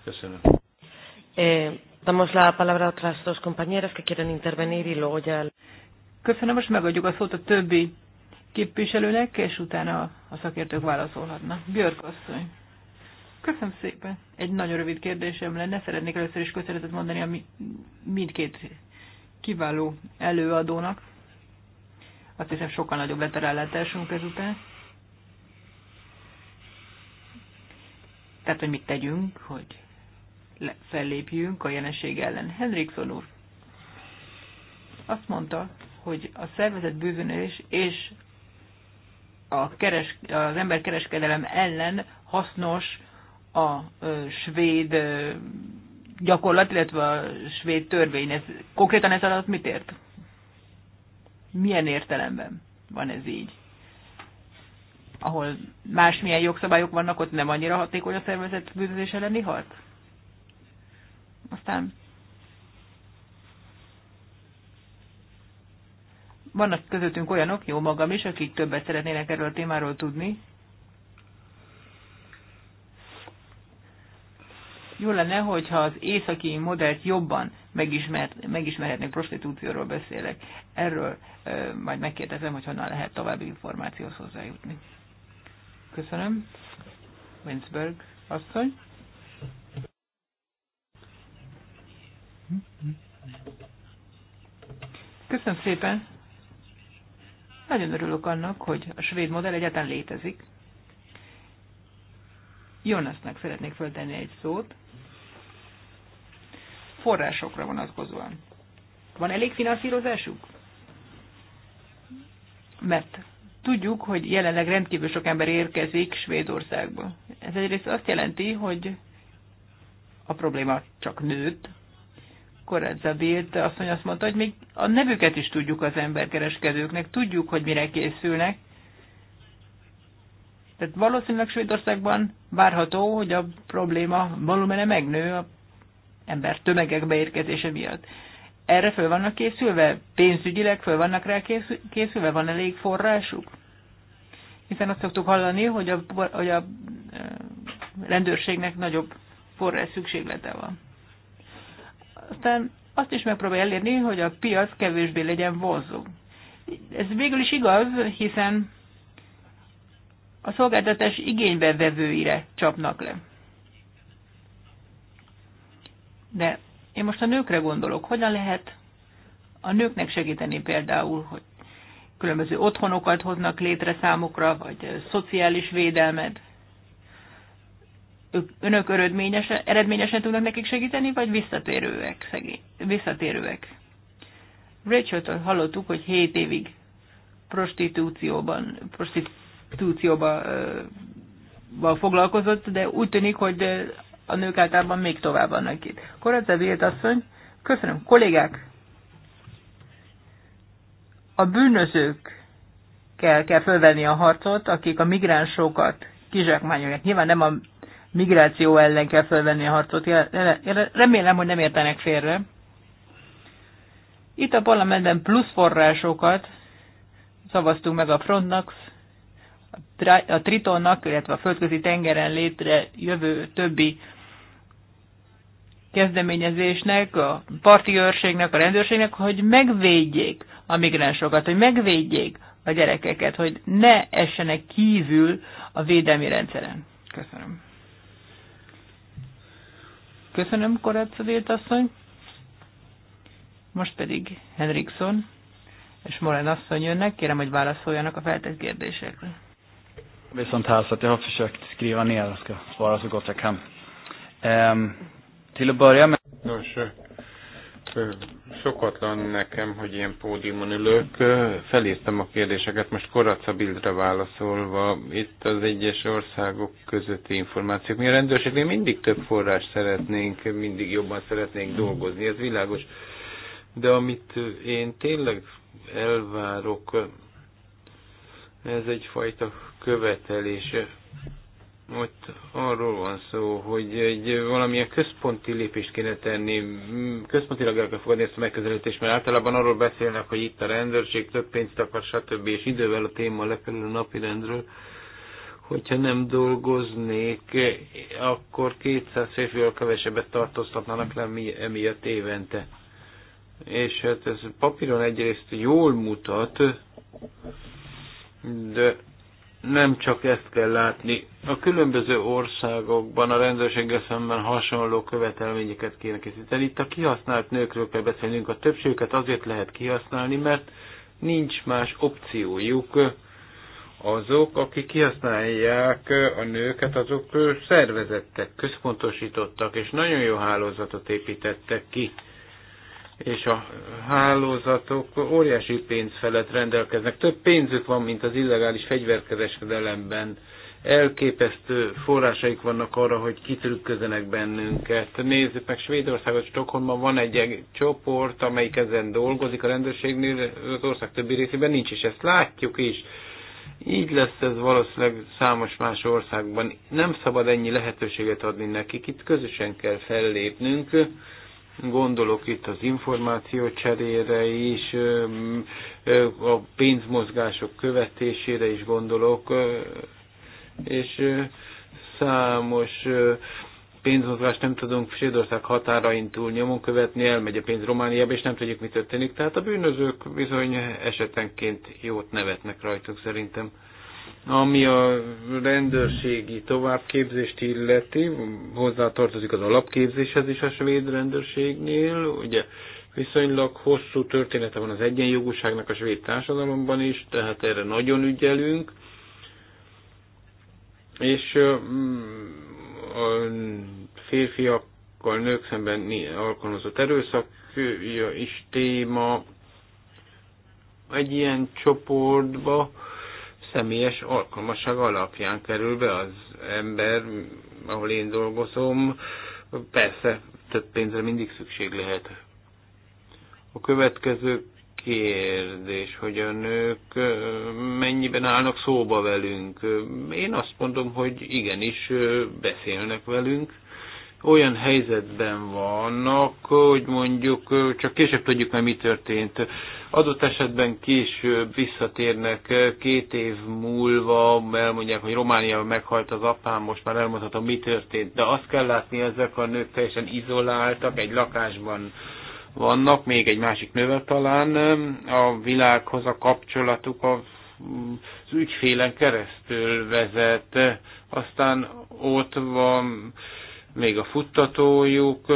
Speaker 2: Köszönöm.
Speaker 1: Eh, damos la palabra a otras dos compañeras que quieren intervenir, y luego ya... Köszönöm, most megadjuk a szót a többi képviselőnek, és utána a
Speaker 3: szakértők válaszolhatnak. Björk asszony. Köszönöm szépen. Egy nagyon rövid kérdésem lenne. Szeretnék először is köszönetet mondani a mindkét kiváló előadónak. Azt hiszem sokkal nagyobb lett a rálátásunk ezután. Tehát, hogy mit tegyünk, hogy fellépjünk a jelenség ellen. Henrikson úr azt mondta, hogy a szervezet bűvönés és a keres, az emberkereskedelem ellen hasznos a ö, svéd ö, gyakorlat, illetve a svéd törvény. Ez, konkrétan ez alatt mit ért? Milyen értelemben van ez így? Ahol másmilyen jogszabályok vannak, ott nem annyira hatékony a szervezet bűnözés elleni harc? Aztán vannak közöttünk olyanok, jó magam is, akik többet szeretnének erről a témáról tudni. Jó lenne, hogyha az északi modellt jobban megismert, megismerhetnék, prostitúcióról beszélek. Erről e, majd megkérdezem, hogy honnan lehet további információhoz hozzájutni. Köszönöm. Winsberg asszony. Köszönöm szépen. Nagyon örülök annak, hogy a svéd modell egyáltalán létezik. Jonasnak szeretnék föltenni egy szót. Forrásokra vonatkozóan. Van elég finanszírozásuk? Mert tudjuk, hogy jelenleg rendkívül sok ember érkezik Svédországba. Ez egyrészt azt jelenti, hogy a probléma csak nőtt, ez a asszony azt mondta, hogy még a nevüket is tudjuk az emberkereskedőknek, tudjuk, hogy mire készülnek. Tehát valószínűleg Svédországban várható, hogy a probléma volumene megnő a ember tömegek beérkezése miatt. Erre föl vannak készülve? Pénzügyileg föl vannak rá készülve? Van elég forrásuk? Hiszen azt szoktuk hallani, hogy a, hogy a rendőrségnek nagyobb forrás szükséglete van aztán azt is megpróbálja elérni, hogy a piac kevésbé legyen vonzó. Ez végül is igaz, hiszen a szolgáltatás igénybe vevőire csapnak le. De én most a nőkre gondolok, hogyan lehet a nőknek segíteni például, hogy különböző otthonokat hoznak létre számukra, vagy szociális védelmet önök eredményesen, eredményesen tudnak nekik segíteni, vagy visszatérőek, szegény, visszatérőek. Rachel-től hallottuk, hogy 7 évig prostitúcióban, prostitúcióban ö, foglalkozott, de úgy tűnik, hogy a nők általában még tovább vannak itt. Koradze Vilt asszony, köszönöm. Kollégák, a bűnözők kell, kell fölvenni a harcot, akik a migránsokat kizsákmányolják. Nyilván nem a migráció ellen kell felvenni a harcot. Remélem, hogy nem értenek félre. Itt a parlamentben plusz forrásokat szavaztunk meg a Frontnak, a Tritonnak, illetve a földközi tengeren létre jövő többi kezdeményezésnek, a parti őrségnek, a rendőrségnek, hogy megvédjék a migránsokat, hogy megvédjék a gyerekeket, hogy ne essenek kívül a védelmi rendszeren. Köszönöm. Köszönöm, Korácadét asszony. Most pedig Henrikson és Molen asszony jönnek. Kérem, hogy válaszoljanak a feltett kérdésekre.
Speaker 8: Viszont hálsat, jag har försökt skriva ner, jag ska svara så gott jag kan. Hát. Um,
Speaker 2: till att börja med... Nos, Sokatlan nekem, hogy ilyen pódiumon ülök. Felírtam a kérdéseket, most Koraca Bildre válaszolva. Itt az egyes országok közötti információk. Mi a mi mindig több forrás szeretnénk, mindig jobban szeretnénk dolgozni, ez világos. De amit én tényleg elvárok, ez egyfajta követelése ott arról van szó, hogy egy valamilyen központi lépést kéne tenni, központilag el kell fogadni ezt a megközelítést, mert általában arról beszélnek, hogy itt a rendőrség több pénzt akar, stb. és idővel a téma lekerül a napi rendről hogyha nem dolgoznék, akkor 200 férfival kevesebbet tartóztatnának le emiatt évente. És hát ez papíron egyrészt jól mutat, de nem csak ezt kell látni. A különböző országokban a rendőrséggel szemben hasonló követelményeket kéne készíteni. Itt a kihasznált nőkről kell beszélnünk. A többségüket azért lehet kihasználni, mert nincs más opciójuk. Azok, akik kihasználják a nőket, azok szervezettek, központosítottak, és nagyon jó hálózatot építettek ki és a hálózatok óriási pénz felett rendelkeznek. Több pénzük van, mint az illegális fegyverkereskedelemben. Elképesztő forrásaik vannak arra, hogy kitrükközenek bennünket. Nézzük meg Svédországot, Stockholmban van egy, egy csoport, amelyik ezen dolgozik a rendőrségnél, az ország többi részében nincs, és ezt látjuk is. Így lesz ez valószínűleg számos más országban. Nem szabad ennyi lehetőséget adni nekik, itt közösen kell fellépnünk Gondolok itt az információ cserére is, a pénzmozgások követésére is gondolok, és számos pénzmozgást nem tudunk Svédország határain túl nyomon követni, elmegy a pénz Romániába, és nem tudjuk, mi történik. Tehát a bűnözők bizony esetenként jót nevetnek rajtuk szerintem. Ami a rendőrségi továbbképzést illeti, hozzátartozik az alapképzéshez is a svéd rendőrségnél, ugye viszonylag hosszú története van az egyenjogúságnak a svéd társadalomban is, tehát erre nagyon ügyelünk. És mm, a férfiakkal, nők szemben alkalmazott erőszak is téma. Egy ilyen csoportba személyes alkalmasság alapján kerül be az ember, ahol én dolgozom, persze több pénzre mindig szükség lehet. A következő kérdés, hogy a nők mennyiben állnak szóba velünk. Én azt mondom, hogy igenis beszélnek velünk, olyan helyzetben vannak, hogy mondjuk csak később tudjuk meg mi történt. Adott esetben később visszatérnek két év múlva, elmondják, hogy Romániában meghalt az apám, most már elmondhatom, mi történt. De azt kell látni, ezek a nők teljesen izoláltak, egy lakásban vannak, még egy másik nővel talán a világhoz a kapcsolatuk a az ügyfélen keresztül vezet, aztán ott van még a futtatójuk,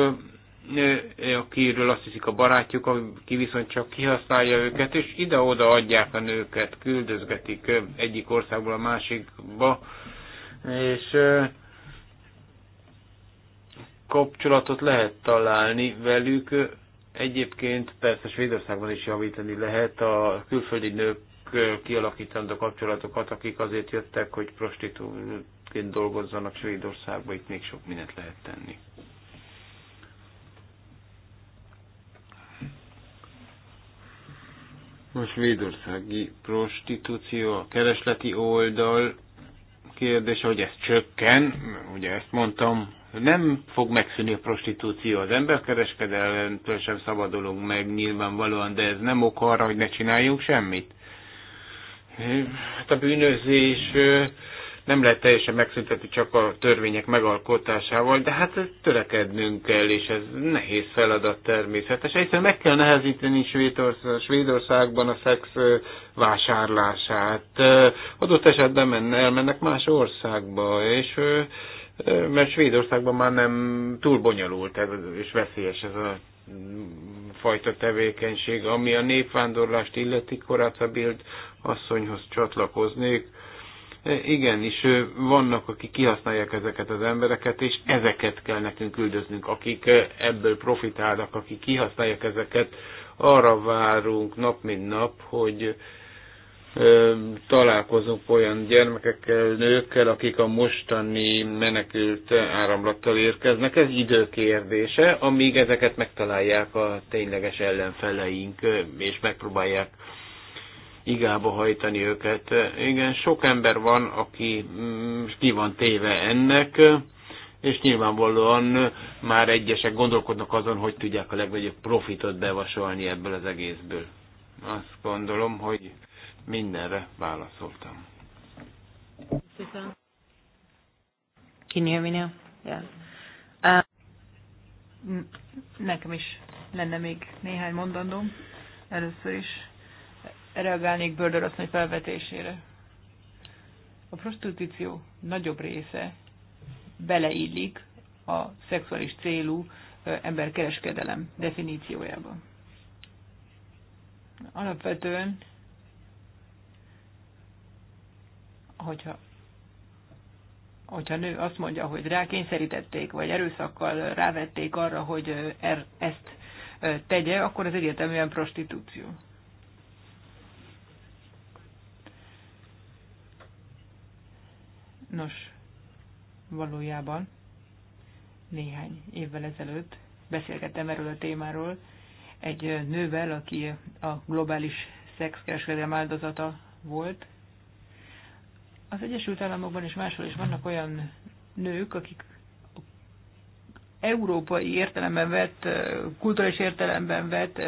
Speaker 2: akiről azt hiszik a barátjuk, aki viszont csak kihasználja őket, és ide-oda adják a nőket, küldözgetik egyik országból a másikba, és kapcsolatot lehet találni velük. Egyébként persze Svédországban is javítani lehet a külföldi nők kialakítandó kapcsolatokat, akik azért jöttek, hogy jogászként dolgozzanak Svédországba, itt még sok mindent lehet tenni. Most svédországi prostitúció, a keresleti oldal kérdése, hogy ez csökken, ugye ezt mondtam, nem fog megszűnni a prostitúció, az emberkereskedelemtől sem szabadulunk meg nyilvánvalóan, de ez nem ok arra, hogy ne csináljunk semmit. Hát a bűnözés nem lehet teljesen megszüntetni csak a törvények megalkotásával, de hát ez törekednünk kell, és ez nehéz feladat természetesen. Egyszerűen meg kell nehezíteni Svédország, Svédországban a szex vásárlását. Adott esetben menne, elmennek más országba, és mert Svédországban már nem túl bonyolult ez, és veszélyes ez a fajta tevékenység, ami a népvándorlást illeti, Koráca Bild asszonyhoz csatlakoznék E, igen, és vannak, akik kihasználják ezeket az embereket, és ezeket kell nekünk üldöznünk, akik ebből profitálnak, akik kihasználják ezeket. Arra várunk nap mint nap, hogy találkozunk olyan gyermekekkel, nőkkel, akik a mostani menekült áramlattal érkeznek. Ez időkérdése, amíg ezeket megtalálják a tényleges ellenfeleink, és megpróbálják igába hajtani őket. Igen, sok ember van, aki mm, ki van téve ennek, és nyilvánvalóan már egyesek gondolkodnak azon, hogy tudják a legnagyobb profitot bevasolni ebből az egészből. Azt gondolom, hogy mindenre válaszoltam.
Speaker 9: Szépen. Can you hear me now? Yeah.
Speaker 3: Um, nekem is lenne még néhány mondandóm. Először is reagálnék Bördör asszony felvetésére. A prostitúció nagyobb része beleillik a szexuális célú emberkereskedelem definíciójába. Alapvetően, hogyha, hogyha nő azt mondja, hogy rákényszerítették, vagy erőszakkal rávették arra, hogy er, ezt tegye, akkor ez egyértelműen prostitúció. Nos, valójában néhány évvel ezelőtt beszélgettem erről a témáról egy nővel, aki a globális szexkereskedelem áldozata volt. Az Egyesült Államokban és máshol is vannak olyan nők, akik európai értelemben vett, kulturális értelemben vett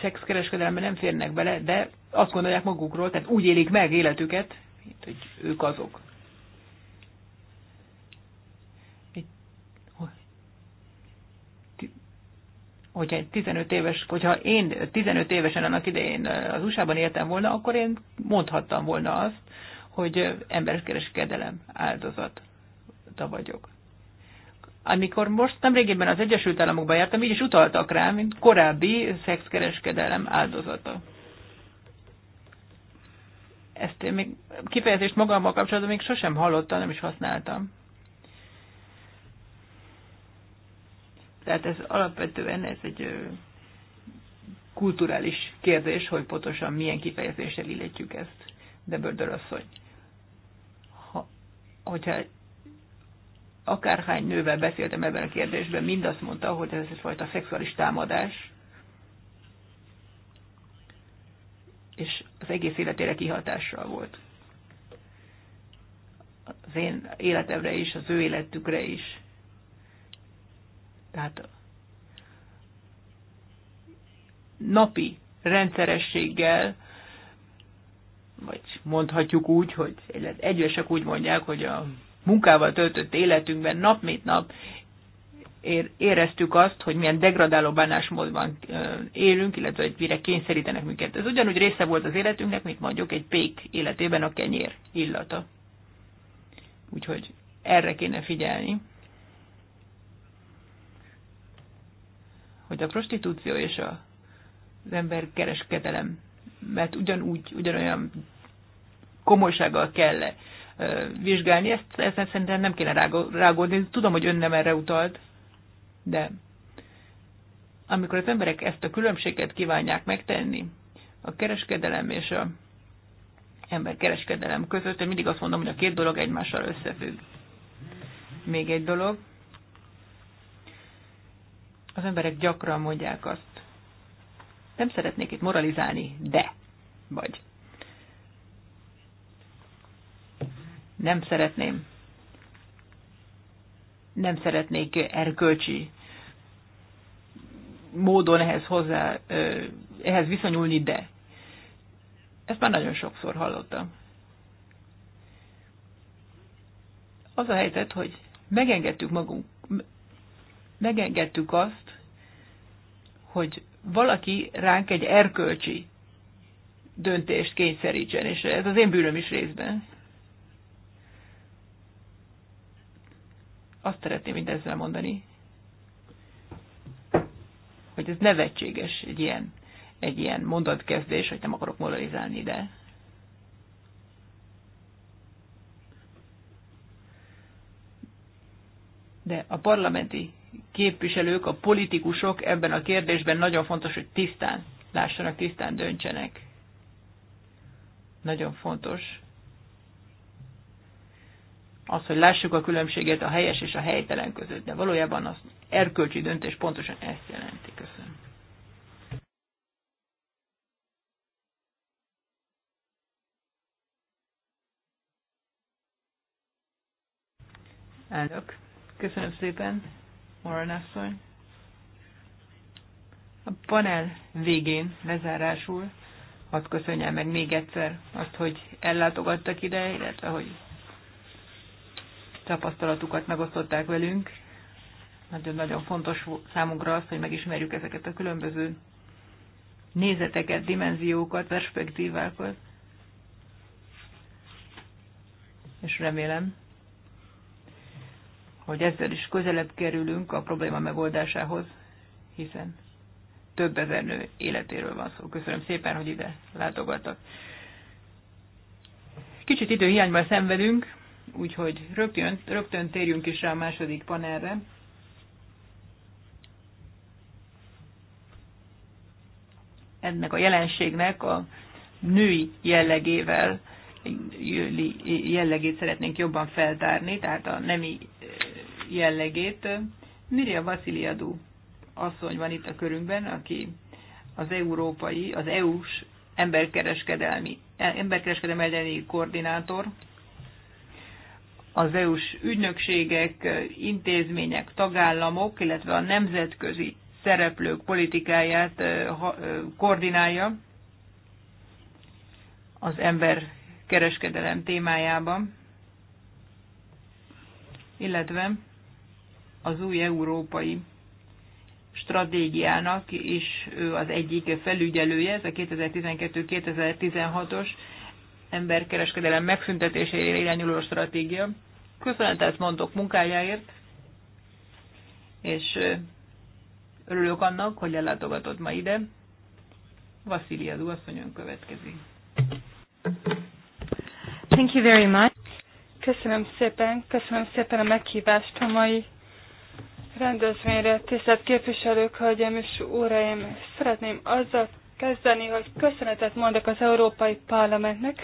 Speaker 3: szexkereskedelemben nem férnek bele, de azt gondolják magukról, tehát úgy élik meg életüket, itt, hogy ők azok. Itt, hogyha 15 éves, hogyha én 15 évesen annak idején az USA-ban éltem volna, akkor én mondhattam volna azt, hogy emberkereskedelem áldozata vagyok. Amikor most nem régében az Egyesült Államokban jártam, így is utaltak rá, mint korábbi szexkereskedelem áldozata ezt én még kifejezést magammal kapcsolatban még sosem hallottam, nem is használtam. Tehát ez alapvetően ez egy kulturális kérdés, hogy pontosan milyen kifejezéssel illetjük ezt. De az, hogy ha, hogyha akárhány nővel beszéltem ebben a kérdésben, mind azt mondta, hogy ez egyfajta szexuális támadás, és az egész életére kihatással volt. Az én életemre is, az ő életükre is. Tehát napi rendszerességgel, vagy mondhatjuk úgy, hogy egyesek úgy mondják, hogy a munkával töltött életünkben nap mint nap éreztük azt, hogy milyen degradáló bánásmódban élünk, illetve hogy mire kényszerítenek minket. Ez ugyanúgy része volt az életünknek, mint mondjuk egy pék életében a kenyér illata. Úgyhogy erre kéne figyelni. Hogy a prostitúció és a, az kereskedelem, mert ugyanúgy, ugyanolyan komolysággal kell -e vizsgálni, ezt, ezt szerintem nem kéne rágódni. Tudom, hogy ön nem erre utalt, de amikor az emberek ezt a különbséget kívánják megtenni, a kereskedelem és a emberkereskedelem között, én mindig azt mondom, hogy a két dolog egymással összefügg. Még egy dolog, az emberek gyakran mondják azt, nem szeretnék itt moralizálni, de, vagy nem szeretném, nem szeretnék erkölcsi módon ehhez hozzá, ehhez viszonyulni, de ezt már nagyon sokszor hallottam. Az a helyzet, hogy megengedtük magunk, megengedtük azt, hogy valaki ránk egy erkölcsi döntést kényszerítsen, és ez az én bűnöm is részben. Azt szeretném mindezzel mondani, hogy ez nevetséges egy ilyen, egy ilyen mondatkezdés, hogy nem akarok moralizálni, de de a parlamenti képviselők, a politikusok ebben a kérdésben nagyon fontos, hogy tisztán lássanak, tisztán döntsenek. Nagyon fontos az, hogy lássuk a különbséget a helyes és a helytelen között, de valójában azt
Speaker 5: erkölcsi döntés pontosan ezt jelenti. Köszönöm.
Speaker 3: Elnök. Köszönöm szépen, Moran asszony. A panel végén lezárásul hadd köszönjem meg még egyszer azt, hogy ellátogattak ide, illetve hogy tapasztalatukat megosztották velünk. Nagyon-nagyon fontos számunkra az, hogy megismerjük ezeket a különböző nézeteket, dimenziókat, perspektívákat. És remélem, hogy ezzel is közelebb kerülünk a probléma megoldásához, hiszen több ezer nő életéről van szó. Köszönöm szépen, hogy ide látogattak. Kicsit időhiányban szenvedünk, úgyhogy rögtön, rögtön térjünk is rá a második panelre. ennek a jelenségnek a női jellegével, jellegét szeretnénk jobban feltárni, tehát a nemi jellegét. Mirja Vasiliadu asszony van itt a körünkben, aki az európai, az EU-s emberkereskedelmi, e, emberkereskedelmi elleni koordinátor, az EU-s ügynökségek, intézmények, tagállamok, illetve a nemzetközi szereplők politikáját koordinálja az ember kereskedelem témájában, illetve az új európai stratégiának is ő az egyik felügyelője, ez a 2012-2016-os emberkereskedelem megszüntetésére irányuló stratégia. Köszönetet mondok munkájáért, és Örülök annak, hogy ellátogatott ma ide. az úrasszonyon következik.
Speaker 9: Thank you very much.
Speaker 8: Köszönöm szépen, köszönöm szépen a meghívást a mai rendezvényre. Tisztelt képviselők, hölgyeim és uraim, szeretném azzal kezdeni, hogy köszönetet mondok az Európai Parlamentnek,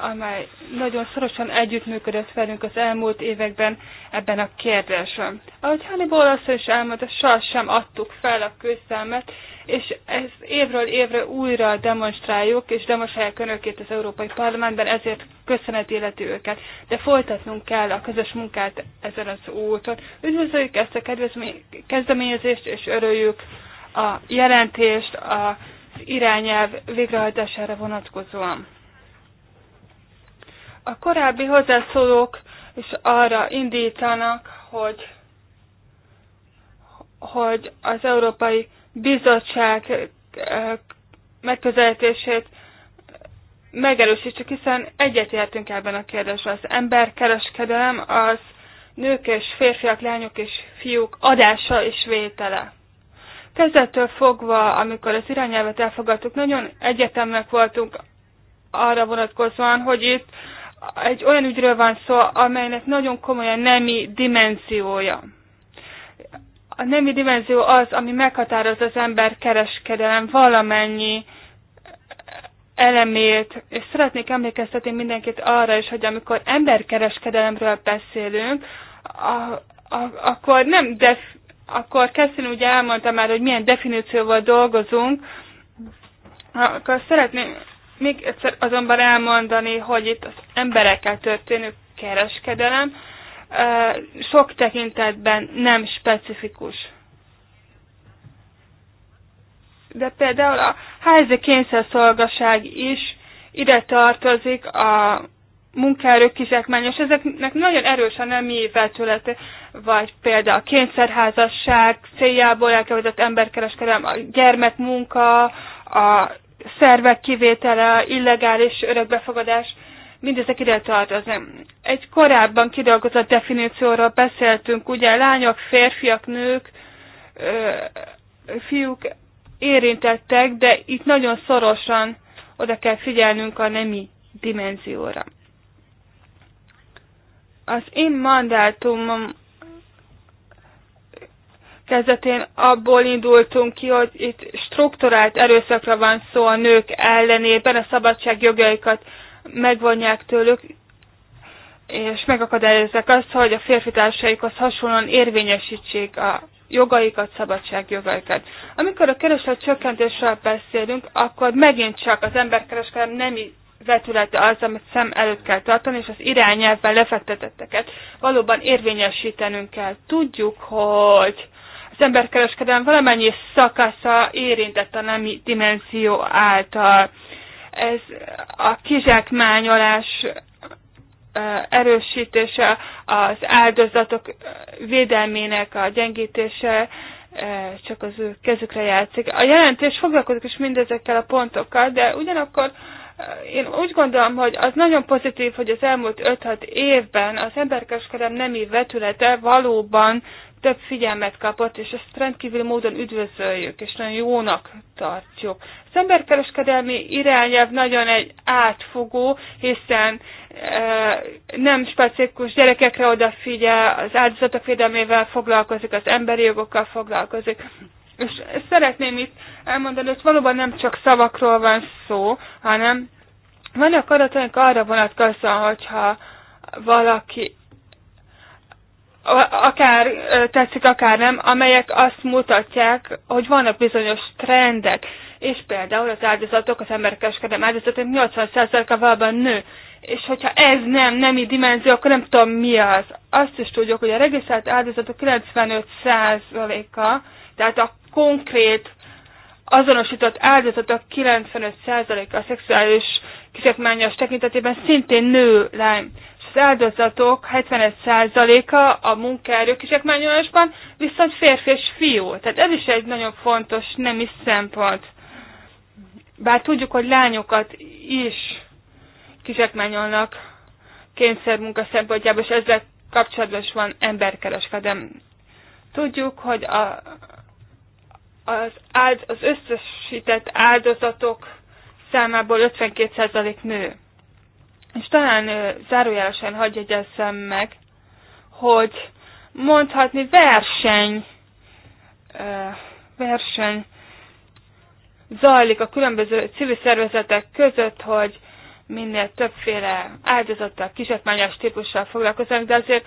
Speaker 8: amely nagyon szorosan együttműködött velünk az elmúlt években ebben a kérdésben. Ahogy Hannibal azt is elmondta, soha sem adtuk fel a küzdelmet, és ezt évről évre újra demonstráljuk, és demonstrálják önökét az Európai Parlamentben, ezért köszönet életi őket. De folytatnunk kell a közös munkát ezen az úton. Üdvözöljük ezt a kezdeményezést, és örüljük a jelentést az irányelv végrehajtására vonatkozóan. A korábbi hozzászólók is arra indítanak, hogy, hogy az Európai Bizottság eh, megközelítését megerősítsük, hiszen egyetértünk ebben a kérdésben. Az emberkereskedelem az nők és férfiak, lányok és fiúk adása és vétele. Kezdettől fogva, amikor az irányelvet elfogadtuk, nagyon egyetemnek voltunk arra vonatkozóan, hogy itt egy olyan ügyről van szó, amelynek nagyon komoly a nemi dimenziója. A nemi dimenzió az, ami meghatároz az ember kereskedelem valamennyi elemét, és szeretnék emlékeztetni mindenkit arra is, hogy amikor emberkereskedelemről beszélünk, a, a, akkor nem def, akkor Kessin ugye elmondta már, hogy milyen definícióval dolgozunk, akkor szeretném még egyszer azonban elmondani, hogy itt az emberekkel történő kereskedelem sok tekintetben nem specifikus. De például a házi kényszerszolgaság is ide tartozik a munkaerő kizsákmányos, ezeknek nagyon erős a nemi vetülete, vagy például a kényszerházasság céljából elkövetett emberkereskedelem, a gyermekmunka, a szervek kivétele, illegális örökbefogadás, mindezek ide tartoznak. Egy korábban kidolgozott definícióról beszéltünk, ugye lányok, férfiak, nők, fiúk érintettek, de itt nagyon szorosan oda kell figyelnünk a nemi dimenzióra. Az én mandátumom kezdetén abból indultunk ki, hogy itt strukturált erőszakra van szó a nők ellenében, a szabadság jogaikat megvonják tőlük, és megakadályozzák azt, hogy a férfi társaikhoz hasonlóan érvényesítsék a jogaikat, jogaikat. Amikor a kereslet csökkentésről beszélünk, akkor megint csak az emberkereskedelem nem vetülete az, amit szem előtt kell tartani, és az irányelvben lefektetetteket valóban érvényesítenünk kell. Tudjuk, hogy az emberkereskedelem valamennyi szakasza érintett a nemi dimenzió által. Ez a kizsákmányolás erősítése, az áldozatok védelmének a gyengítése, csak az ő kezükre játszik. A jelentés foglalkozik is mindezekkel a pontokkal, de ugyanakkor én úgy gondolom, hogy az nagyon pozitív, hogy az elmúlt 5-6 évben az emberkereskedelem nemi vetülete valóban több figyelmet kapott, és ezt rendkívül módon üdvözöljük, és nagyon jónak tartjuk. Az emberkereskedelmi irányelv nagyon egy átfogó, hiszen e, nem specifikus gyerekekre odafigyel, az áldozatok védelmével foglalkozik, az emberi jogokkal foglalkozik. És szeretném itt elmondani, hogy valóban nem csak szavakról van szó, hanem vannak adatok arra vonatkozóan, hogyha valaki akár tetszik, akár nem, amelyek azt mutatják, hogy vannak bizonyos trendek, és például az áldozatok, az emberkereskedelem áldozatok 80%-a valóban nő. És hogyha ez nem, nemi dimenzió, akkor nem tudom mi az. Azt is tudjuk, hogy a regisztrált áldozatok 95%-a, tehát a konkrét azonosított áldozatok 95%-a a szexuális kizsákmányos tekintetében szintén nő lány az áldozatok 71%-a a munkaerő kizsákmányolásban, viszont férfi és fiú. Tehát ez is egy nagyon fontos nemi szempont. Bár tudjuk, hogy lányokat is kizsákmányolnak kényszermunka szempontjából, és ezzel kapcsolatban is van emberkereskedem. Tudjuk, hogy a, az, áld, az összesített áldozatok számából 52% nő. És talán zárójelesen hagyj jegyezzem meg, hogy mondhatni verseny, verseny zajlik a különböző civil szervezetek között, hogy minél többféle áldozattal, kizsákmányos típussal foglalkozunk, de azért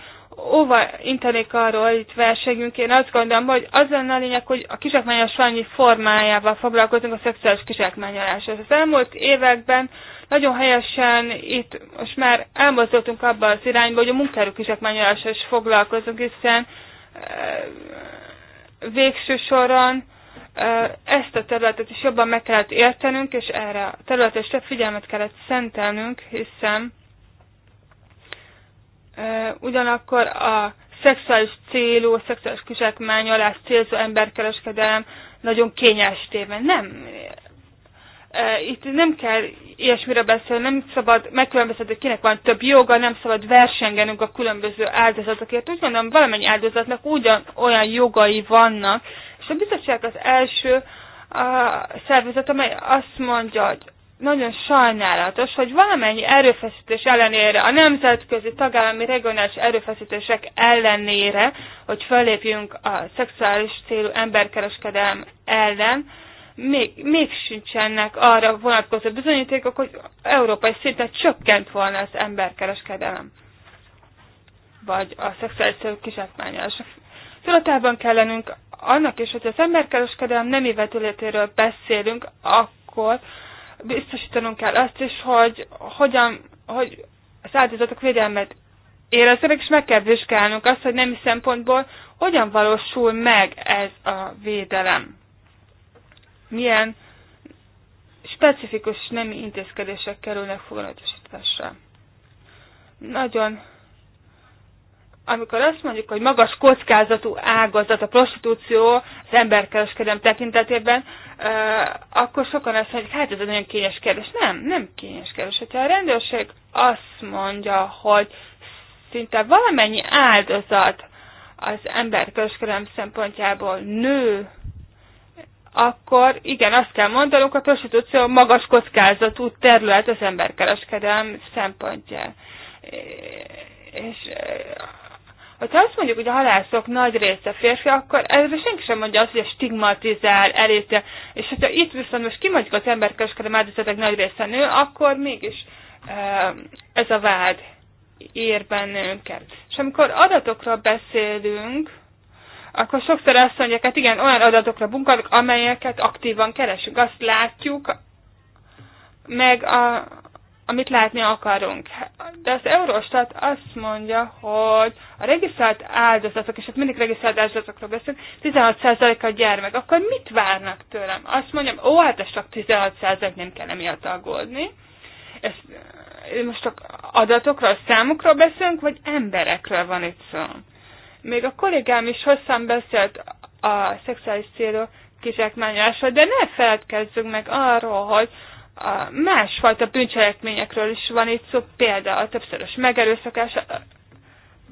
Speaker 8: óva intenék arról, hogy itt versenyünk. Én azt gondolom, hogy az lenne a lényeg, hogy a kizsákmányos annyi formájával foglalkozunk, a szexuális kizsákmányoláshoz. Az elmúlt években nagyon helyesen itt most már elmozdultunk abba az irányba, hogy a munkáról kizsákmányolással is foglalkozunk, hiszen eh, végső soron ezt a területet is jobban meg kellett értenünk, és erre a területre is több figyelmet kellett szentelnünk, hiszen ugyanakkor a szexuális célú, a szexuális kizsákmányolás célzó emberkereskedelem nagyon kényes téve. Nem. Itt nem kell ilyesmire beszélni, nem szabad megkülönböztetni, kinek van több joga, nem szabad versengenünk a különböző áldozatokért. Úgy gondolom, valamennyi áldozatnak ugyan olyan jogai vannak, a bizottság az első a szervezet, amely azt mondja, hogy nagyon sajnálatos, hogy valamennyi erőfeszítés ellenére, a nemzetközi tagállami regionális erőfeszítések ellenére, hogy fölépjünk a szexuális célú emberkereskedelem ellen, még, még sincsenek arra vonatkozó bizonyítékok, hogy európai szinten csökkent volna az emberkereskedelem, vagy a szexuális célú kizsákmányolás tudatában kell lennünk annak is, hogy az emberkereskedelem nemi vetületéről beszélünk, akkor biztosítanunk kell azt is, hogy hogyan, hogy az áldozatok védelmet érezzenek, és meg kell vizsgálnunk azt, hogy nemi szempontból hogyan valósul meg ez a védelem. Milyen specifikus nemi intézkedések kerülnek foglalatosításra. Nagyon amikor azt mondjuk, hogy magas kockázatú ágazat a prostitúció az emberkereskedelem tekintetében, akkor sokan azt mondják, hát ez egy nagyon kényes kérdés. Nem, nem kényes kérdés. Hogyha a rendőrség azt mondja, hogy szinte valamennyi áldozat az emberkereskedelem szempontjából nő, akkor igen, azt kell mondanunk, a prostitúció magas kockázatú terület az emberkereskedelem szempontjából és Hogyha azt mondjuk, hogy a halászok nagy része férfi, akkor erre senki sem mondja azt, hogy a stigmatizál, elérte, És hogyha itt viszont most kimondjuk az emberkereskedelem áldozatok nagy része nő, akkor mégis ez a vád ér bennünket. És amikor adatokra beszélünk, akkor sokszor azt mondják, hát igen, olyan adatokra bunkadok, amelyeket aktívan keresünk. Azt látjuk, meg a, amit látni akarunk. De az Eurostat azt mondja, hogy a regisztrált áldozatok, és hát mindig regisztrált áldozatokról beszélünk, 16%-a gyermek. Akkor mit várnak tőlem? Azt mondjam, ó, hát ez csak 16% nem kell emiatt aggódni. Ezt, most csak adatokról, számokról beszélünk, vagy emberekről van itt szó. Még a kollégám is hosszan beszélt a szexuális célú kizsákmányásról, de ne feledkezzünk meg arról, hogy a másfajta bűncselekményekről is van itt szó, például a többszörös megerőszakás.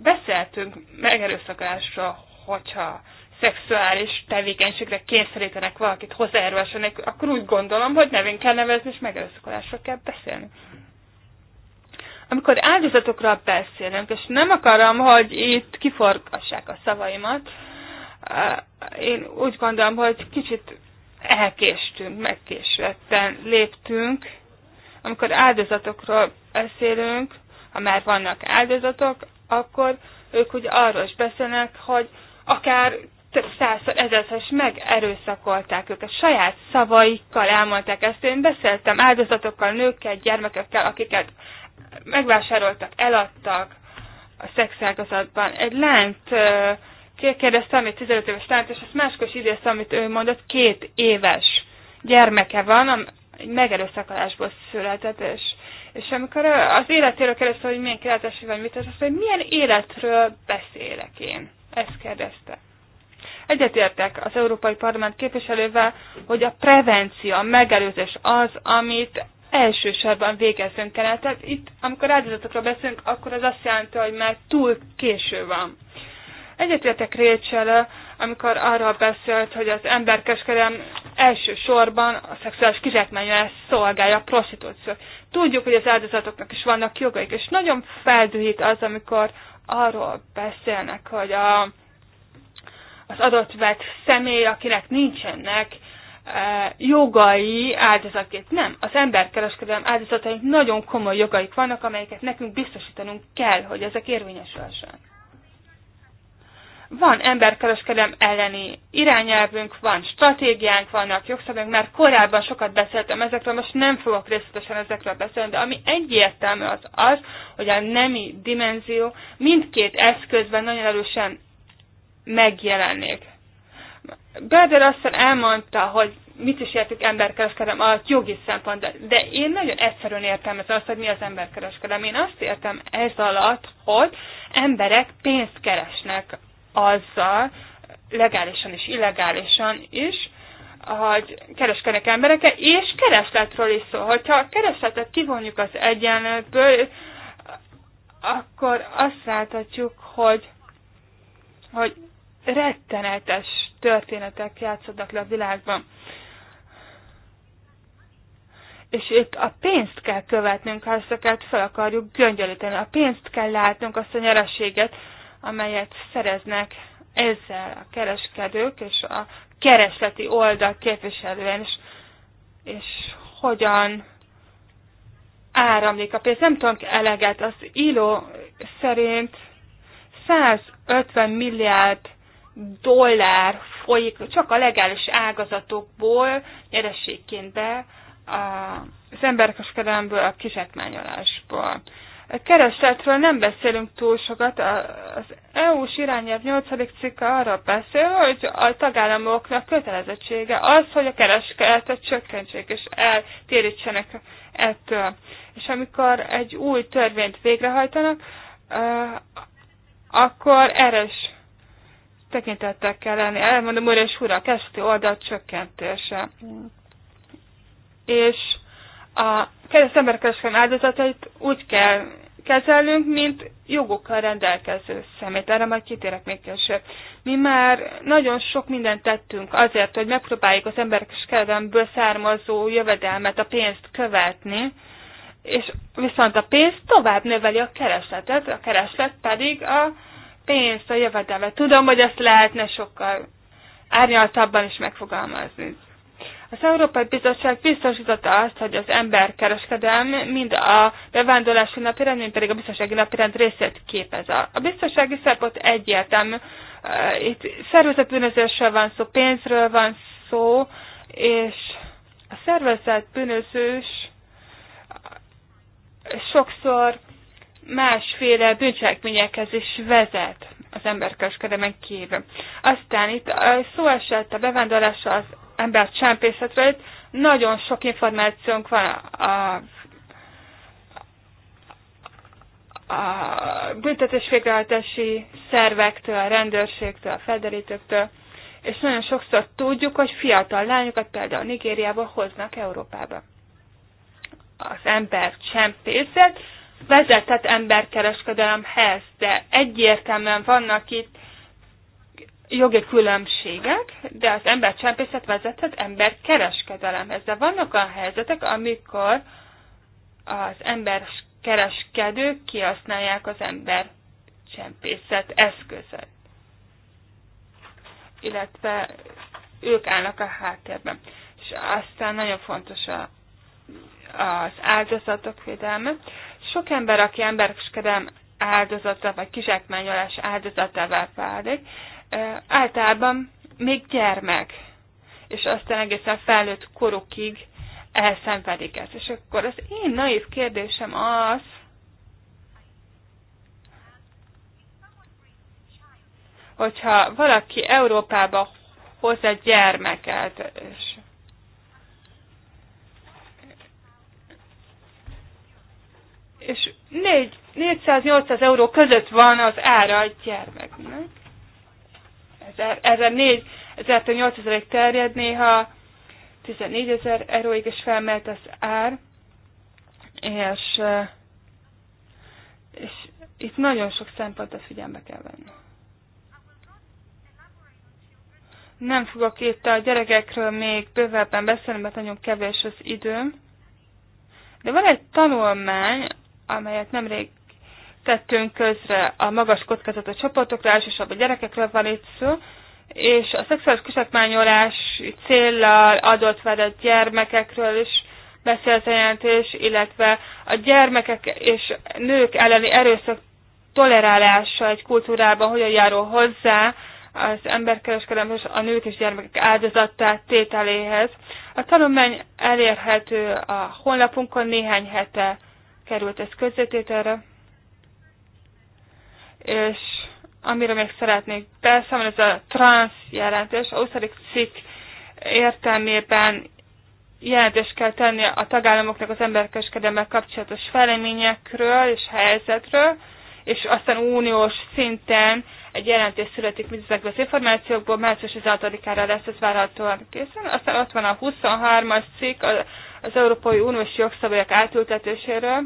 Speaker 8: Beszéltünk megerőszakásra, hogyha szexuális tevékenységre kényszerítenek valakit hozzájárulásra, akkor úgy gondolom, hogy nevén kell nevezni, és megerőszakolásra kell beszélni. Amikor áldozatokra beszélünk, és nem akarom, hogy itt kiforgassák a szavaimat, én úgy gondolom, hogy kicsit elkéstünk, megkésvetten léptünk. Amikor áldozatokról beszélünk, ha már vannak áldozatok, akkor ők úgy arról is beszélnek, hogy akár több százszor, ezerszor is megerőszakolták őket. Saját szavaikkal elmondták ezt. Én beszéltem áldozatokkal, nőkkel, gyermekekkel, akiket megvásároltak, eladtak a szexágazatban. Egy lányt kérdezte, amit 15 éves lányt, és ezt máskor is idézte, amit ő mondott, két éves gyermeke van, egy megerőszakolásból született, és, és amikor az életéről kérdezte, hogy milyen kilátási vagy mit, az azt hogy milyen életről beszélek én. Ezt kérdezte. Egyetértek az Európai Parlament képviselővel, hogy a prevencia, a megelőzés az, amit elsősorban végezzünk kell. Tehát itt, amikor áldozatokról beszélünk, akkor az azt jelenti, hogy már túl késő van. Egyetértek Récsele, amikor arról beszélt, hogy az emberkeskedelem elsősorban a szexuális kizsákmányra szolgálja a prostitúció. Tudjuk, hogy az áldozatoknak is vannak jogaik, és nagyon feldühít az, amikor arról beszélnek, hogy a, az adott vett személy, akinek nincsenek e, jogai áldozatként. Nem, az emberkereskedelem áldozataink nagyon komoly jogaik vannak, amelyeket nekünk biztosítanunk kell, hogy ezek érvényesülhessenek. Van emberkereskedelem elleni irányelvünk, van stratégiánk, vannak jogszabályok, mert korábban sokat beszéltem ezekről, most nem fogok részletesen ezekről beszélni, de ami egyértelmű az az, hogy a nemi dimenzió mindkét eszközben nagyon erősen megjelenik. Gerder aztán elmondta, hogy mit is értük emberkereskedelem alatt jogi szempontból, de én nagyon egyszerűen értelmezem azt, hogy mi az emberkereskedelem. Én azt értem ez alatt, hogy emberek pénzt keresnek azzal, legálisan és illegálisan is, hogy kereskedek emberekkel, és keresletről is szól. Hogyha a keresletet kivonjuk az egyenlőből, akkor azt láthatjuk, hogy, hogy rettenetes történetek játszódnak le a világban. És itt a pénzt kell követnünk, ha ezeket fel akarjuk göngyölíteni. A pénzt kell látnunk, azt a nyereséget, amelyet szereznek ezzel a kereskedők és a keresleti oldal képviselően, és, és hogyan áramlik a pénz. Nem tudunk eleget, az ILO szerint 150 milliárd dollár folyik csak a legális ágazatokból nyerességként be az emberkeskedelemből, a kizsákmányolásból keresletről nem beszélünk túl sokat. Az EU-s irányelv 8. cikke arra beszél, hogy a tagállamoknak kötelezettsége az, hogy a keresletet csökkentsék és eltérítsenek ettől. És amikor egy új törvényt végrehajtanak, akkor erre is tekintettel kell lenni. Elmondom hogy és újra a kezdeti oldal csökkentése. És a emberkereskedelem áldozatait úgy kell kezelünk, mint jogokkal rendelkező szemét. Erre majd kitérek még később. Mi már nagyon sok mindent tettünk azért, hogy megpróbáljuk az emberkereskedelemből származó jövedelmet, a pénzt követni, és viszont a pénz tovább növeli a keresletet, a kereslet pedig a pénzt, a jövedelmet. Tudom, hogy ezt lehetne sokkal árnyaltabban is megfogalmazni. Az Európai Bizottság biztosította azt, hogy az kereskedelm, mind a bevándorlási napirend, mind pedig a biztonsági napirend részét képez. A biztonsági szempont egyértelmű. Itt szervezetbűnözésről van szó, pénzről van szó, és a szervezetbűnözős sokszor másféle bűncselekményekhez is vezet az emberkereskedelmen kívül. Aztán itt szó esett a bevándorlásra az embercsempészetről. Itt nagyon sok információnk van a, a, a végrehajtási szervektől, a rendőrségtől, a felderítőktől, és nagyon sokszor tudjuk, hogy fiatal lányokat például Nigériába hoznak Európába. Az ember csempészet vezetett emberkereskedelemhez, de egyértelműen vannak itt jogi különbségek, de az embercsempészet vezethet emberkereskedelemhez. De vannak olyan helyzetek, amikor az emberkereskedők kihasználják az embercsempészet eszközeit, illetve ők állnak a háttérben. És aztán nagyon fontos a, az áldozatok védelme. Sok ember, aki emberkereskedelem áldozata vagy kizsákmányolás áldozatává válik, általában még gyermek, és aztán egészen felnőtt korukig elszenvedik ezt. És akkor az én naív kérdésem az, hogyha valaki Európába hoz egy gyermeket, és és 400-800 euró között van az ára egy gyermeknek ezer négy, ezáltal 8000-ig terjed, néha 14 ezer euróig is felmelt az ár, és, eh, és itt nagyon sok szempontot figyelme kell venni. Nem fogok itt a gyerekekről még bővebben beszélni, mert nagyon kevés az időm. De van egy tanulmány, amelyet nemrég tettünk közre a magas kockázatú csoportokra, elsősorban gyerekekről van itt szó, és a szexuális kisekmányolás céllal adott vedett gyermekekről is beszélt a jelentés, illetve a gyermekek és nők elleni erőszak tolerálása egy kultúrában hogyan járó hozzá az emberkereskedelem és a nők és gyermekek áldozattá tételéhez. A tanulmány elérhető a honlapunkon néhány hete került ez közzétételre és amire még szeretnék beszámolni, ez a trans jelentés, a 20. cikk értelmében jelentést kell tenni a tagállamoknak az emberkereskedelemmel kapcsolatos feleményekről és helyzetről, és aztán uniós szinten egy jelentés születik mindezekből az információkból, március 16-ára lesz ez várhatóan készen. Aztán ott van a 23-as cikk az Európai Uniós jogszabályok átültetéséről,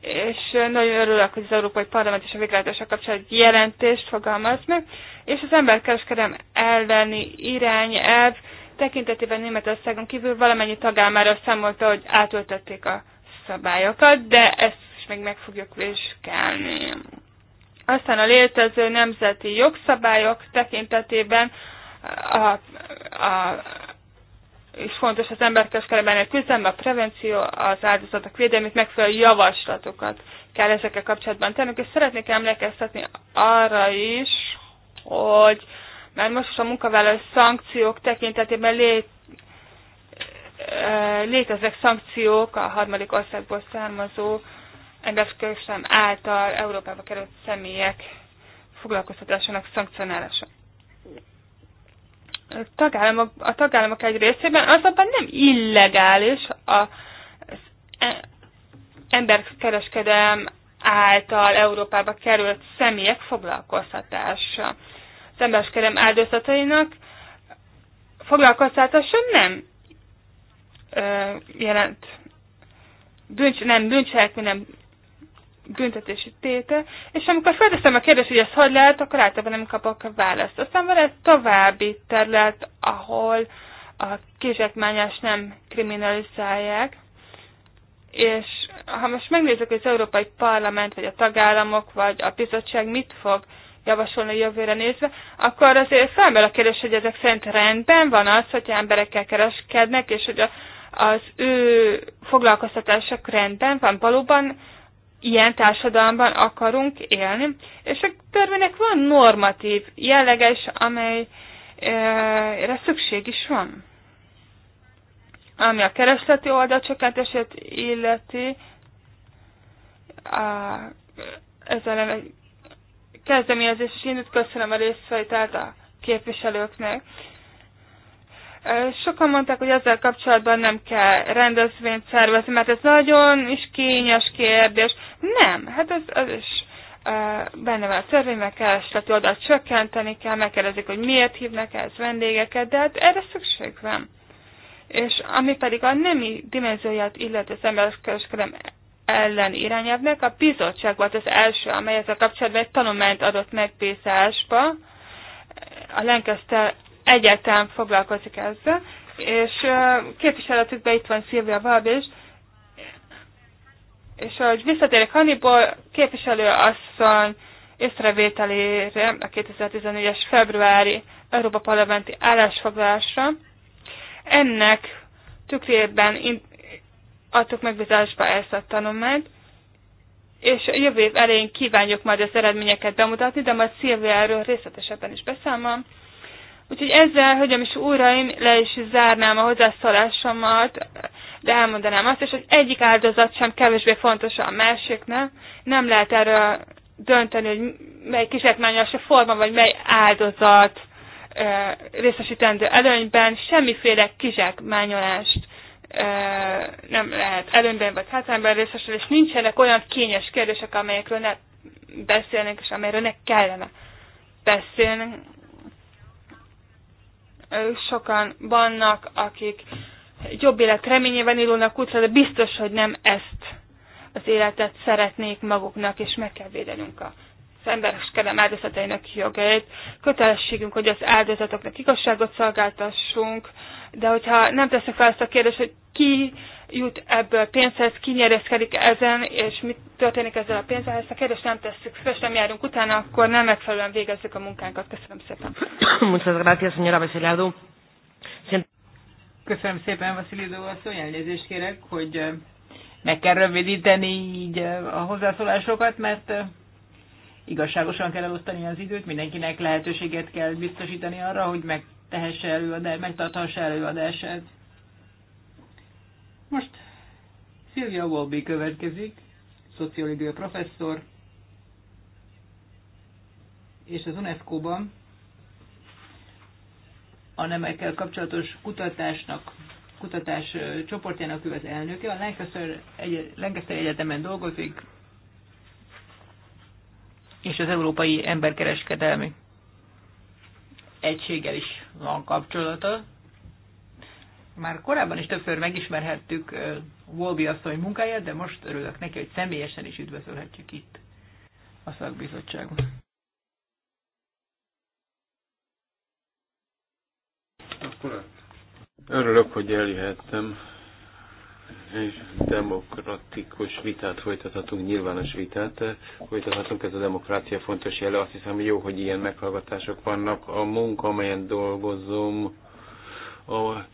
Speaker 8: és nagyon örülök, hogy az Európai Parlament és a végrehajtással kapcsolatban jelentést fogalmaz meg, és az emberkereskedelem elleni irányelv tekintetében Németországon kívül valamennyi tagállamára számolta, hogy átöltötték a szabályokat, de ezt is még meg fogjuk vizsgálni. Aztán a létező nemzeti jogszabályok tekintetében a, a, és fontos az emberkereskedelmen a küzdelem, a prevenció, az áldozatok védelmét, megfelelő javaslatokat kell ezekkel kapcsolatban tennünk, és szeretnék emlékeztetni arra is, hogy már most is a munkavállaló szankciók tekintetében lé, eh, léteznek szankciók a harmadik országból származó emberkereskedelem által Európába került személyek foglalkoztatásának szankcionálása tagállamok, a tagállamok egy részében az abban nem illegális a, emberkereskedelem által Európába került személyek foglalkoztatása. Az emberkereskedelem áldozatainak foglalkoztatása nem ö, jelent bűncs, nem bűncselekmény, nem büntetési téte, és amikor felteszem a kérdést, hogy ezt hogy lehet, akkor általában nem kapok a választ. Aztán van egy további terület, ahol a kizsákmányást nem kriminalizálják, és ha most megnézzük, hogy az Európai Parlament, vagy a tagállamok, vagy a bizottság mit fog javasolni jövőre nézve, akkor azért felmerül a kérdés, hogy ezek szerint rendben van az, hogyha emberekkel kereskednek, és hogy a, az ő foglalkoztatások rendben van. Valóban ilyen társadalomban akarunk élni, és a törvénynek van normatív jelleges, amelyre szükség is van. Ami a keresleti oldalcsökkentését illeti, a, ezzel egy kezdeményezés is indít, köszönöm a részvételt a képviselőknek, Sokan mondták, hogy ezzel kapcsolatban nem kell rendezvényt szervezni, mert ez nagyon is kényes kérdés. Nem, hát ez, az is benne van a törvényben, keresleti oldalt csökkenteni kell, megkérdezik, hogy miért hívnak ez vendégeket, de hát erre szükség van. És ami pedig a nemi dimenzióját illeti az emberkereskedelem ellen irányelvnek, a bizottság volt az első, amely ezzel kapcsolatban egy tanulmányt adott Pészásba, a Lancaster egyáltalán foglalkozik ezzel, és képviseletükben itt van Szilvia Valbés, és ahogy visszatérek Hannibal képviselő asszony észrevételére a 2014-es februári Európa Parlamenti állásfoglalásra, ennek tükrében adtuk megbízásba ezt a tanulmányt, és jövő év elején kívánjuk majd az eredményeket bemutatni, de majd Szilvia erről részletesebben is beszámol. Úgyhogy ezzel, hölgyem és uraim, le is zárnám a hozzászólásomat, de elmondanám azt is, hogy egyik áldozat sem kevésbé fontos a másiknak. Nem lehet erről dönteni, hogy mely kizsákmányos a forma, vagy mely áldozat e, részesítendő előnyben. Semmiféle kizsákmányolást e, nem lehet előnyben vagy hátrányban részesülni, és nincsenek olyan kényes kérdések, amelyekről ne beszélnénk, és amelyről ne kellene beszélnünk sokan vannak, akik jobb élet reményében indulnak útra, de biztos, hogy nem ezt az életet szeretnék maguknak, és meg kell védenünk a embereskedem áldozatainak jogait. Kötelességünk, hogy az áldozatoknak igazságot szolgáltassunk, de hogyha nem teszek fel ezt a kérdést, hogy ki jut ebből pénzhez, ki nyerezkedik ezen, és mi történik ezzel a pénzzel, ezt a kérdést nem tesszük fel, és nem járunk utána, akkor nem megfelelően végezzük a munkánkat. Köszönöm szépen.
Speaker 3: Köszönöm szépen, Vasilidó asszony, elnézést kérek, hogy meg kell rövidíteni így eh, a hozzászólásokat, mert eh, igazságosan kell elosztani az időt, mindenkinek lehetőséget kell biztosítani arra, hogy megtehesse előadást, megtarthassa előadását. Most Szilvia Wolby következik, szociológia professzor, és az UNESCO-ban a nemekkel kapcsolatos kutatásnak, kutatás csoportjának ő az elnöke. A Lancaster, egy, Lancaster Egyetemen dolgozik, és az európai emberkereskedelmi egységgel is van kapcsolata. Már korábban is többször megismerhettük Wolby asszony munkáját, de most örülök neki, hogy személyesen is üdvözölhetjük itt
Speaker 5: a szakbizottságban.
Speaker 2: Örülök, hogy eljöhettem és demokratikus vitát folytathatunk, nyilvános vitát folytathatunk, ez a demokrácia fontos jele. Azt hiszem, hogy jó, hogy ilyen meghallgatások vannak. A munka, amelyen dolgozom, a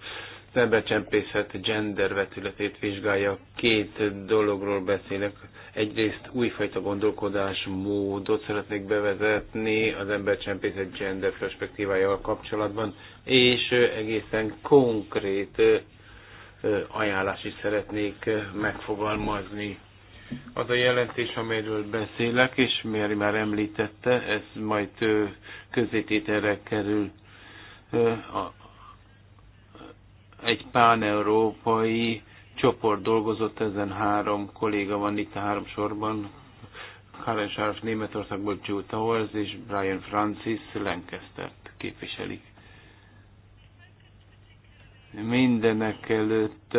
Speaker 2: embercsempészet gender vetületét vizsgálja. Két dologról beszélek. Egyrészt újfajta gondolkodásmódot szeretnék bevezetni az embercsempészet gender perspektívájával kapcsolatban, és egészen konkrét ajánlást is szeretnék megfogalmazni. Az a jelentés, amelyről beszélek, és Mary már említette, ez majd közétételre kerül egy pán-európai csoport dolgozott ezen három kolléga van itt a három sorban. Karen Scharf Németországból, Jutta Holz és Brian Francis Lancaster-t képviselik. Mindenek előtt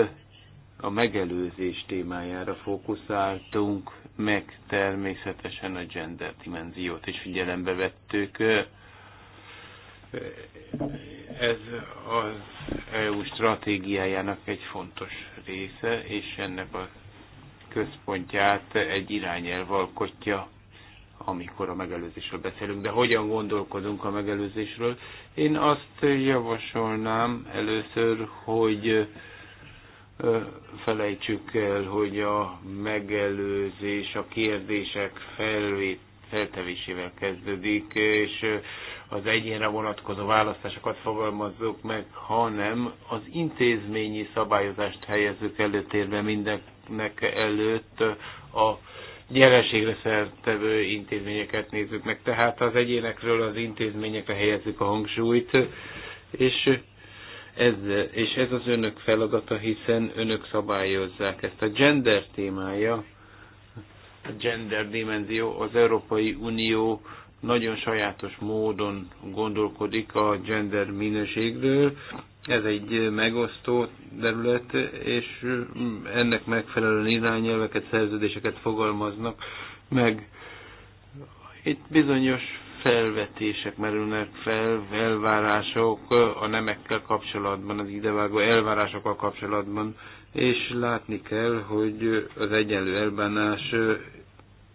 Speaker 2: a megelőzés témájára fókuszáltunk, meg természetesen a gender dimenziót is figyelembe vettük. Ez az EU stratégiájának egy fontos része, és ennek a központját egy irányelv alkotja amikor a megelőzésről beszélünk. De hogyan gondolkodunk a megelőzésről? Én azt javasolnám először, hogy felejtsük el, hogy a megelőzés a kérdések felvét, feltevésével kezdődik, és az egyénre vonatkozó választásokat fogalmazzuk meg, hanem az intézményi szabályozást helyezzük előtérbe mindennek előtt a jelenségre szertevő intézményeket nézzük meg. Tehát az egyénekről az intézményekre helyezzük a hangsúlyt, és ez, és ez az önök feladata, hiszen önök szabályozzák ezt. A gender témája, a gender dimenzió, az Európai Unió nagyon sajátos módon gondolkodik a gender minőségről, ez egy megosztó terület, és ennek megfelelően irányelveket, szerződéseket fogalmaznak meg. Itt bizonyos felvetések merülnek fel, elvárások a nemekkel kapcsolatban, az idevágó elvárásokkal kapcsolatban, és látni kell, hogy az egyenlő elbánás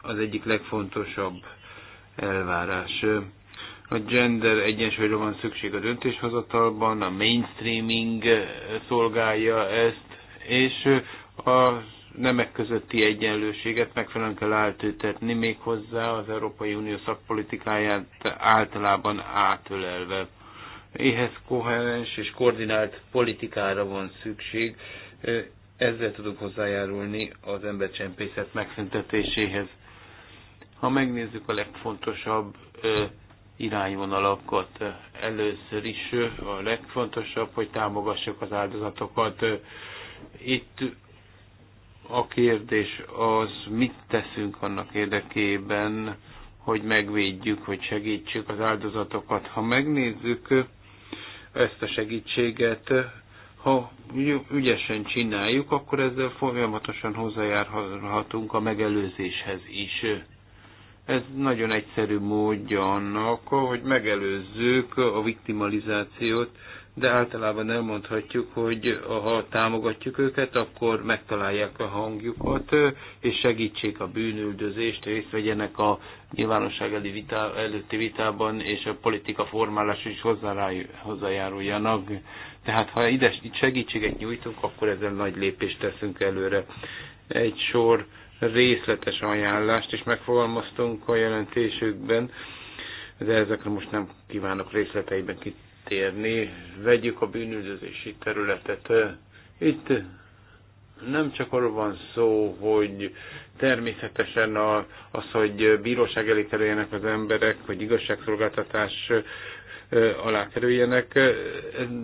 Speaker 2: az egyik legfontosabb elvárás a gender egyensúlyra van szükség a döntéshozatalban, a mainstreaming eh, szolgálja ezt, és eh, a nemek közötti egyenlőséget megfelelően kell áltőtetni, méghozzá az Európai Unió szakpolitikáját általában átölelve. Éhez koherens és koordinált politikára van szükség, eh, ezzel tudunk hozzájárulni az embercsempészet megszüntetéséhez. Ha megnézzük a legfontosabb irányvonalakat. Először is a legfontosabb, hogy támogassuk az áldozatokat. Itt a kérdés az, mit teszünk annak érdekében, hogy megvédjük, hogy segítsük az áldozatokat. Ha megnézzük ezt a segítséget, ha ügyesen csináljuk, akkor ezzel folyamatosan hozzájárhatunk a megelőzéshez is. Ez nagyon egyszerű módja annak, hogy megelőzzük a viktimalizációt, de általában elmondhatjuk, hogy ha támogatjuk őket, akkor megtalálják a hangjukat, és segítsék a bűnüldözést, részt vegyenek a nyilvánosság előtti vitában, és a politika formálás is hozzájáruljanak. Tehát ha ide segítséget nyújtunk, akkor ezzel nagy lépést teszünk előre. Egy sor részletes ajánlást is megfogalmaztunk a jelentésükben, de ezekre most nem kívánok részleteiben kitérni. Vegyük a bűnüldözési területet. Itt nem csak arról van szó, hogy természetesen a, az, hogy bíróság elé kerüljenek az emberek, hogy igazságszolgáltatás alá kerüljenek,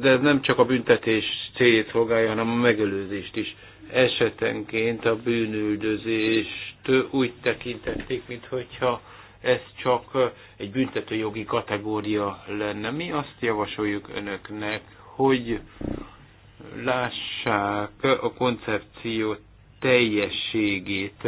Speaker 2: de ez nem csak a büntetés céljét szolgálja, hanem a megelőzést is esetenként a bűnüldözést úgy tekintették, mintha ez csak egy büntetőjogi kategória lenne. Mi azt javasoljuk önöknek, hogy lássák a koncepció teljességét,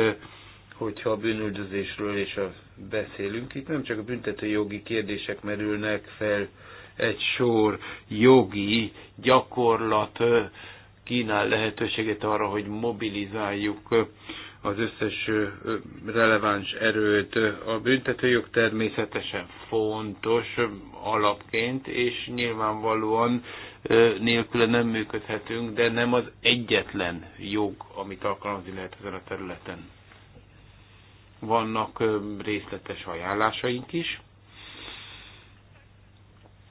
Speaker 2: hogyha a bűnüldözésről és a beszélünk. Itt nem csak a büntetőjogi kérdések merülnek fel, egy sor jogi gyakorlat kínál lehetőséget arra, hogy mobilizáljuk az összes releváns erőt. A büntetőjog természetesen fontos alapként, és nyilvánvalóan nélküle nem működhetünk, de nem az egyetlen jog, amit alkalmazni lehet ezen a területen. Vannak részletes ajánlásaink is,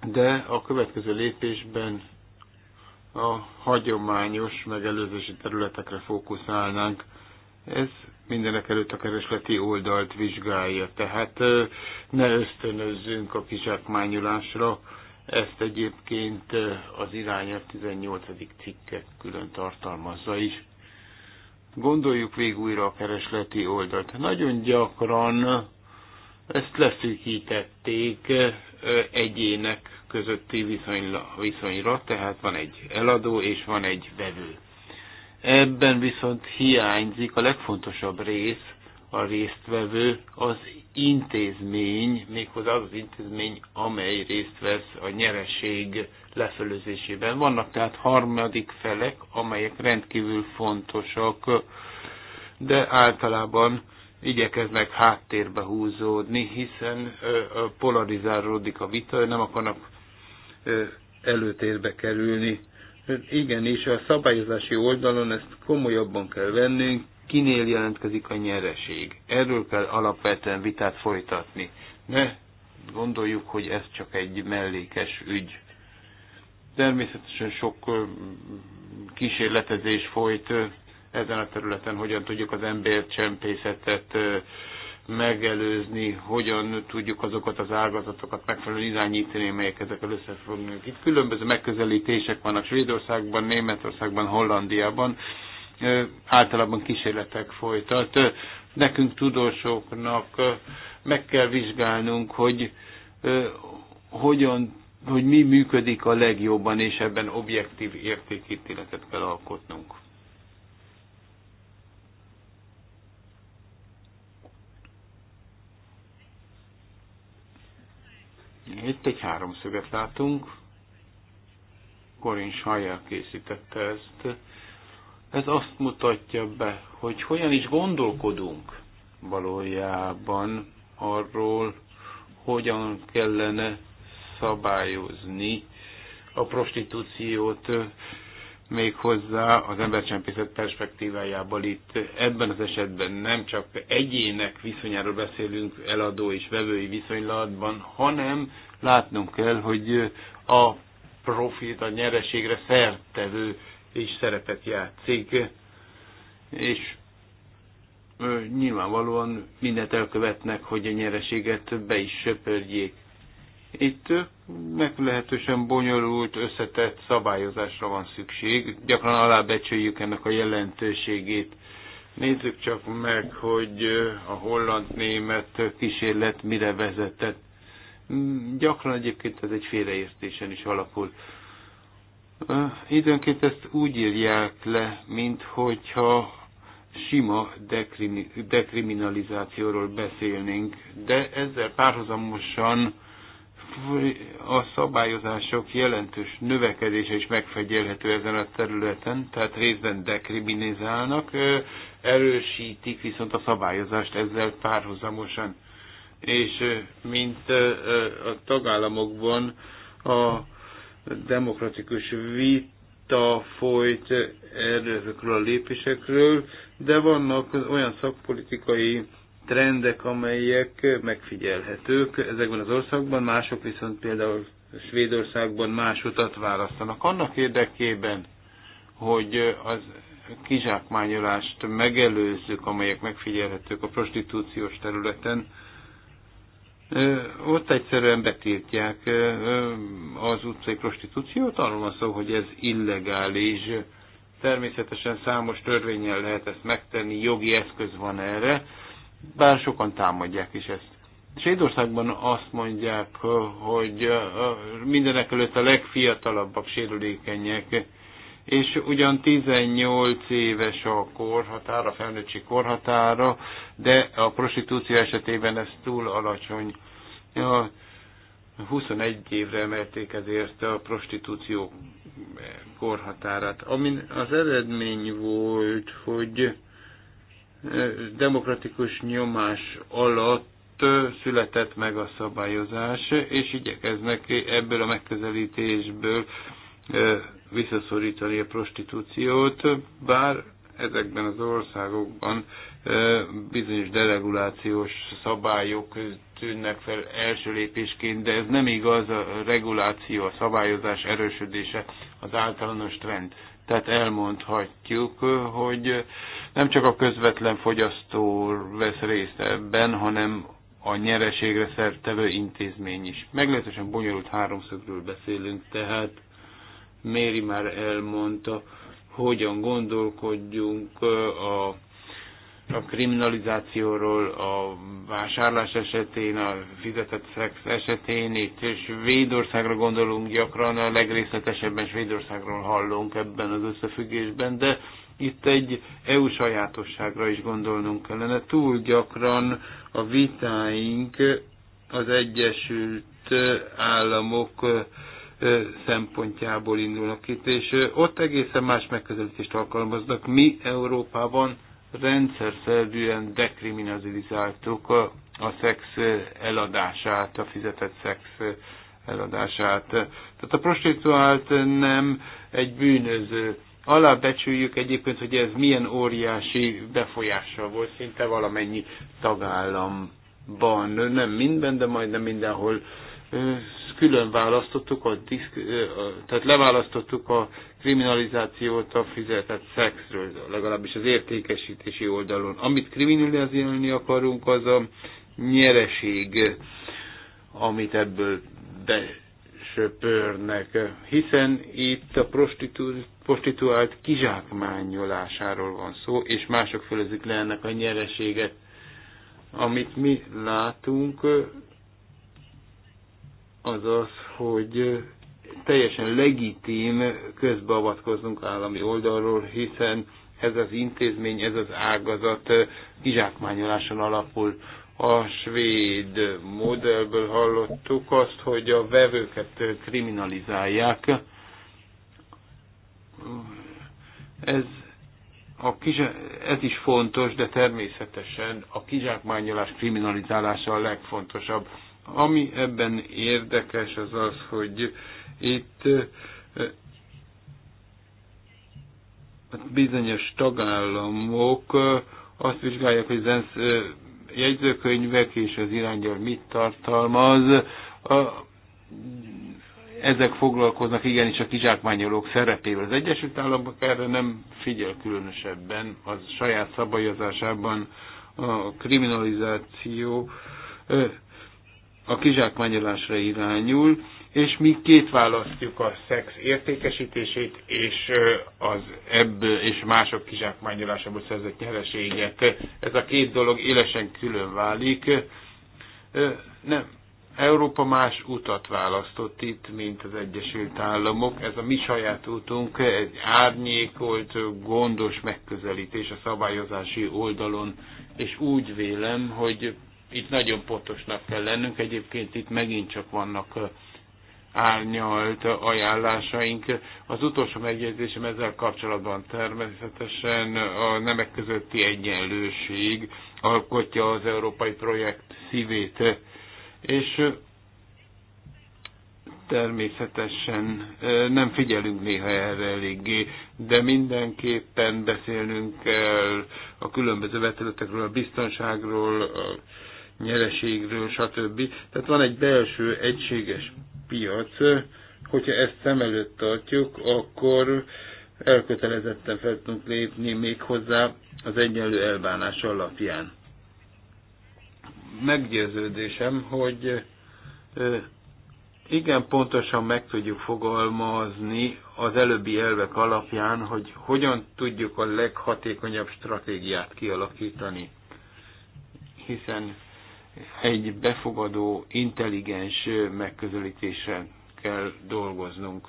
Speaker 2: de a következő lépésben a hagyományos megelőzési területekre fókuszálnánk. Ez mindenek előtt a keresleti oldalt vizsgálja, tehát ne ösztönözzünk a kizsákmányolásra, ezt egyébként az irányelv 18. cikke külön tartalmazza is. Gondoljuk végig újra a keresleti oldalt. Nagyon gyakran ezt leszűkítették egyének közötti viszonyra, viszonyra, tehát van egy eladó és van egy vevő. Ebben viszont hiányzik a legfontosabb rész, a résztvevő az intézmény, méghozzá az az intézmény, amely részt vesz a nyereség lefölözésében. Vannak tehát harmadik felek, amelyek rendkívül fontosak, de általában igyekeznek háttérbe húzódni, hiszen polarizálódik a vita, nem akarnak előtérbe kerülni. Igenis, a szabályozási oldalon ezt komolyabban kell vennünk, kinél jelentkezik a nyereség. Erről kell alapvetően vitát folytatni. Ne gondoljuk, hogy ez csak egy mellékes ügy. Természetesen sok kísérletezés folyt ezen a területen, hogyan tudjuk az embercsempészetet megelőzni, hogyan tudjuk azokat az ágazatokat megfelelően irányítani, amelyek ezekkel összefognak. Itt különböző megközelítések vannak Svédországban, Németországban, Hollandiában, általában kísérletek folytat. Nekünk tudósoknak meg kell vizsgálnunk, hogy hogyan, hogy mi működik a legjobban, és ebben objektív értékítéletet kell alkotnunk. Itt egy háromszöget látunk. Korin Sajjel készítette ezt. Ez azt mutatja be, hogy hogyan is gondolkodunk valójában arról, hogyan kellene szabályozni a prostitúciót méghozzá az embercsempészet perspektívájából itt ebben az esetben nem csak egyének viszonyáról beszélünk eladó és vevői viszonylatban, hanem látnunk kell, hogy a profit, a nyereségre szertevő is szerepet játszik, és nyilvánvalóan mindent elkövetnek, hogy a nyereséget be is söpörjék. Itt meglehetősen bonyolult, összetett szabályozásra van szükség. Gyakran alábecsüljük ennek a jelentőségét. Nézzük csak meg, hogy a holland-német kísérlet mire vezetett. Gyakran egyébként ez egy félreértésen is alapul. Időnként ezt úgy írják le, minthogyha sima dekrimi, dekriminalizációról beszélnénk, de ezzel párhuzamosan a szabályozások jelentős növekedése is megfegyelhető ezen a területen, tehát részben dekriminizálnak, erősítik viszont a szabályozást ezzel párhuzamosan. És mint a tagállamokban a demokratikus vita folyt erőkről a lépésekről, de vannak olyan szakpolitikai trendek, amelyek megfigyelhetők ezekben az országban, mások viszont például Svédországban más utat választanak. Annak érdekében, hogy az kizsákmányolást megelőzzük, amelyek megfigyelhetők a prostitúciós területen, ott egyszerűen betiltják az utcai prostitúciót, arról van szó, hogy ez illegális. Természetesen számos törvényen lehet ezt megtenni, jogi eszköz van erre, bár sokan támadják is ezt. Svédországban azt mondják, hogy mindenek előtt a legfiatalabbak sérülékenyek, és ugyan 18 éves a korhatára, a felnőttség korhatára, de a prostitúció esetében ez túl alacsony. A 21 évre emelték ezért a prostitúció korhatárát. Amin az eredmény volt, hogy demokratikus nyomás alatt született meg a szabályozás, és igyekeznek ebből a megközelítésből visszaszorítani a prostitúciót, bár ezekben az országokban bizonyos deregulációs szabályok tűnnek fel első lépésként, de ez nem igaz, a reguláció, a szabályozás erősödése az általános trend. Tehát elmondhatjuk, hogy nem csak a közvetlen fogyasztó vesz részt ebben, hanem a nyereségre szertevő intézmény is. Meglehetősen bonyolult háromszögről beszélünk, tehát Méri már elmondta, hogyan gondolkodjunk a, a kriminalizációról, a vásárlás esetén, a fizetett szex esetén, itt Védországra gondolunk gyakran, a legrészletesebben Svédországról hallunk ebben az összefüggésben, de itt egy EU sajátosságra is gondolnunk kellene. Túl gyakran a vitáink az Egyesült Államok szempontjából indulnak itt, és ott egészen más megközelítést alkalmaznak. Mi Európában rendszer szerűen dekriminalizáltuk a, a szex eladását, a fizetett szex eladását. Tehát a prostituált nem egy bűnöző Alábecsüljük egyébként, hogy ez milyen óriási befolyással volt szinte valamennyi tagállamban, nem mindben, de majdnem mindenhol külön választottuk, a diszk, tehát leválasztottuk a kriminalizációt a fizetett szexről, legalábbis az értékesítési oldalon. Amit kriminalizálni akarunk, az a nyereség, amit ebből besöpörnek, hiszen itt a prostitút prostituált kizsákmányolásáról van szó, és mások fölözik le ennek a nyereséget. Amit mi látunk, az az, hogy teljesen legitim közbeavatkozunk állami oldalról, hiszen ez az intézmény, ez az ágazat kizsákmányoláson alapul. A svéd modellből hallottuk azt, hogy a vevőket kriminalizálják, ez, a kizsa, ez is fontos, de természetesen a kizsákmányolás kriminalizálása a legfontosabb. Ami ebben érdekes az az, hogy itt hát bizonyos tagállamok azt vizsgálják, hogy az ENSZ jegyzőkönyvek és az irányel mit tartalmaz. A ezek foglalkoznak igenis a kizsákmányolók szerepével. Az Egyesült Államok erre nem figyel különösebben, az saját szabályozásában a kriminalizáció a kizsákmányolásra irányul, és mi két választjuk a szex értékesítését és az ebből és mások kizsákmányolásából szerzett nyereséget. Ez a két dolog élesen külön válik. Nem, Európa más utat választott itt, mint az Egyesült Államok. Ez a mi saját útunk, egy árnyékolt, gondos megközelítés a szabályozási oldalon, és úgy vélem, hogy itt nagyon pontosnak kell lennünk. Egyébként itt megint csak vannak árnyalt ajánlásaink. Az utolsó megjegyzésem ezzel kapcsolatban természetesen a nemek közötti egyenlőség alkotja az európai projekt szívét és természetesen nem figyelünk néha erre eléggé, de mindenképpen beszélnünk kell a különböző vetületekről, a biztonságról, a nyereségről, stb. Tehát van egy belső egységes piac, hogyha ezt szem előtt tartjuk, akkor elkötelezetten fel tudunk lépni még hozzá az egyenlő elbánás alapján meggyőződésem, hogy igen pontosan meg tudjuk fogalmazni az előbbi elvek alapján, hogy hogyan tudjuk a leghatékonyabb stratégiát kialakítani. Hiszen egy befogadó, intelligens megközelítésre kell dolgoznunk.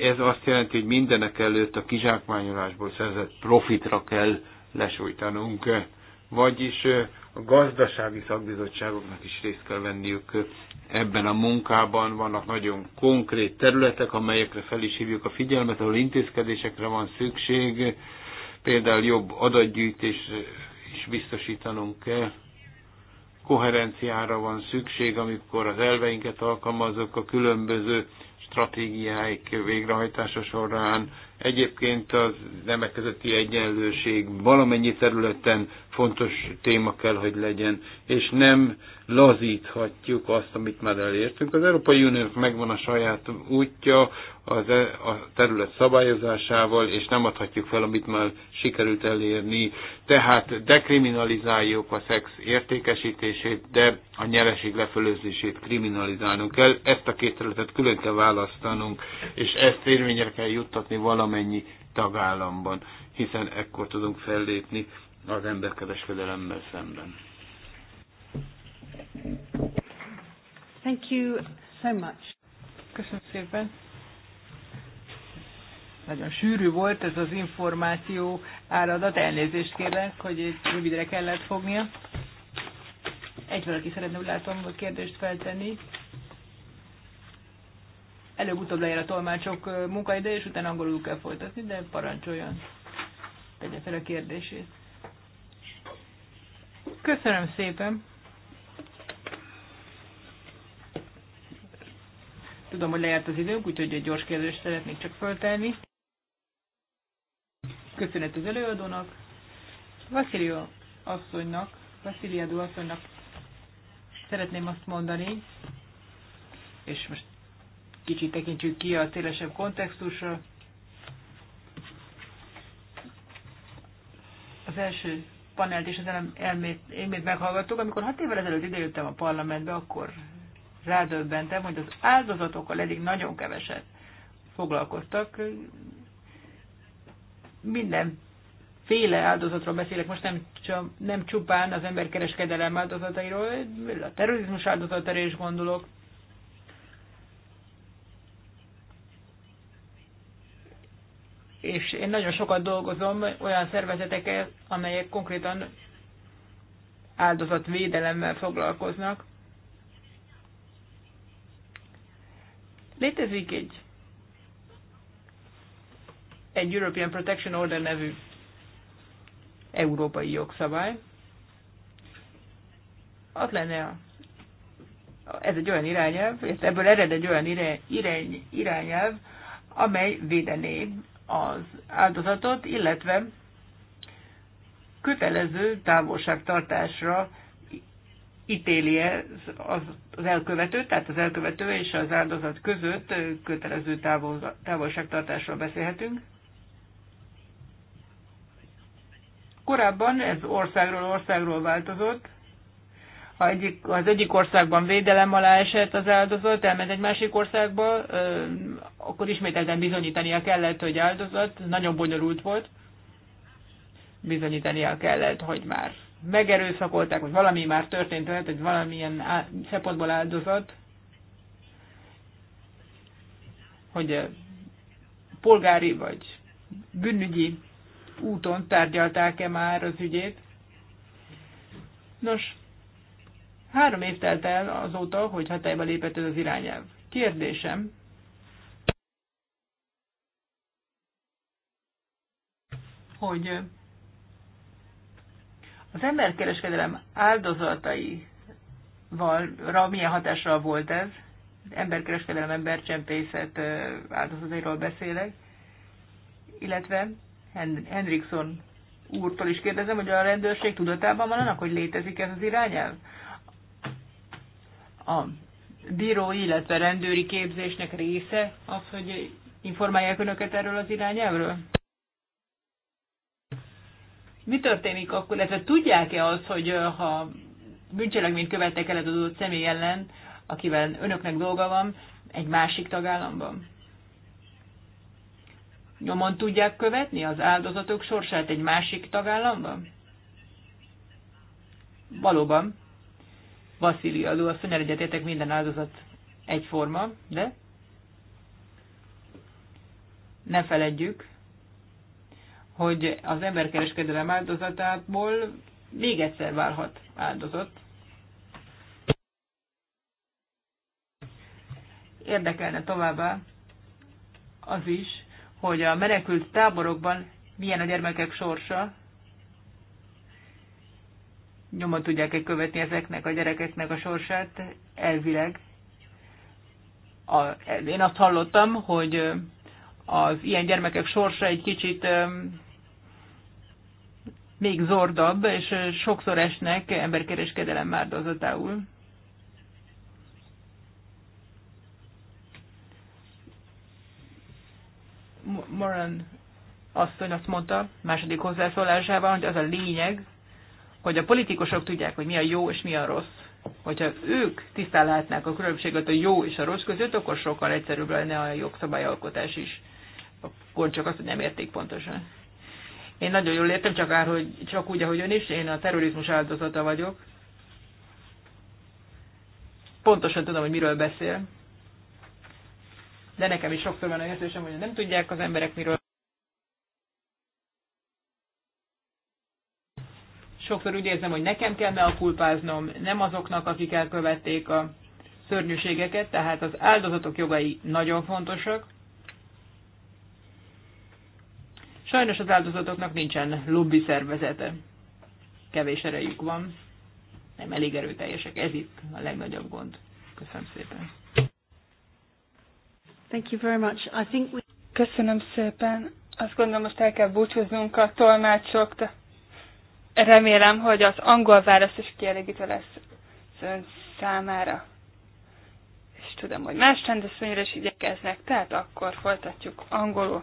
Speaker 2: Ez azt jelenti, hogy mindenek előtt a kizsákmányolásból szerzett profitra kell lesújtanunk vagyis a gazdasági szakbizottságoknak is részt kell venniük ebben a munkában. Vannak nagyon konkrét területek, amelyekre fel is hívjuk a figyelmet, ahol intézkedésekre van szükség, például jobb adatgyűjtés is biztosítanunk kell. Koherenciára van szükség, amikor az elveinket alkalmazok a különböző stratégiáik végrehajtása során. Egyébként az nemek közötti egyenlőség valamennyi területen fontos téma kell, hogy legyen, és nem lazíthatjuk azt, amit már elértünk. Az Európai Uniónak megvan a saját útja az, e, a terület szabályozásával, és nem adhatjuk fel, amit már sikerült elérni. Tehát dekriminalizáljuk a szex értékesítését, de a nyereség lefölözését kriminalizálnunk kell. Ezt a két területet külön kell választanunk, és ezt érvényre kell juttatni valamennyi tagállamban, hiszen ekkor tudunk fellépni az emberkereskedelemmel szemben.
Speaker 4: Thank you so much. Köszönöm szépen.
Speaker 3: Nagyon sűrű volt ez az információ áradat, elnézést kérek, hogy egy rövidre kellett fognia. Egy valaki szeretne, úgy látom, hogy kérdést feltenni. Előbb-utóbb lejár a tolmácsok munkaidő, és utána angolul kell folytatni, de parancsoljon, tegye fel a kérdését. Köszönöm szépen. Tudom, hogy lejárt az időnk, úgyhogy egy gyors kérdést szeretnék csak föltenni. Köszönet az előadónak, Vasilio asszonynak, Vasiliadó asszonynak szeretném azt mondani, és most kicsit tekintsük ki a szélesebb kontextusra. Az első panelt és az elmét, elmét meghallgattuk. Amikor hat évvel ezelőtt idejöttem a parlamentbe, akkor rádöbbentem, hogy az áldozatokkal eddig nagyon keveset foglalkoztak. Minden féle áldozatról beszélek, most nem, nem csupán az emberkereskedelem áldozatairól, a terrorizmus áldozatára is gondolok, és én nagyon sokat dolgozom olyan szervezetekkel, amelyek konkrétan áldozatvédelemmel foglalkoznak. Létezik egy, egy European Protection Order nevű európai jogszabály. Az lenne a, ez egy olyan irányelv, és ebből ered egy olyan irány, irányelv, amely védené az áldozatot, illetve kötelező távolságtartásra ítéli ez az, az elkövető, tehát az elkövető és az áldozat között kötelező távol, távolságtartásról beszélhetünk. Korábban ez országról országról változott, egyik, az egyik országban védelem alá esett az áldozat, elment egy másik országba, akkor ismételten bizonyítania kellett, hogy áldozat, nagyon bonyolult volt, bizonyítania kellett, hogy már megerőszakolták, hogy valami már történt tehát egy valamilyen á, szempontból áldozat, hogy polgári vagy bűnügyi úton tárgyalták-e már az ügyét. Nos, Három év telt el azóta, hogy hatályba lépett ez az irányelv. Kérdésem, hogy az emberkereskedelem áldozataival milyen hatással volt ez? Emberkereskedelem, embercsempészet áldozatairól beszélek, illetve Henrikson úrtól is kérdezem, hogy a rendőrség tudatában van annak, hogy létezik ez az irányelv? a bírói, illetve rendőri képzésnek része az, hogy informálják önöket erről az irányelvről? Mi történik akkor, illetve tudják-e az, hogy ha bűncselekményt követtek el az adott személy ellen, akivel önöknek dolga van, egy másik tagállamban? Nyomon tudják követni az áldozatok sorsát egy másik tagállamban? Valóban. Vasszili alul azt mondja, egyetértek minden áldozat egyforma, de ne feledjük, hogy az emberkereskedelem áldozatából még egyszer válhat áldozat. Érdekelne továbbá az is, hogy a menekült táborokban milyen a gyermekek sorsa, nyomon tudják-e követni ezeknek a gyerekeknek a sorsát, elvileg. A, én azt hallottam, hogy az ilyen gyermekek sorsa egy kicsit még zordabb, és sokszor esnek emberkereskedelem áldozatául. Moran asszony azt mondta második hozzászólásában, hogy az a lényeg, hogy a politikusok tudják, hogy mi a jó és mi a rossz. Hogyha ők tisztán látnák a különbséget a jó és a rossz között, akkor sokkal egyszerűbb lenne a jogszabályalkotás is. Akkor csak azt, hogy nem érték pontosan. Én nagyon jól értem, csak, ár, hogy, csak úgy, ahogy ön is, én a terrorizmus áldozata vagyok. Pontosan tudom, hogy miről beszél. De nekem is sokszor van a érzésem, hogy nem tudják az emberek, miről sokszor úgy érzem, hogy nekem kell meakulpáznom, nem azoknak, akik elkövették a szörnyűségeket, tehát az áldozatok jogai nagyon fontosak. Sajnos az áldozatoknak nincsen lobby szervezete. Kevés erejük van, nem elég erőteljesek. Ez itt a legnagyobb gond. Köszönöm szépen.
Speaker 4: Thank you very much. I think we... Köszönöm szépen. Azt gondolom, most el kell
Speaker 8: búcsúznunk a tolmácsoktól remélem, hogy az angol válasz is kielégítő lesz az ön számára. És tudom, hogy más rendezvényre is igyekeznek, tehát akkor folytatjuk angolul.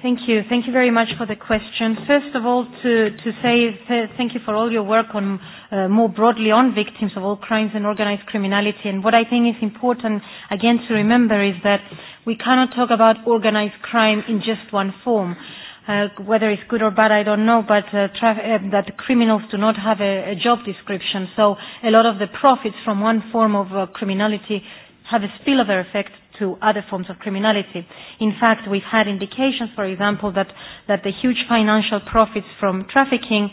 Speaker 9: Thank you. Thank you very much for the question. First of all, to, to say th thank you for all your work on uh, more broadly on victims of all crimes and organized criminality. And what I think is important, again, to remember is that we cannot talk about organized crime in just one form. Uh, whether it's good or bad, I don't know, but uh, uh, that criminals do not have a, a job description. So a lot of the profits from one form of uh, criminality have a spillover effect to other forms of criminality. In fact, we've had indications, for example, that, that the huge financial profits from trafficking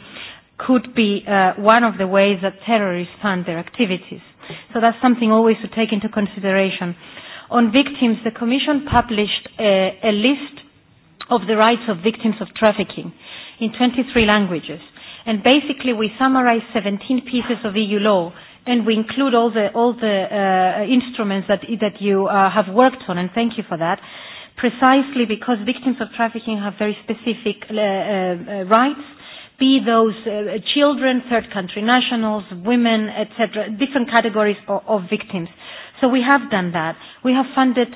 Speaker 9: could be uh, one of the ways that terrorists fund their activities. So that's something always to take into consideration. On victims, the Commission published a, a list of the rights of victims of trafficking in 23 languages. And basically, we summarize 17 pieces of EU law, and we include all the all the uh, instruments that that you uh, have worked on. And thank you for that. Precisely because victims of trafficking have very specific uh, uh, uh rights, be those uh, children, third country nationals, women, etc., different categories of, of victims. So we have done that. We have funded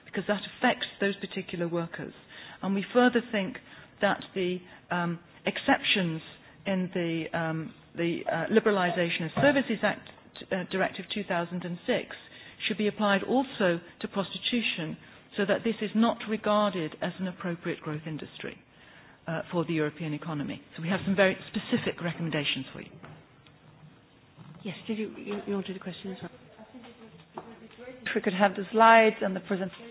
Speaker 6: because that affects those particular workers. And we further think that the um, exceptions in the, um, the uh, Liberalisation of Services Act uh, Directive 2006 should be applied also to prostitution so that this is not regarded as an appropriate growth industry uh, for the European economy. So we have some very specific recommendations for you. Yes, did you, you, you wanted a question as well?
Speaker 5: If we could have the slides and the presentation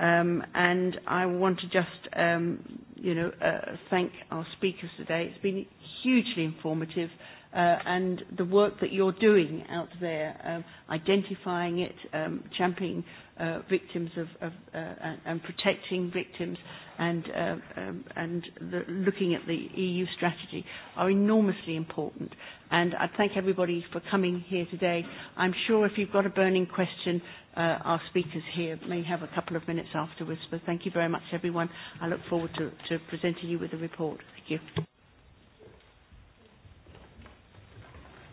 Speaker 4: Um, and I want to just, um, you know, uh, thank our speakers today. It's been hugely informative, uh, and the work that you're doing out there, um, identifying it, um, championing uh, victims of, of uh, and, and protecting victims, and, uh, um, and the, looking at the EU strategy are enormously important. And I thank everybody for coming here today. I'm sure if you've got a burning question, uh, our speakers here may have a couple of minutes afterwards. But thank you very much, everyone. I look forward to, to presenting you with the report. Thank you.